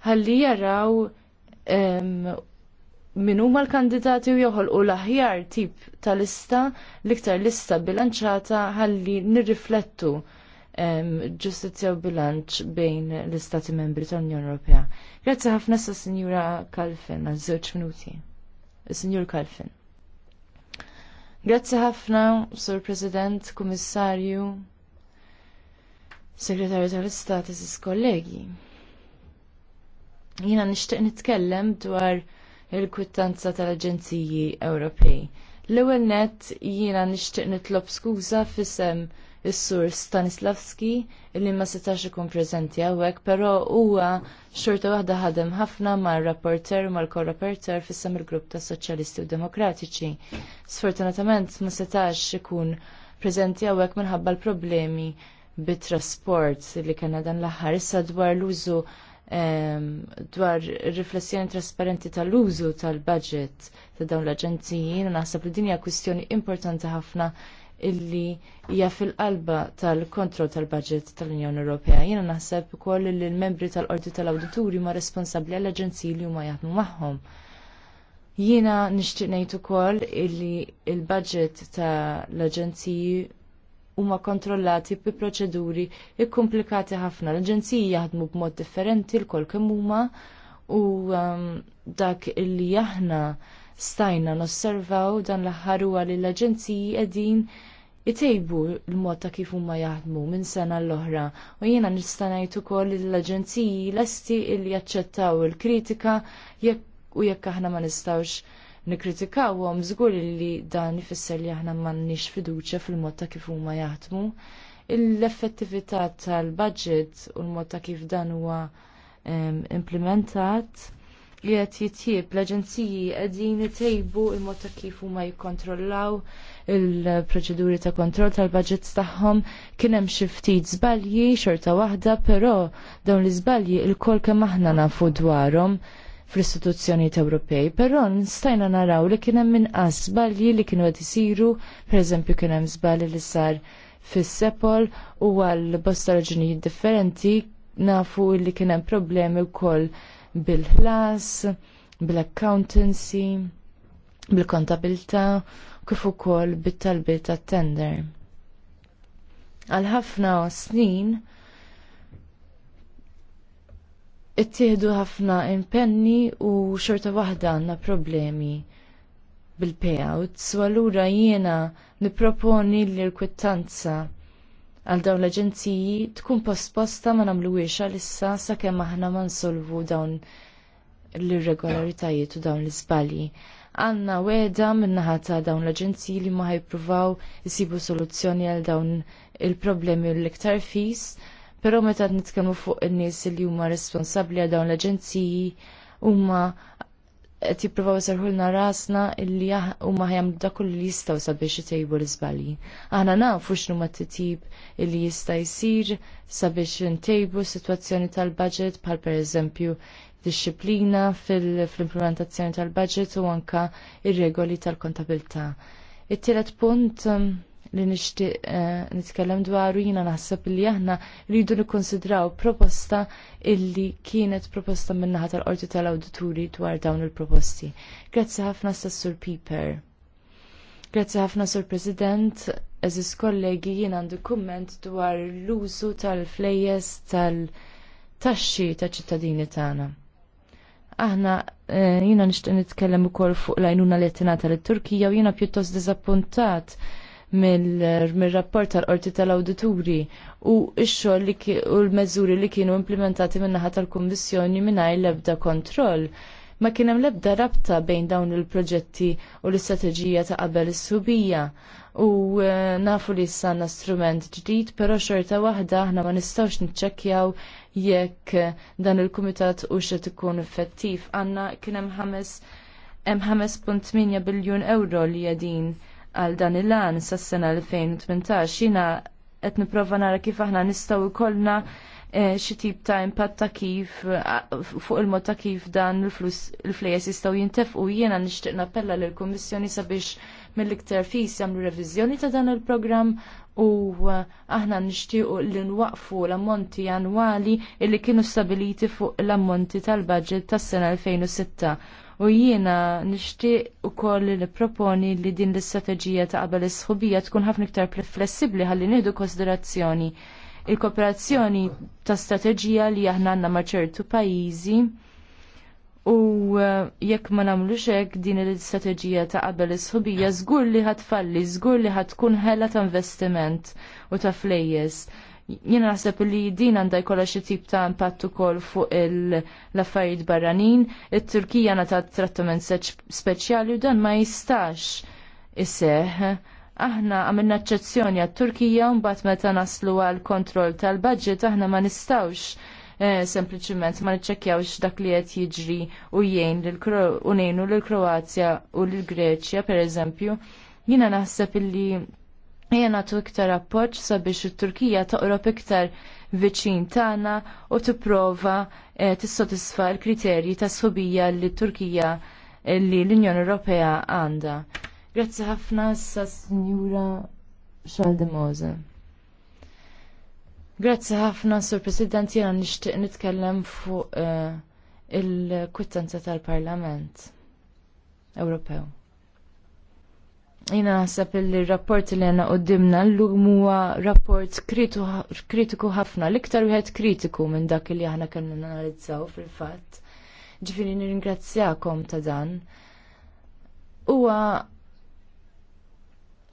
Ħalli jaraw min huma l-kandidati u joħolqu l-aħjar tip ta' lista l-iktar lista bilanċata ħalli nirriflettu ġustizzja u bilanċ bejn l-Istati Membri tal-Unjoni Ewropea. Grazzi ħafna sa' Sinjura Kalfin għal żewġ minuti. Sinjur Kalfin. Grazzi ħafna, Sur President, Kummissarju, Segretarju tal-Istat, Isis kollegi. Jina nishtiq nitkellem dwar il-kwittanza tal-Aġenziji Ewropej. L-ewwel nett jiena nixtieq nitlob skuża f'isem is-sur Stanislavski illi ma setax ikun preżenti hawnhekk, però huwa xorta waħda ħadem ħafna mar-rapporter u mal-korrapporter fis-sam il-grupp ta' Soċjalisti u Demokratiċi. Sfortunatament ma setax ikun prezenti hawnhekk minħabba l-problemi bit-trasport li kena dan l-aħħar issa dwar l-użu dwar riflessjoni trasparenti tal-użu tal-budget ta' dawn l aġenzijin naħseb li din hija kwistjoni importanti ħafna illi hija fil-qalba tal-kontroll tal-budget tal-Unjoni Ewropea. Jiena naħseb ukoll li l-membri tal-Qorti tal-Awdituri ma responsabbli għall aġenziji li huma jaħdmu magħhom. Jiena nixtieq ngħid ukoll illi l-budget tal-aġenziji huma kontrollati bi proċeduri kkumplikati ħafna. L-aġenziji jaħdmu b'mod differenti l-kol kemm huma u um, dak illi aħna stajna nosservaw dan l-aħħar huwa li l-aġenziji qegħdin jitejbu l-mod ta' kif huma jaħdmu minn sena l-oħra u jiena nista' ngħid ukoll li l-aġenziji lesti li jaċċettaw il-kritika u jekk aħna ma nistgħux nikkritikawhom żgur li dan ifisser li aħna m'għandniex fiduċja fil-mod ta' kif huma jaħdmu. L-effettività tal-budget u l-mod ta' kif dan huwa ehm, implementat li qed jitjieb l-aġenziji qegħdin itejbu il-mod ta' kif huma jikkontrollaw il-proċeduri ta' kontroll tal-budgets tagħhom kien hemm xi ftit żbalji xorta waħda, però dawn l-iżbalji il-kol kemm aħna nafu dwarhom fl-istituzzjonijiet Ewropej, però stajna naraw li kien hemm inqas żbalji li kienu qed isiru, pereżempju kien hemm żbalji li sar fis-sepol u għal bosta raġunijiet differenti nafu li kien hemm problemi wkoll bil-ħlas, bil-accountancy, bil-kontabilta, kif ukoll bit-talbiet tat-tender. Għal ħafna snin ittieħdu ħafna impenni u xorta waħda għandna problemi bil-payouts, u allura jiena nipproponi l-kwittanza għal dawn l-aġenziji tkun posposta ma nagħmluwiex għalissa sakemm aħna ma nsolvu dawn l-irregolaritajiet u dawn l-iżbalji. Għanna weda naħa ta' dawn l-aġenziji li ma ħajpruvaw jisibu soluzzjoni għal dawn il-problemi l-iktar fis, però meta nitkellmu fuq in-nies li huma responsabbli għal dawn l-aġenziji huma qed jippruvaw sarħulna rasna illi huma ħajamlu dak li jistgħu sabiex itejbu l-iżbalji. Aħna nafu x'nu ma titjib illi jista' jsir sabiex ntejbu s-sitwazzjoni tal-budget bħal pereżempju disċiplina fil-implementazzjoni tal-budget u anka ir-regoli tal-kontabilità. It-tielet punt um, li nixtieq eh, nitkellem dwaru jiena naħseb li aħna rridu nikkonsidraw proposta illi kienet proposta min-naħa tal-qorti tal-awdituri dwar dawn il-proposti. Grazzi ħafna Sassur Piper. Grazzi ħafna Sur President, eżis kollegi jien għandu kumment dwar l-użu tal flejes tal-taxxi ta' ċittadini tagħna. Aħna eh, jina nixtieq nitkellem ukoll fuq l-għajnuna li tingħata lit turkija u jiena pjuttost diżappuntat mill-rapport tal-qorti tal-awdituri u x-xogħol li u l-meżuri li kienu implementati min-naħa tal-Kummissjoni mingħajr l-ebda kontroll. Ma kien hemm l-ebda rabta bejn dawn il-proġetti u l-istrateġija ta' qabel is-subija. U eh, nafu li s-sanna strument ġdid, però xorta waħda aħna ma nistgħux niċċekkjaw jekk dan il-kumitat u xed ikun effettiv. Għandna kien hemm ħames punt minja biljun euro li jadin għal dan il-lan sas-sena 2018 jina qed nipprova nara kif aħna nistgħu jkollna eh, xi tip ta' impatt ta' kif eh, fuq il-mod ta' kif dan il-flus il-flejes jistgħu jintefqu jiena nixtieq nappella lill kummissjoni sabiex mill-iktar fis jagħmlu reviżjoni ta' dan il-programm u eh, aħna nixtiequ li nwaqfu l-ammonti annwali li kienu stabiliti fuq l-ammonti tal-budget tas-sena 2006 u jiena nixtieq ukoll li proponi li din l-istrateġija ta' qabel is-sħubija tkun ħafna iktar flessibbli ħalli nieħdu konsiderazzjoni il-kooperazzjoni ta' strateġija li aħna għandna ma' ċertu pajjiżi u eh, jekk ma nagħmlux hekk din l-istrateġija ta' qabel is-sħubija żgur li ħatfalli, żgur li tkun ħela ta' investiment u ta' flejjes. Jiena naħseb li din għandha jkollha xi tip ta' impatt ukoll fuq l-affarijiet barranin, it-Turkija ta' trattament speċjali u dan ma jistax iseħ. Aħna għamilna eċċezzjoni għat-Turkija u mbagħad meta naslu għal kontroll tal-budget aħna ma nistawx eh, sempliciment ma nċekkjawx dak li qed jiġri u jgħin u ngħinu lill-Kroazja u lill-Greċja pereżempju, jiena naħseb li. Ejja nagħtu iktar appoġġ sabiex it-Turkija toqrob iktar viċin tagħna u tipprova eh, tissodisfa l-kriterji ta' sħobija li Turkija eh, li l-Unjoni Ewropea għandha. Grazzi ħafna sa Sinjura Xaldemose. Grazzi ħafna, Sur President, jena nixtieq nitkellem fuq eh, il-kwittanza tal-Parlament Ewropew jina naħseb li rapport li għanna qoddimna l-lum huwa rapport kritiku ħafna, l-iktar wieħed kritiku minn dak li aħna kellna analizzaw fil-fatt. Ġifieri nirringrazzjakom ta' dan. Huwa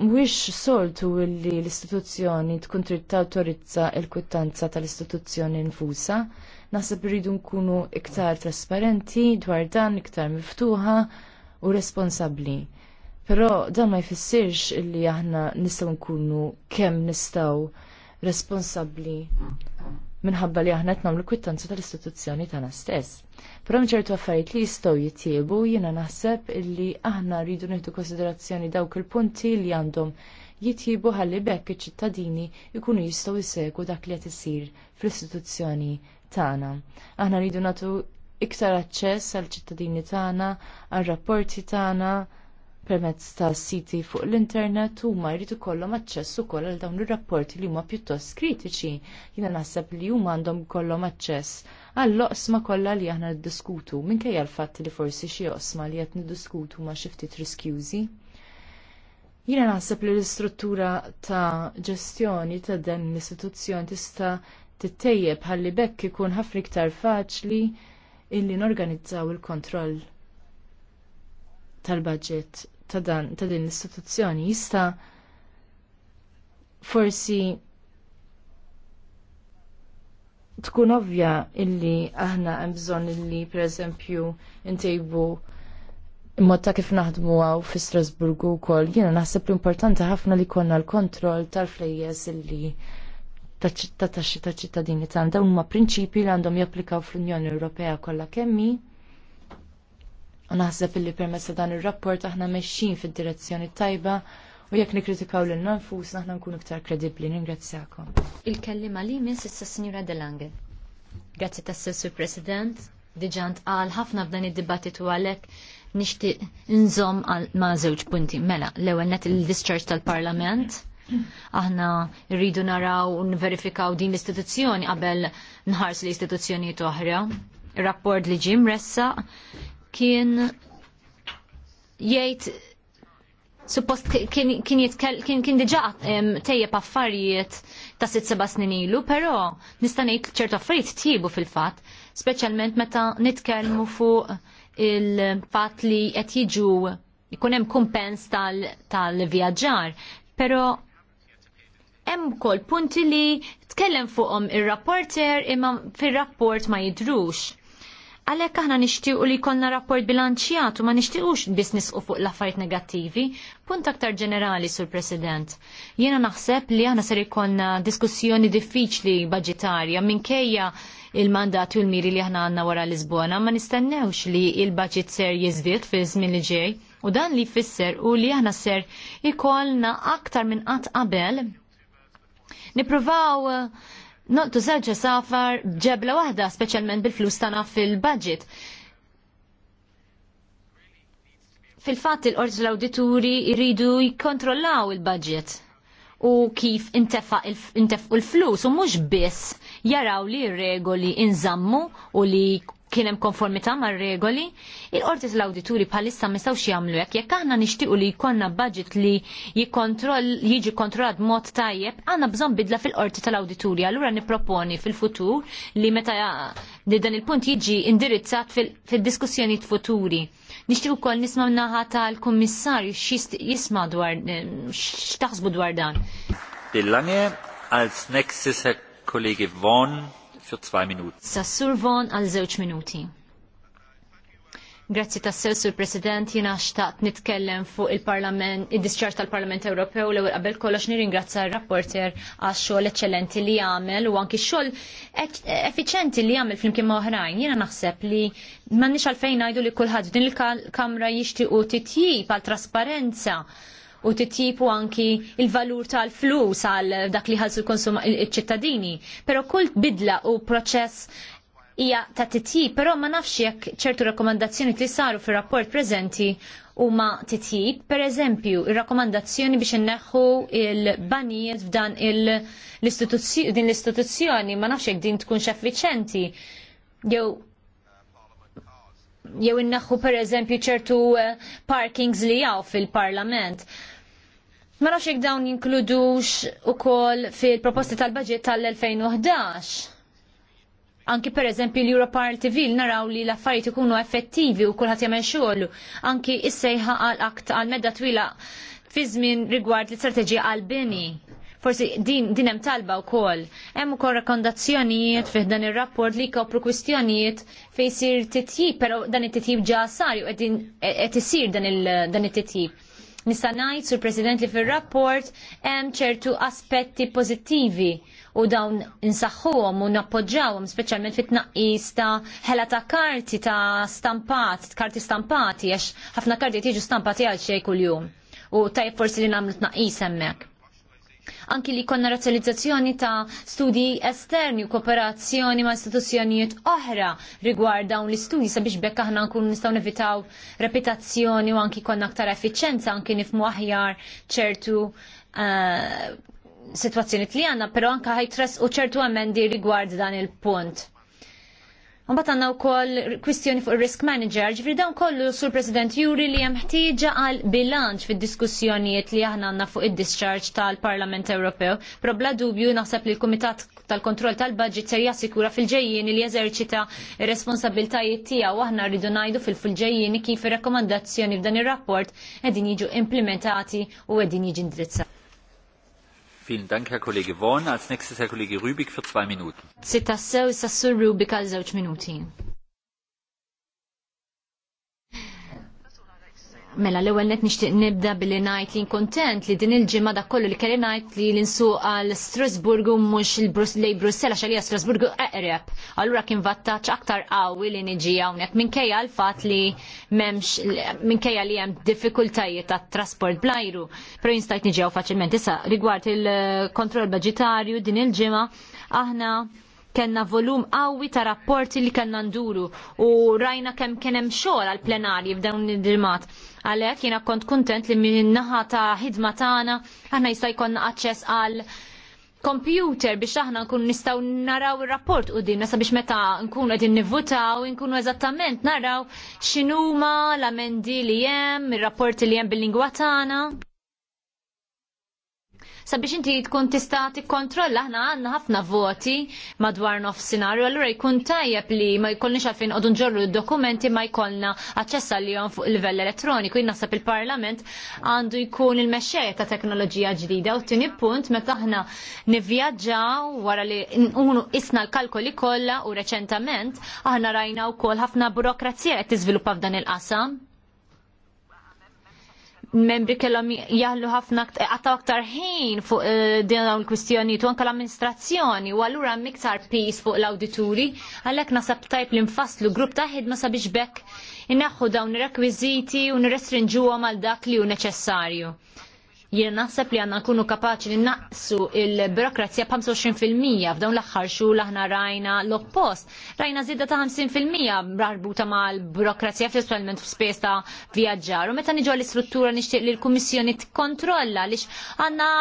mhuwiex soltu li l-istituzzjoni tkun trid tawtorizza l-kwittanza tal-istituzzjoni nfusa. Naħseb irridu nkunu iktar trasparenti dwar dan, iktar miftuħa u responsabbli. Però dan ma jfissirx illi aħna nistgħu nkunu kemm nistgħu responsabbli minħabba li aħna qed nagħmlu kwittanza tal-istituzzjoni tagħna stess. Però mċertu affarijiet li jistgħu jittiebu jiena naħseb illi aħna rridu nieħdu konsiderazzjoni dawk il-punti li għandhom jitjibu ħalli bekk iċ-ċittadini jkunu jistgħu jsegwu dak li qed isir fl-istituzzjoni tagħna. Aħna rridu nagħtu iktar aċċess għall ċittadini tagħna, għar rapporti tagħna, permezz ta' siti fuq l-internet huma jrid ikollhom aċċess ukoll għal dawn ir-rapporti li huma pjuttost kritiċi. Jiena naħseb li huma għandhom ikollhom aċċess għall oqsma kollha li aħna niddiskutu minkejja l-fatt li forsi xi oqsma li qed niddiskutu ma' xi ftit riskjużi. Jiena naħseb li l-istruttura ta' ġestjoni ta' dan l-istituzzjoni tista' tittejjeb ħalli bekk ikun ħafna iktar faċli illi norganizzaw il-kontroll tal-budget ta' dan ta' din l-istituzzjoni jista' forsi tkun ovvja illi aħna hemm bżonn illi pereżempju ntejbu mod ta' kif naħdmu għaw fi Strasburgu wkoll jiena naħseb l-importanti ħafna li konna l-kontroll tal-flejjes illi ta' ta' ċittadini tagħna dawn huma prinċipji li għandhom japplikaw fl-Unjoni Ewropea kollha kemmi. U naħseb illi permess ta' dan ir-rapport aħna mexxin fid-direzzjoni tajba u jekk nikkritikaw lil nfus aħna nkunu iktar kredibbli. Ningrazzjakom. Il-kellima li minn issa Sinjura Delange. Grazzi tas-Sessu President, diġant għal ħafna f'dan id-dibattitu għalhekk nixtieq inżomm ma' żewġ punti. Mela, l-ewwel net il-discharge tal-Parlament aħna rridu naraw u nverifikaw din l-istituzzjoni qabel nħars l-istituzzjoni toħra rapport li ġim ressa kien jgħid suppost kien kien kien diġà tejjeb affarijiet ta' sitt seba' snin ilu, però nista' ngħid ċertu affarijiet tjiebu fil-fatt, speċjalment meta nitkellmu fuq il-fatt li qed jiġu jkun hemm kumpens tal-vjaġġar, però hemm ukoll punti li tkellem fuqhom ir-rapporter imma fir-rapport ma jidrux. Għalhekk aħna nixtiequ li jkollna rapport bilanċjat u ma nixtiequx biss nisqu fuq l-affarijiet negattivi. Punt aktar ġenerali sur President. Jiena naħseb li aħna ser ikollna diskussjoni diffiċli budġetarja minkejja il-mandat u l-miri li aħna għandna wara Lisbona ma nistennewx li il-budget ser jiżdied fi żmien li ġej. U dan li jfisser u li aħna ser ikollna aktar minn qatt qabel Nipruvaw Noltu zewġ safar ġebla waħda, speċjalment bil-flus tana fil-budget. Fil-fatt il orġ l-awdituri jridu jikkontrollaw il-budget u kif intefqu l-flus u mhux biss jaraw li regoli inżammu u li kien hemm konformità mar-regoli, il-qorti tal-awdituri bħalissa ma jistgħux jagħmlu hekk. Jekk aħna nixtiequ li jkollna budget li jikkontroll jiġi kontrollat mod tajjeb, għanna bżonn bidla fil-qorti tal-awdituri. Allura nipproponi fil-futur li meta li dan il-punt jiġi indirizzat fil-diskussjonijiet futuri. Nixtieq ukoll nisma' naħa tal-kummissarju jisma' dwar x'taħsbu dwar dan. Dillanje, għal-snexis kollegi Herr Vaughan Sassur Von għal żewġ minuti. Grazzi tassew sur President, jina xtaqt nitkellem fuq il-Parlament, il-discharge tal-Parlament Ewropew l ewwel qabel kollox nirringrazzja r-rapporter għax xogħol eċċellenti li għamel u anki xogħol effiċenti li għamel flimkien ma' oħrajn. Jiena naħseb li m'għandniex għalfejn ngħidu li kulħadd din il-Kamra jixtiequ titjib għal trasparenza u titipu anki il-valur tal-flus għal dak li ħalsu konsum il-ċittadini. Pero kull bidla u proċess hija ta' titjib, pero ma nafx jekk ċertu rakkomandazzjoni li saru fir rapport preżenti u ma titjib, per eżempju, il-rakkomandazzjoni biex inneħħu il-banijiet f'dan din l-istituzzjoni, ma nafx jekk din tkun xeffiċenti. Jew jew innaħħu per eżempju ċertu eh, parkings li jaw fil-parlament. Ma nafx dawn jinkludux ukoll fil-proposti tal-budget tal-2011. Anki per eżempju l-Europar TV naraw li l-affarijiet ikunu effettivi u kulħadd jagħmel xogħol. Anki issejħa għal akt għal medda twila fi żmien rigward l-istrateġija għal bini. Forsi din din hemm talba wkoll. Hemm ukoll rakkondazzjonijiet fih dan ir-rapport li jkopru kwistjonijiet fejn isir titjib, però dan it-titjib ġa sar u qed isir dan it-titjib Nista' ngħid sur President li fir-rapport hemm ċertu aspetti pożittivi u dawn insaħħuhom u nappoġġawhom speċjalment fit-tnaqqis ta' ħela ta' karti ta' stampat, karti stampati għax ħafna karti tiġu stampati għal xejn kuljum. U tajjeb forsi li nagħmlu tnaqqis hemmhekk. Anki li konna razzalizzazzjoni ta' studji esterni u kooperazzjoni ma' istituzzjonijiet oħra rigward dawn l-istudji sabiex bekk aħna nkunu nistgħu nevitaw reputazzjoni u anki konna aktar effiċenza anki nifmu aħjar ċertu uh, eh, situazzjoni li għanna, pero anka ħajtres u ċertu għamendi rigward dan il-punt. Mbagħad għandna wkoll kwistjoni fuq ir-risk manager, ġifri dawn kollu sur President Juri li hemm ħtieġa għal bilanċ fid-diskussjonijiet li aħna għandna fuq id-discharge tal-Parlament Ewropew. Probla dubju naħseb li l-Kumitat tal-Kontroll tal-Budget ser jassikura fil-ġejjien li jeżerċita responsabiltajiet tiegħu aħna rridu ngħidu fil-ġejjien kif ir-rakkomandazzjoni f'dan ir-rapport qegħdin jiġu implementati u qegħdin jiġi indirizzati. Vielen Dank, Herr Kollege Vaughan. Als nächstes Herr Kollege Rübig für zwei Minuten. Sitta sew, Rübig għal zewċ minuti. Mela l-ewwel net nixtieq nibda billi ngħid li nkuntent li din il-ġimgħa dak kollu li kelli ngħid li l-insuq għal Strasburgu mhux lejn Brussella għalija Strasburgu eqreb. Allura kien vantaġġ aktar qawwi li niġi hawnhekk minkejja l fatt li m'hemmx minkejja li hemm diffikultajiet tat trasport blajru. Però jinstajt niġew faċilment issa rigward il-kontroll budgetarju din il-ġimgħa aħna kena volum qawwi ta' rapporti li kellna nduru u rajna kemm kien hemm xogħol għall plenarji f'dawn id-dilmat. Għalhekk jiena kont kontent li min-naħa ta' ħidma tagħna aħna jista' jkollna aċċess għal computer biex aħna nkun nistgħu naraw ir-rapport nasa sabiex meta nkunu għedin nivvutaw nkunu eżattament naraw x'inhuma l-amendi li hemm, ir-rapporti li hemm bil-lingwa tagħna sabiex inti tkun tista' tikkontrolla aħna għandna ħafna voti madwar nofsinhar u allura jkun tajjeb li ma jkollniex għalfejn qogħdu nġorru d-dokumenti ma jkollna aċċess għalihom fuq livell elettroniku. Jien naħseb il-Parlament għandu jkun il-mexxej ta' teknoloġija ġdida u tieni punt meta aħna nivvjaġġaw wara li nkunu isna l-kalkoli kollha u reċentament aħna rajna wkoll ħafna burokrazija qed tiżviluppa f'dan il-qasam membri kellhom jaħlu ħafna għataw aktar ħin fuq eh, din dawn il-kwistjonijiet u anke l-amministrazzjoni u allura miktar pis fuq l-awdituri għalhekk nasab tajb li nfasslu grupp ta' ħidma sabiex bekk inaħħu dawn ir-rekwiżiti u nirrestrinġuhom għal dak li hu neċessarju. Jien naħseb li għandna nkunu kapaċi li naqsu il-birokrazija b'25% f'dawn l-aħħar xhur aħna rajna l-oppost. Rajna żieda ta' 50% marbuta mal-birokrazija f'esperimentu f'spejs ta' vjaġġar. U meta niġu l-istruttura nixtieq li l-Kummissjoni tikkontrolla għaliex għandna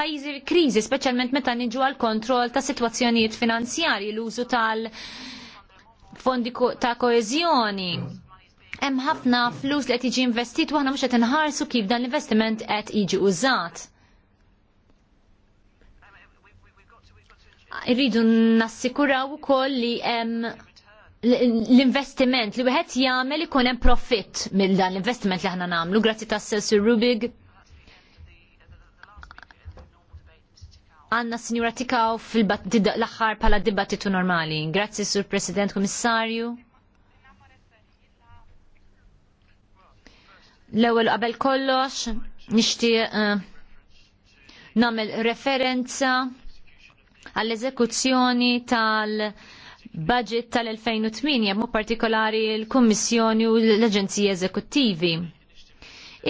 pajjiżi kriżi, speċjalment meta niġu għal-kontroll ta' sitwazzjonijiet finanzjarji l-użu tal- fondi ta' koezjoni hemm ħafna flus li qed jiġi investit u aħna mhux qed inħarsu kif dan l-investiment qed jiġi użat. Irridu nassikuraw ukoll li hemm l-investiment li wieħed jagħmel ikun hemm profitt mill dan l-investiment li aħna nagħmlu grazzi tas-sew Sir Rubig. Għanna sinjura tikaw fil-aħħar pala dibattitu normali. Grazzi Sur President Komissarju. L-ewwel qabel kollox nixtieq eh, nagħmel referenza għall-eżekuzzjoni tal- budget tal-2008 mu partikolari l-Kummissjoni u l-Aġenziji Eżekuttivi.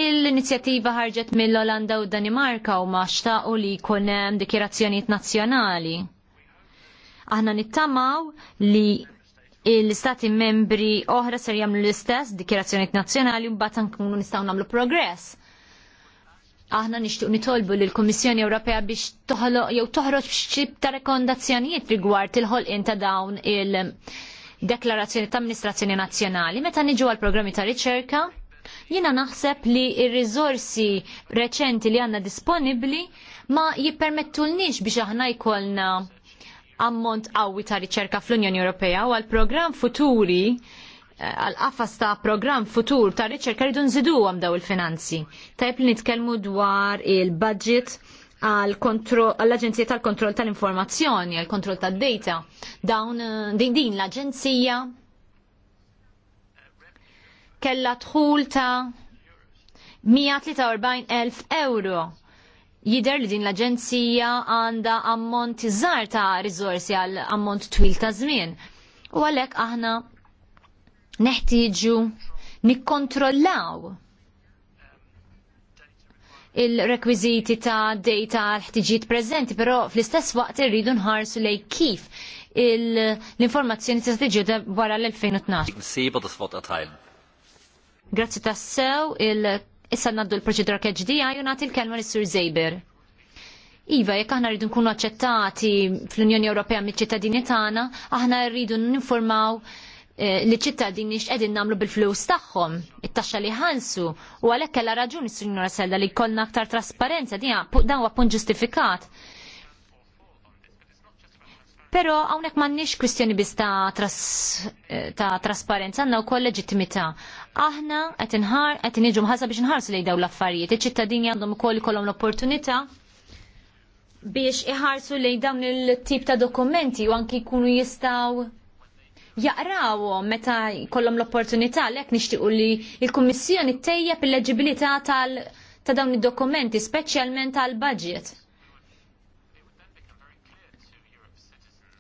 Il-inizjattiva ħarġet mill-Olanda u Danimarka u maċta u li jkun hemm dikjerazzjonijiet nazzjonali. Aħna nittamaw li l-istati membri oħra ser jagħmlu l-istess dikjerazzjonijiet nazzjonali mbagħad nkunu nistgħu nagħmlu progress. Aħna nixtieq nitolbu lill kummissjoni Ewropea biex toħloq jew toħroġ b'xi ta' rekomendazzjonijiet rigward il-ħolqien ta' dawn il-deklarazzjoni ta' amministrazzjoni nazzjonali meta niġu għal programmi ta' riċerka. Jiena naħseb li r riżorsi reċenti li għandna disponibbli ma jippermettulniex biex aħna jkollna ammont qawwi ta' riċerka fl-Unjoni Ewropea u għal programm futuri eh, għal qafas ta' programm futur ta' riċerka rridu nżiduhom daw il-finanzi. Tajb li nitkellmu dwar il-budget għall-Aġenzija tal-Kontroll tal-Informazzjoni, għall-Kontroll tad-Data. Dawn eh, din din l-Aġenzija kella dħul ta' 143,000 euro Jider li din l-Aġenzija għanda ammont żgħar ta' riżorsi għal ammont twil ta' żmien. U għalhekk aħna neħtieġu nikkontrollaw il-rekwiziti ta' data l-ħtiġijiet preżenti, però fl-istess waqt irridu nħarsu lej kif l-informazzjoni se tiġi wara l-2012. Grazzi tassew il- Issa naddu l-proċedura keġdija jonat l kelma l-Sur Zejber. Iva, jekk aħna rridu nkunu aċċettati fl-Unjoni Ewropea mit ċittadini tagħna, aħna rridu ninformaw eh, li ċittadini x'qegħdin nagħmlu bil-flus tagħhom, it-taxxa li ħansu, u għalhekk kellha raġuni Sinjura Sella li jkollna aktar trasparenza dija dan huwa punt ġustifikat. Pero hawnhekk m'għandniex kwistjoni biss eh, ta' trasparenza, għandna wkoll leġittimità. Aħna qed inħar qed niġu mħasa biex inħarsu lejn dawn l-affarijiet. Iċ-ċittadini għandhom ukoll ikollhom l-opportunità biex iħarsu lejn dawn il-tip ta' dokumenti u anki jkunu jistgħu jaqrawhom meta jkollhom l-opportunità għalhekk nixtiequ li l-Kummissjoni ttejjeb il-leġibilità tal- ta' dawn id-dokumenti, speċjalment tal-budget.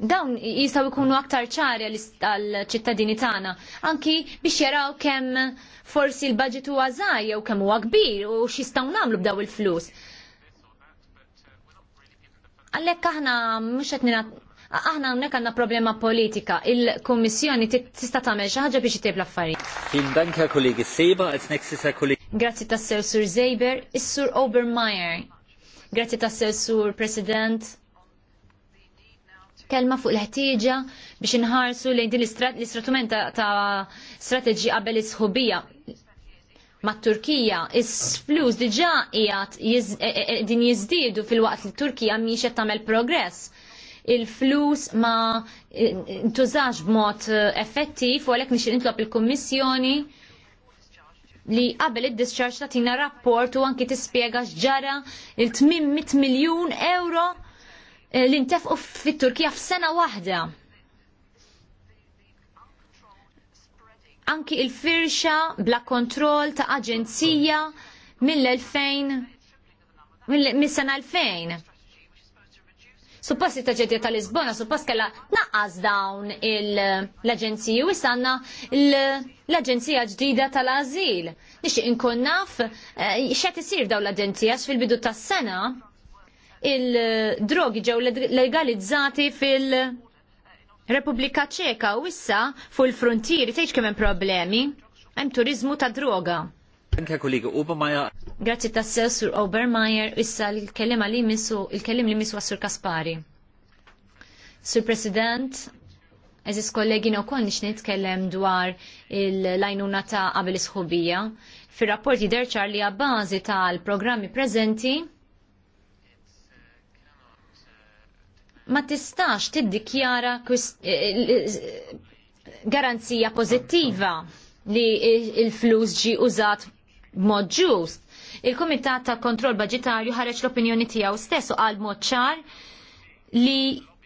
dawn jistaw ikunu aktar ċari għal-ċittadini tagħna, anki biex jaraw kemm forsi l-budget huwa żgħar jew kemm huwa kbir u x'jistgħu nagħmlu b'daw il-flus. Għalhekk aħna mhux qed aħna hawnhekk għandna problema politika. Il-Kummissjoni tista' tagħmel xi ħaġa biex itib l-affarijiet. Vielen kollegi Seba, Kollege Seber, als nächstes Herr Kollege. Sur Zeber, is-Sur Obermeyer. Grazzi tassew Sur President kelma fuq l-ħtieġa biex inħarsu lejn din l-istrument ta' strateġi qabel is-sħubija mat turkija is-flus diġà qiegħed e- e- e- din jiżdiedu fil-waqt li Turkija mhix qed tagħmel progress. Il-flus ma ntużax b'mod effettiv u għalhekk nixtieq nitlob il-Kummissjoni li qabel id-discharge tina rapport u anki tispjega x'ġara il-800 miljun euro Eh, li ntefqu fit-Turkija f'sena waħda. Anki il-firxa bla kontroll ta' aġenzija mill-2000 mis sena 2000. Suppost it-taġedja tal-Lisbona, suppost kella naqqas dawn l-Aġenziji u sanna l-Aġenzija ġdida tal-Azil. Nixtieq inkun naf eh, x'qed isir dawn l-Aġenzija fil-bidu tas-sena il-drogi ġew legalizzati fil- Repubblika Ċeka u issa fuq il-frontieri tgħidx kemm hemm problemi. Hemm turizmu ta' droga. Anke kollega sew Grazzi sur Obermeyer issa l-kellim li misu il-kellim li miswa Sur Kaspari. Sur President, eżis kollegi no kol nix nitkellem dwar il-lajnuna ta' qabel isħubija. fir rapporti derċar li għabbażi tal-programmi preżenti ma tistax tiddikjara eh, eh, garanzija pozittiva li il-flus ġi użat b'mod ġust. Il-Kumitat ta' Kontroll Budgetarju ħareġ l-opinjoni tiegħu stess u qal mod ċar li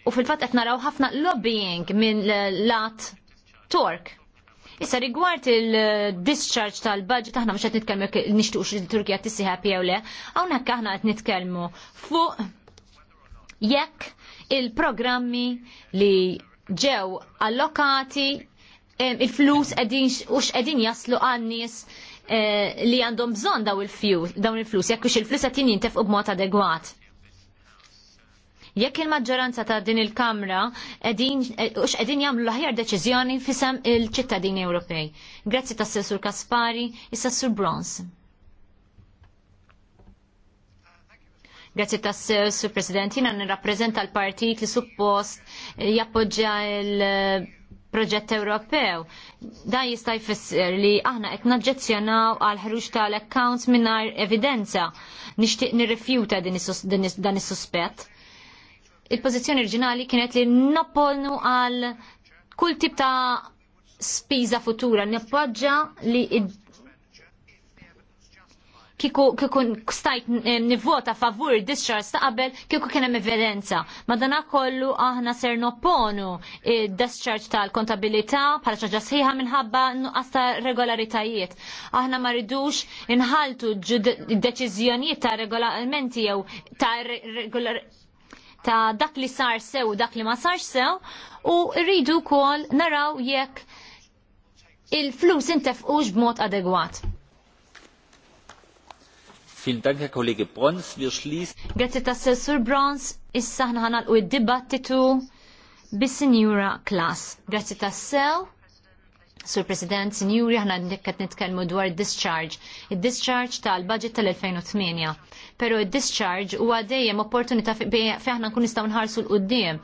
u fil-fatt qed naraw ħafna lobbying minn lat Tork. Issa rigward il-discharge tal-budget aħna mhux qed nitkellmu nixtuqx li Turkija tisiħab jew le, hawnhekk aħna qed nitkellmu fuq jekk il-programmi li ġew allokati il-flus edin u x'qegħdin jaslu għan-nies eh, li għandhom bżonn dawn il-flus jekk il-flus qed jintefqu b'mod adegwat jekk il-maġġoranza ta' din il-Kamra eh, ux edin jagħmlu laħjar aħjar deċiżjoni fisem il-ċittadini Ewropej. Grazzi tas-Sessur Kaspari, s sessur Bronson. Grazzi tassew, Sur President, jina nirrapprezenta l-partit li suppost jappoġġa il-proġett eh, Ewropew. Dan jista' jfisser li aħna qed naġġezzjonaw għal ħruġ tal-accounts mingħajr evidenza. Nixtieq nirrifjuta dan is-suspett. Il-pożizzjoni oriġinali kienet li nappolnu għal kull tip ta' spiża futura, nappoġġa li id kiku kikun stajt nivvota favur discharge ta' qabel kiku kien hemm evidenza. Madana kollu aħna ser nopponu discharge eh, tal-kontabilità bħala ċaġa sħiħa minħabba nuqqas ta' regolaritajiet. Aħna ma rridux inħaltu deċiżjonijiet ta' regolamenti jew ta' regolar ta' dak li sar sew dak li ma sarx sew u rridu kol naraw jekk il-flus intefqux b'mod adegwat. Grazzi ta' Sessur Brons, issa ħna ħana l dibattitu bis-Sinjura Klas. Grazzi ta' Sur President, Sinjuri, ħna nikkat nitkelmu dwar discharge. Il-discharge tal-budget tal-2008. Pero il-discharge huwa dejjem opportunità feħna nkun nistaw nħarsu l-qudiem.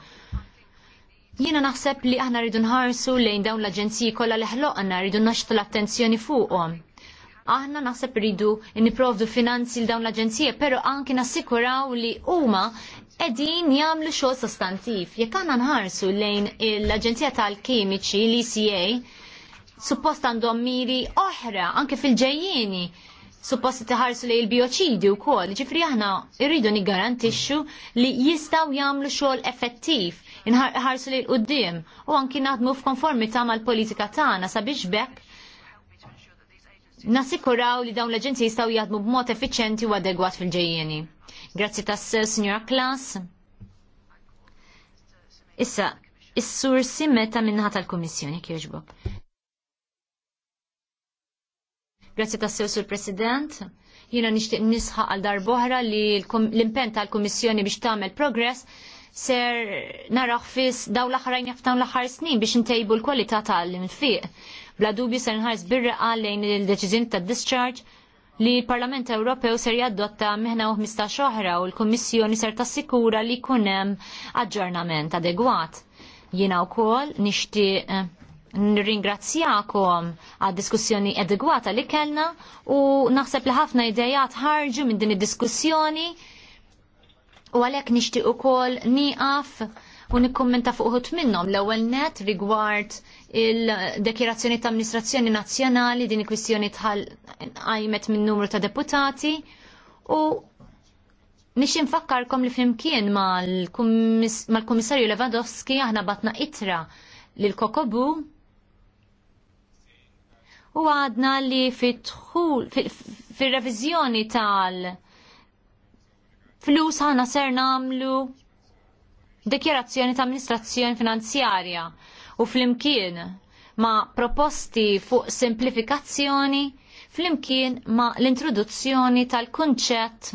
Jiena naħseb li aħna rridu nħarsu lejn dawn l-aġenziji kollha li ħloqna rridu naxtu l-attenzjoni fuqhom aħna naħseb ridu niprovdu finanzi l dawn l-aġenzija, pero anki nassikuraw li huma edin jagħmlu xogħol sostantiv. Jekk għandna nħarsu lejn l-Aġenzija tal-Kimiċi, l-ECA, suppost għandhom miri oħra anke fil-ġejjieni suppost tħarsu lejn il bioċidi u kol, ġifri aħna irridu nigarantixxu li jistaw jamlu xogħol effettiv, inħarsu li l-qoddim u anki naħdmu f'konformità mal-politika tagħna sabiex bekk nasikuraw li dawn l-aġenziji jistgħu jaħdmu b'mod effiċjenti u adegwat fil-ġejjeni. Grazzi tassew, Signora Klas. Issa, is-sur simmeta minnaħat tal-Kummissjoni kieġbob. Grazzi tas Sur President. Jiena nixtieq nisħaq għal darbohra li l-impen tal-Kummissjoni biex tagħmel progress ser naraħ fis daw l-aħrajn l-aħħar snin biex intejbu l-kwalità tal-infiq Bla dubju ser nħares birreqa lejn il-deċiżjoni tad-discharge li l-Parlament Ewropew ser jaddotta meħna u 15 xoħra u l kummissjoni ser tassikura li kunem aġġornament adegwat. Jina u kol nishti eh, nringrazzjakom għad diskussjoni adegwata li kellna u naħseb li ħafna idejat ħarġu minn din id-diskussjoni u għalek nishti u kol niqaf u nikkommenta fuq minnom l-ewel net rigward il-dekirazzjoni ta' amministrazzjoni nazzjonali din kwistjoni tħal għajmet minn numru ta' deputati u nix infakkarkom li flimkien mal-Kummissarju Lewandowski aħna batna itra lil kokobu u għadna li fitħul fil-revizjoni tal flus ħana ser namlu dekjerazzjoni ta' amministrazzjoni finanzjarja u flimkien ma' proposti fuq simplifikazzjoni flimkien ma' l-introduzzjoni tal-kunċett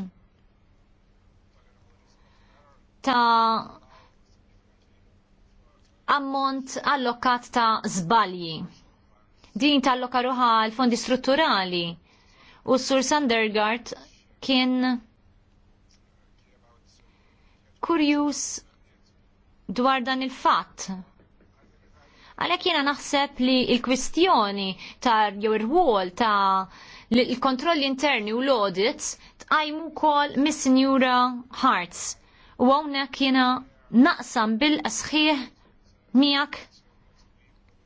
ta' ammont allokat ta' zbalji. Din tal-loka ruħa l-fondi strutturali u Sur Sandergaard kien kurjus dwar dan il-fatt Għalhekk jiena naħseb li l-kwistjoni ta' jew ir-rwol ta' il kontrolli interni u l-audits tqajmu wkoll mis-Sinjura Hearts. U hawnhekk jiena naqsam bil-asħieħ miegħek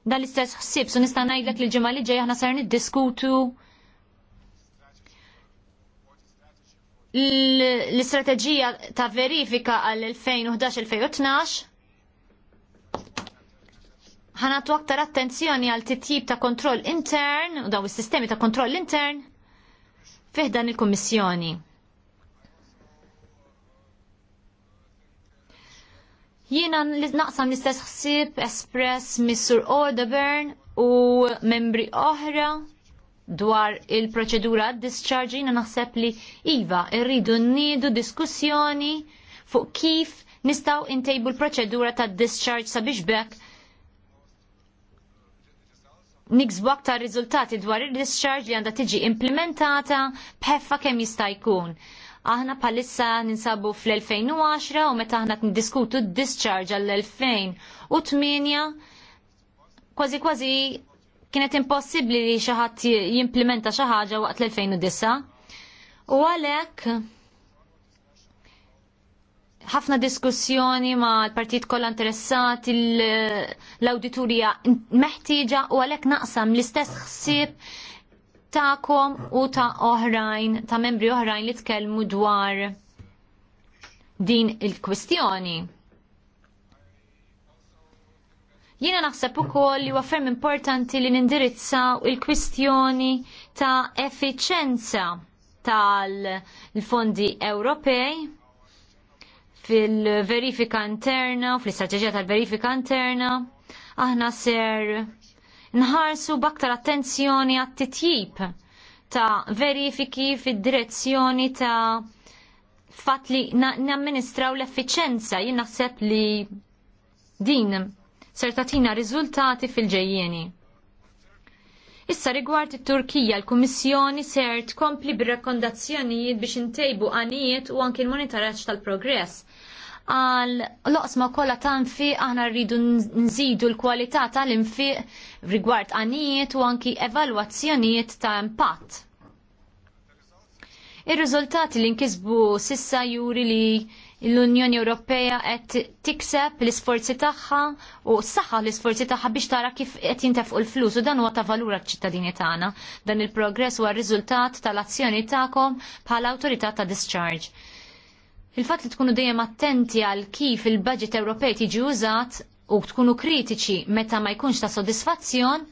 dan l-istess ħsieb, so nista' ngħidlek li ġimgħa li ġej aħna sar niddiskutu l-istrateġija ta' verifika għal 2011-2012 ħanatu aktar attenzjoni għal titjib ta' kontroll intern, u daw is-sistemi ta' kontroll intern, fiħdan il-Kommissjoni. Jiena naqsam l-istess ħsieb espress Missur Odeburn u membri oħra dwar il-proċedura discharge jiena naħseb li iva irridu nnidu diskussjoni fuq kif nistaw intejbu l-proċedura ta' discharge sabiex bekk niksbu aktar riżultati dwar il discharge li għandha tiġi implementata b'ħeffa kemm jista' jkun. Aħna bħalissa ninsabu fl-2010 u meta aħna ndiskutu d-discharge għall-2008 kważi kważi kienet impossibbli li xi ħadd jimplementa xi ħaġa waqt l-2009. U għalhekk ħafna diskussjoni ma l-partit kollha interessati l auditorija meħtieġa u għalhekk naqsam l-istess ħsieb ta'kom u ta' oħrajn, ta' membri oħrajn li tkellmu dwar din il-kwistjoni. Jiena naħseb ukoll li huwa ferm importanti li nindirizzaw il-kwistjoni ta' effiċenza tal-fondi Ewropej fil-verifika interna, fl-istrateġija tal-verifika interna, aħna ser nħarsu baktar attenzjoni għat-titjib ta' verifiki fil direzzjoni ta' fat li namministraw l-effiċenza jien naħseb li din ser tatina riżultati fil ġejjeni Issa rigward it-Turkija, l-Kummissjoni ser tkompli bir-rakkondazzjonijiet biex intejbu għanijiet u anki l-monitoraġġ tal-progress għal loqsma kollha ta' nfiq aħna rridu nżidu l-kwalità tal-infiq rigward għanijiet u anki evalwazzjonijiet ta' impatt. Ir-riżultati li nkisbu sissa juri li l-Unjoni Ewropea qed tikseb l-isforzi tagħha u saħħa l-isforzi tagħha biex tara kif qed jintefqu l-flus u dan huwa ta' valura ċ-ċittadini tagħna. Dan il-progress huwa r-riżultat tal-azzjoni tagħkom bħala awtorità ta' discharge il-fatt li tkunu dejjem attenti għal kif il-budget Ewropej tiġi użat u tkunu kritiċi meta ma jkunx ta' sodisfazzjon,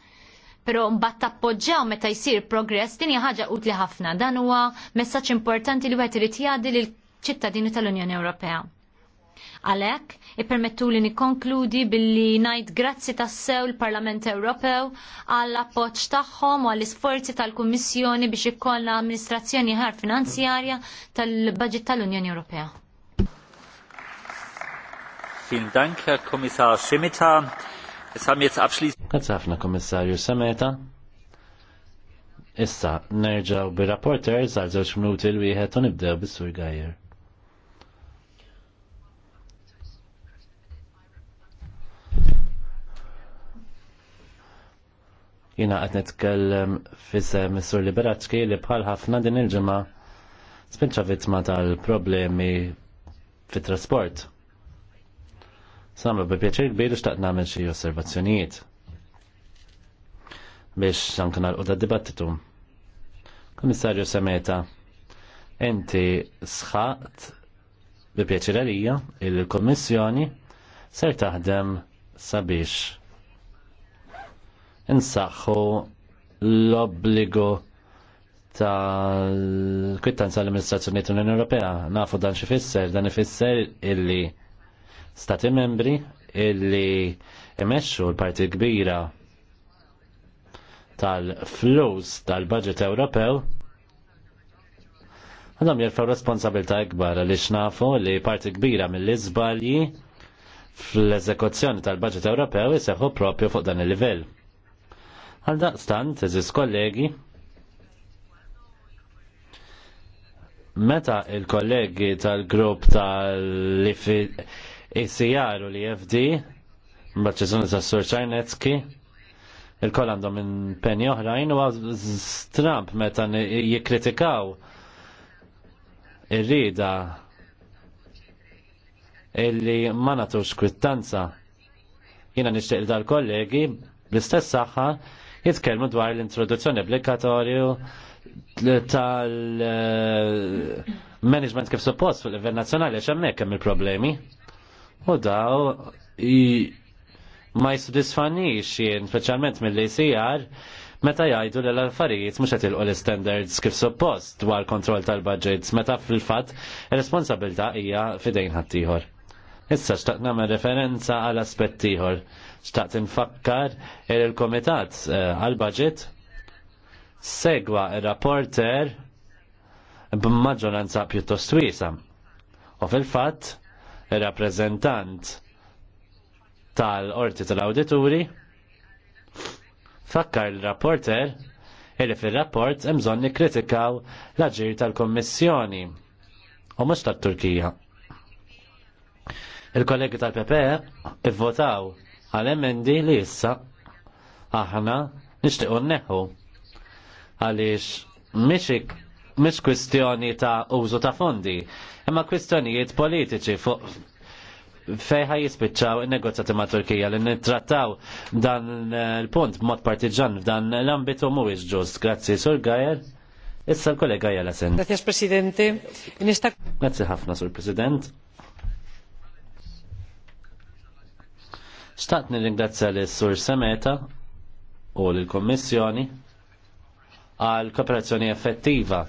pero mbagħad tappoġġjaw meta jsir progress din hija ħaġa utli ħafna. Dan huwa messaġġ importanti li wieħed irid jgħaddi lill ċittadini tal-Unjoni Ewropea. Għalhekk, Ippermettu li nikkonkludi billi najt grazzi tassew l-Parlament Ewropew għall appoġġ tagħhom u għall isforzi tal-Kummissjoni biex ikollna amministrazzjoni ħar finanzjarja tal budget tal-Unjoni Ewropea. Vielen Dank, Herr Kommissar Semeta. Es haben jetzt abschließend. Ganz ħafna, Kommissarju Semeta. Issa, nerġaw bi rapporters għal żewġ minuti l-wieħed u nibdew bis-Sur Gajer. Jina għat nitkellem fisem Sur Liberaċki li bħal ħafna din il ġemma spinċa vittma tal-problemi fit trasport Samra bi pjaċir kbir xtaqt namel xie osservazzjonijiet biex anke nalqu da dibattitu. Komissarju Semeta, inti sħat bi pjaċir għalija il komissjoni ser taħdem sabiex insaħħu l-obbligu tal-kwittanza l-amministrazzjoni tal-Unjoni Ewropea. Nafu dan xi fisser, dan ifisser illi stati membri illi imexxu l-parti kbira tal-flus tal-budget Ewropew għandhom jirfaw responsabilta ikbar li xnafu li parti kbira mill-izbalji fl-eżekuzzjoni tal-budget Ewropew jiseħu propju fuq dan il-livell. Għal stant, eżis kollegi, meta il-kollegi tal-grupp tal-ICR u l-IFD, mbaċċezuni ta' Sur Czarnecki, il-koll għandhom minn penja oħrajn u Trump meta jikkritikaw ir-rida illi ma natux kwittanza. Jina il dal-kollegi bl-istess saħħa jitkellmu dwar l-introduzzjoni obbligatorju tal-management eh, kif suppost fil-livell nazzjonali għax hemmhekk hemm il-problemi. U daw ma jisodisfanix jien speċjalment mill-ACR meta jgħidu l affarijiet mhux qed ilqu l-standards kif suppost dwar kontroll tal-budgets meta fil-fatt ir-responsabilità hija fidejn ħaddieħor. Issa xtaqt nagħmel referenza għal aspett ieħor Xtaqt infakkar il-Komitat eh, għal-Budget segwa il-rapporter b'maġġoranza pjuttost wiesa. U fil-fatt, il-rappreżentant tal-Orti tal-Awdituri fakkar il-rapporter illi fil-rapport imżon nikritikaw l-aġir tal-Kommissjoni u mhux tat-Turkija. Il-kollegi tal-PP e ivvotaw għal-emendi li issa aħna nishtiqu neħu għaliex miex mish kwistjoni ta' użu ta' fondi, imma kwistjonijiet politiċi fuq fejħa jispiċċaw il-negozjati ma' Turkija li nittrattaw dan il-punt b'mod partiġan f'dan l-ambitu mhuwiex ġust. Grazzi, Sur Gajer. Issa l-kollega Jala Sen. Grazie, Presidente. Grazie ħafna, Sur President. Xtaqt nirringrazzja l sur Semeta u l-Kommissjoni għal kooperazzjoni effettiva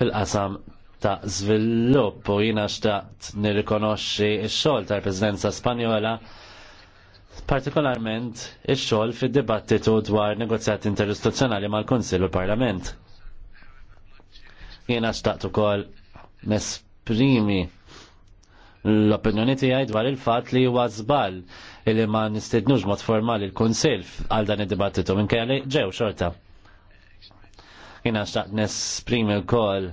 fil-qasam ta' żvilupp u jiena xtaqt nirrikonoxxi x-xogħol tal-Presidenza Spanjola partikolarment ix-xogħol fid-dibattitu dwar negozjat interistituzzjonali mal-Kunsill u l-Parlament. Jiena xtaqt ukoll nesprimi l-opinjoni tiegħi dwar il-fatt li huwa żball Illi ma nistednux mod formali l konsil għal dan id-dibattitu minn kelli ġew xorta. Jina xtaqt nesprimi l-kol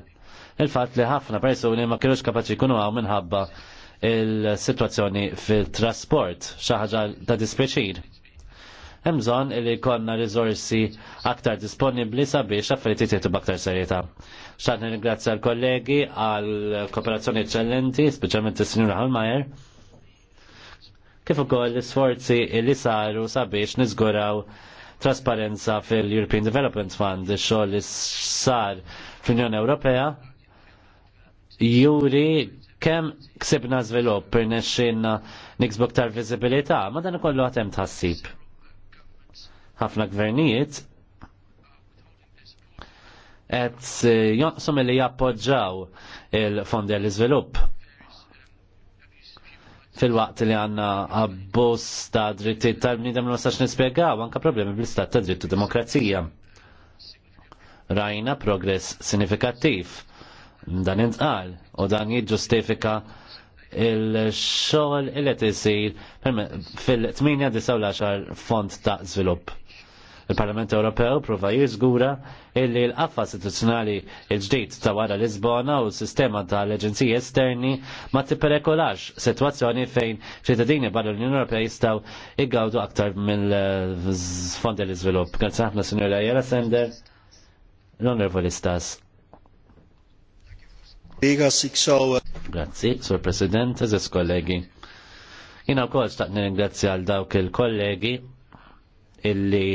il-fat li ħafna persuni ma kienux kapaċi kunu għaw minħabba il-situazzjoni fil-trasport xaħġa ta' dispieċir. hemżon li konna rizorsi aktar disponibli sabiex affarijiet jitietu b'aktar serjetà. Xan ringrazzja l-kollegi għal kooperazzjoni eccellenti, specialment is-Sinjura Halmajer, kif ukoll l-sforzi li saru sabiex niżguraw trasparenza fil-European Development Fund, xogħol li sar fl-Unjoni Ewropea, juri kemm ksibna żvilupp per nexxinna niksbu ktar viżibilità, ma dan ikollu għatem tħassib. Ħafna gvernijiet qed jonqsum li jappoġġaw il-fondi għall-iżvilupp fil-waqt li għanna abbus ta' dritti tal-bnidem ma nistax nispjegaw anka problemi bl-istat ta' dritti demokrazija. Rajna progress sinifikattiv dan intqal u dan jiġġustifika il-xogħol il qed isir fil-8 10 fond ta' żvilupp. Il-Parlament Ewropew prova jiżgura illi l-qaffa istituzzjonali il-ġdid ta' wara Lisbona u s-sistema tal-Aġenziji Esterni ma tipperekolax situazzjoni fejn ċittadini barra l-Unjoni Ewropea jistgħu iggawdu aktar mill-fondi l-iżvilupp. Grazie ħafna Sinjura Jera Sender, l-Onorevoli Stas. Oh. Grazzi, Sur President, eżis kollegi. Jina u kol staqni ringrazzja għal dawk il-kollegi illi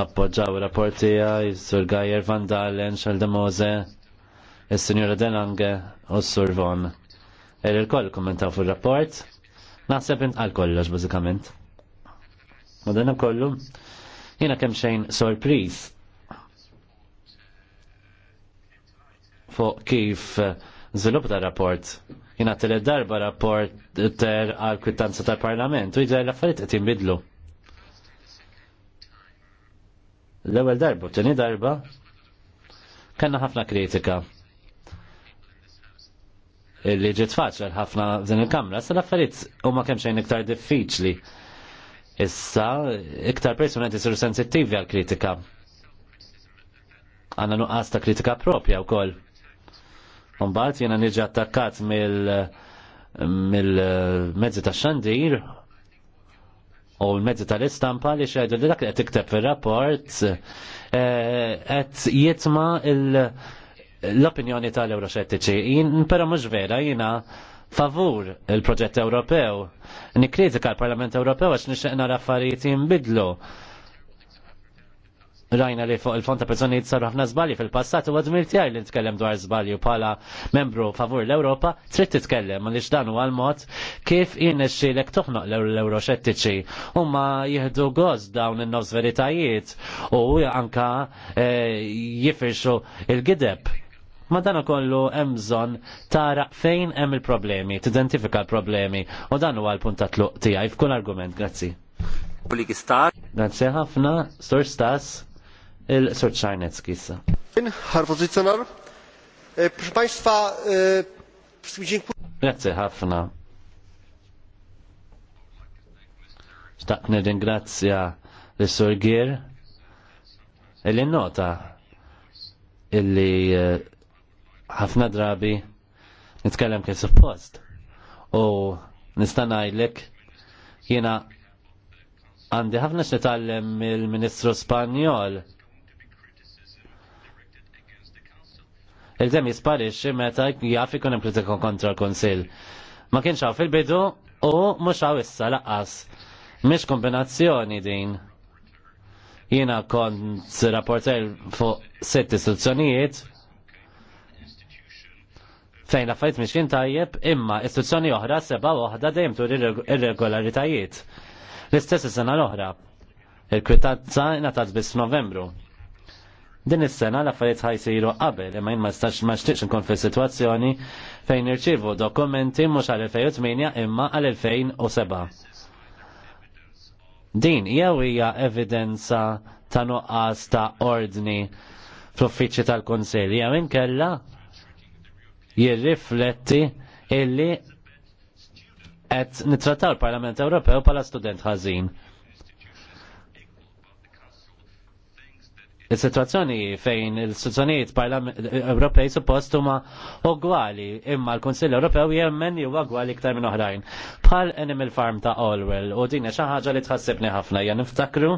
appoġġaw rapportija, Sur Gajer Van Dalen, Mose, il-Sinjura Delange u s-Sur Von. Er il-koll kommentaw fil rapport naħseb għal kollox bażikament. Madonna kollu, jina kemm xejn sorpriz fuq kif zilup ta' rapport jina tele darba rapport ter għal kwittanza tal-parlament u jidher l-affarijiet qed jinbidlu. l-ewwel darba, t-tieni darba, kellna ħafna kritika. Li ġiet faċel ħafna din il-kamra, sa l-affarijiet huma kemm xejn iktar diffiċli. Issa, iktar persuna jisiru sensittivi għal kritika. Għanna nuqqas ta' kritika propja wkoll. Mbagħad jiena niġi attakkat mill mill-mezzi ta' xandir u l-mezzi tal-istampa li xedu li dak li qed tikteb fir-rapport eh, qed jitma l-opinjoni tal-Euroxettiċi. Jien però mhux vera jina favur il-proġett Ewropew. Nikritika l-Parlament Ewropew għax nixtieq nara affarijiet jinbidlu rajna li fuq il fonta ta' personijiet saru ħafna żbalji fil-passat u għadmir tiegħi li nitkellem dwar żbalji bħala membru favur l-Ewropa, trid titkellem għaliex dan huwa l-mod kif jinexxielek toħnoq l-Euroxettiċi huma jieħdu gost dawn in-nofs veritajiet u anka eh, jifirxu il-gideb. Ma dan kollu hemm bżonn tara fejn hemm il-problemi, tidentifika l-problemi u dan huwa l-punt ta' tluq tiegħi f'kull argument, grazzi. Grazzi ħafna, Sur Stas il-Sur Czarnecki issa. Harpożizzjonar, eh, proszę Państwa, eh, Grazie ħafna. Xtaqt nirringrazzja l-Sur Gier illi nota illi eh, ħafna drabi nitkellem kif suppost u nista' ngħidlek jiena għandi ħafna xnitallem il-Ministru Spanjol il-dem jisparixxi meta jaf ikun hemm kritika kontra l-Kunsill. Ma kienx hawn fil-bidu u mhux hawn issa laqqas. Mhix kombinazzjoni din. Jiena kont rapporter fuq sitt istituzzjonijiet fejn laffajt kien tajjeb imma istituzzjoni oħra seba oħda dejjem tur irregolaritajiet. L-istess is-sena l-oħra. Il-kwitanza ingħatat bis Novembru. Din is-sena l-affarijiet ħajsiru qabel imma jien ma stax ma xtieqx nkun fi sitwazzjoni fejn irċievu dokumenti mhux għal 2008 imma għal 2007. Din jew hija evidenza ta' nuqqas ta' ordni fl-uffiċċju tal-Kunsill jew inkella jirrifletti illi qed nittrattaw il parlament Ewropew bħala student ħażin. il-situazzjoni fejn il Parlament Ewropej suppost huma ogwali imma l-Kunsill Ewropew jemmen jew ogwali iktar minn oħrajn. Bħal Animal Farm ta' Allwell u din xi ħaġa li tħassibni ħafna jien niftakru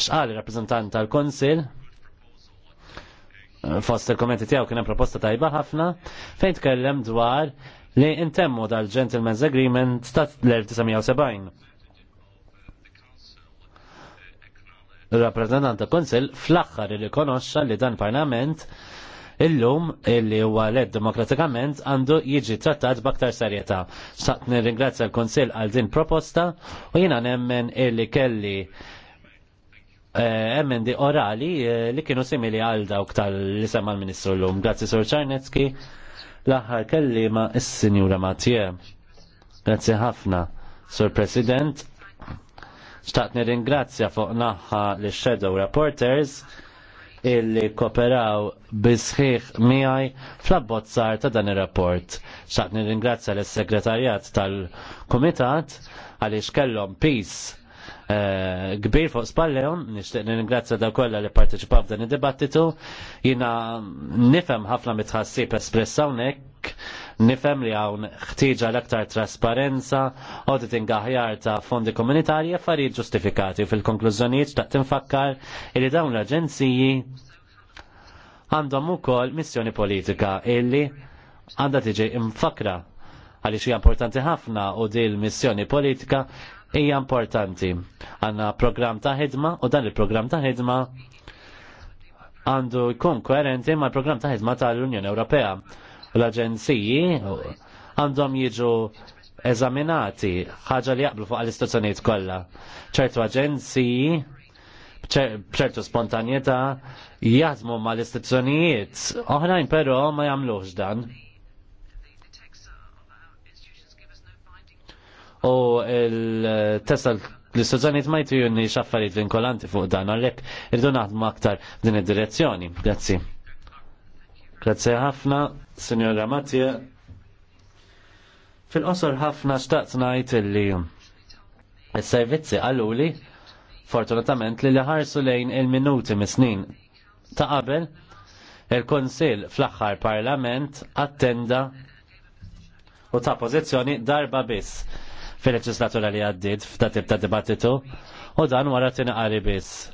x'qal ir-rappreżentant tal-Kunsill fost il-kommenti tiegħu kien hemm proposta tajba ħafna fejn tkellem dwar li intemmu dal-Gentleman's Agreement ta' l-1970 il rappresentant konsil fl-axħar li konoxxa li dan parlament illum illi huwa led demokratikament għandu jiġi trattat b'aktar serjetà. Saqt nirringrazzja l-Konsil għal din proposta u jiena nemmen illi kelli eh, di orali eh, li kienu simili għal dawk tal-li sema l-Ministru l-lum. Grazzi Sur Czarnecki, l-aħħar kelli ma' s-Sinjura Mattie. Grazzi ħafna, Sur President, Xtaqt nirringrazzja fuq naħħa li shadow Reporters illi kooperaw bisħiħ miħaj fl-abbozzar ta' dan il-rapport. nir nirringrazzja l segretarjat tal-Komitat għaliex kellhom peace eh, kbir fuq spallejhom, nixtieq ningrazzja da kollha li parteċipaw f'dan id-dibattitu. Jiena nifhem ħafna mitħassib espress hawnhekk Nifem li hawn ħtieġa l-aktar trasparenza, auditing ingaħjar ta' fondi komunitarji affarijiet ġustifikati fil-konklużjonijiet ta' tinfakkar li dawn l-aġenziji għandhom ukoll missjoni politika illi għandha tiġi mfakra għaliex hija importanti ħafna u din missjoni politika hija importanti. Għanna program ta' ħidma u dan il-program ta' ħidma għandu jkun koerenti ma' program ta' ħidma tal-Unjoni Ewropea l-aġenziji għandhom jiġu eżaminati ħaġa li jaqblu fuq l-istazzjonijiet kollha. ċertu aġenziji bċertu spontanjetà jaħdmu mal istituzzjonijiet oħrajn però ma jagħmluhx dan. U il-testa l-istazzjonijiet ma jtijunni xaffariet vinkolanti fuq dan, għalhekk irdu naħdmu aktar din id-direzzjoni. Grazzi. Grazzi ħafna. Signora Mattia, fil-qosor ħafna xtaqt najt li il-servizzi għalluli fortunatament li liħarsu lejn il-minuti mis-snin ta' qabel il-Konsil fl-axħar parlament attenda u ta' pozizjoni darba biss fil-leġislatura li għaddit f'datib ta' dibattitu u dan wara tinqari biss.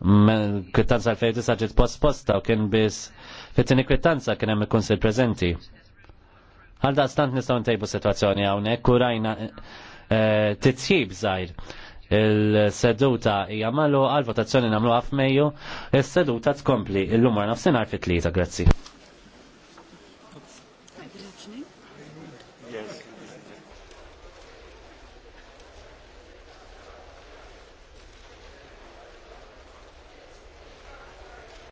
kwittanza għal tisa ġiet posposta u kien biss fit-tieni kwittanza kien hemm il-kunsil preżenti. Għal da stant nistgħu ntejbu sitwazzjoni hawnhekk u rajna eh, titjib żgħir. Il-seduta hija magħluqa, għall votazzjoni nagħmluha f'Mejju, is-seduta tkompli illum għal nafsinhar fit-tlieta, grazzi.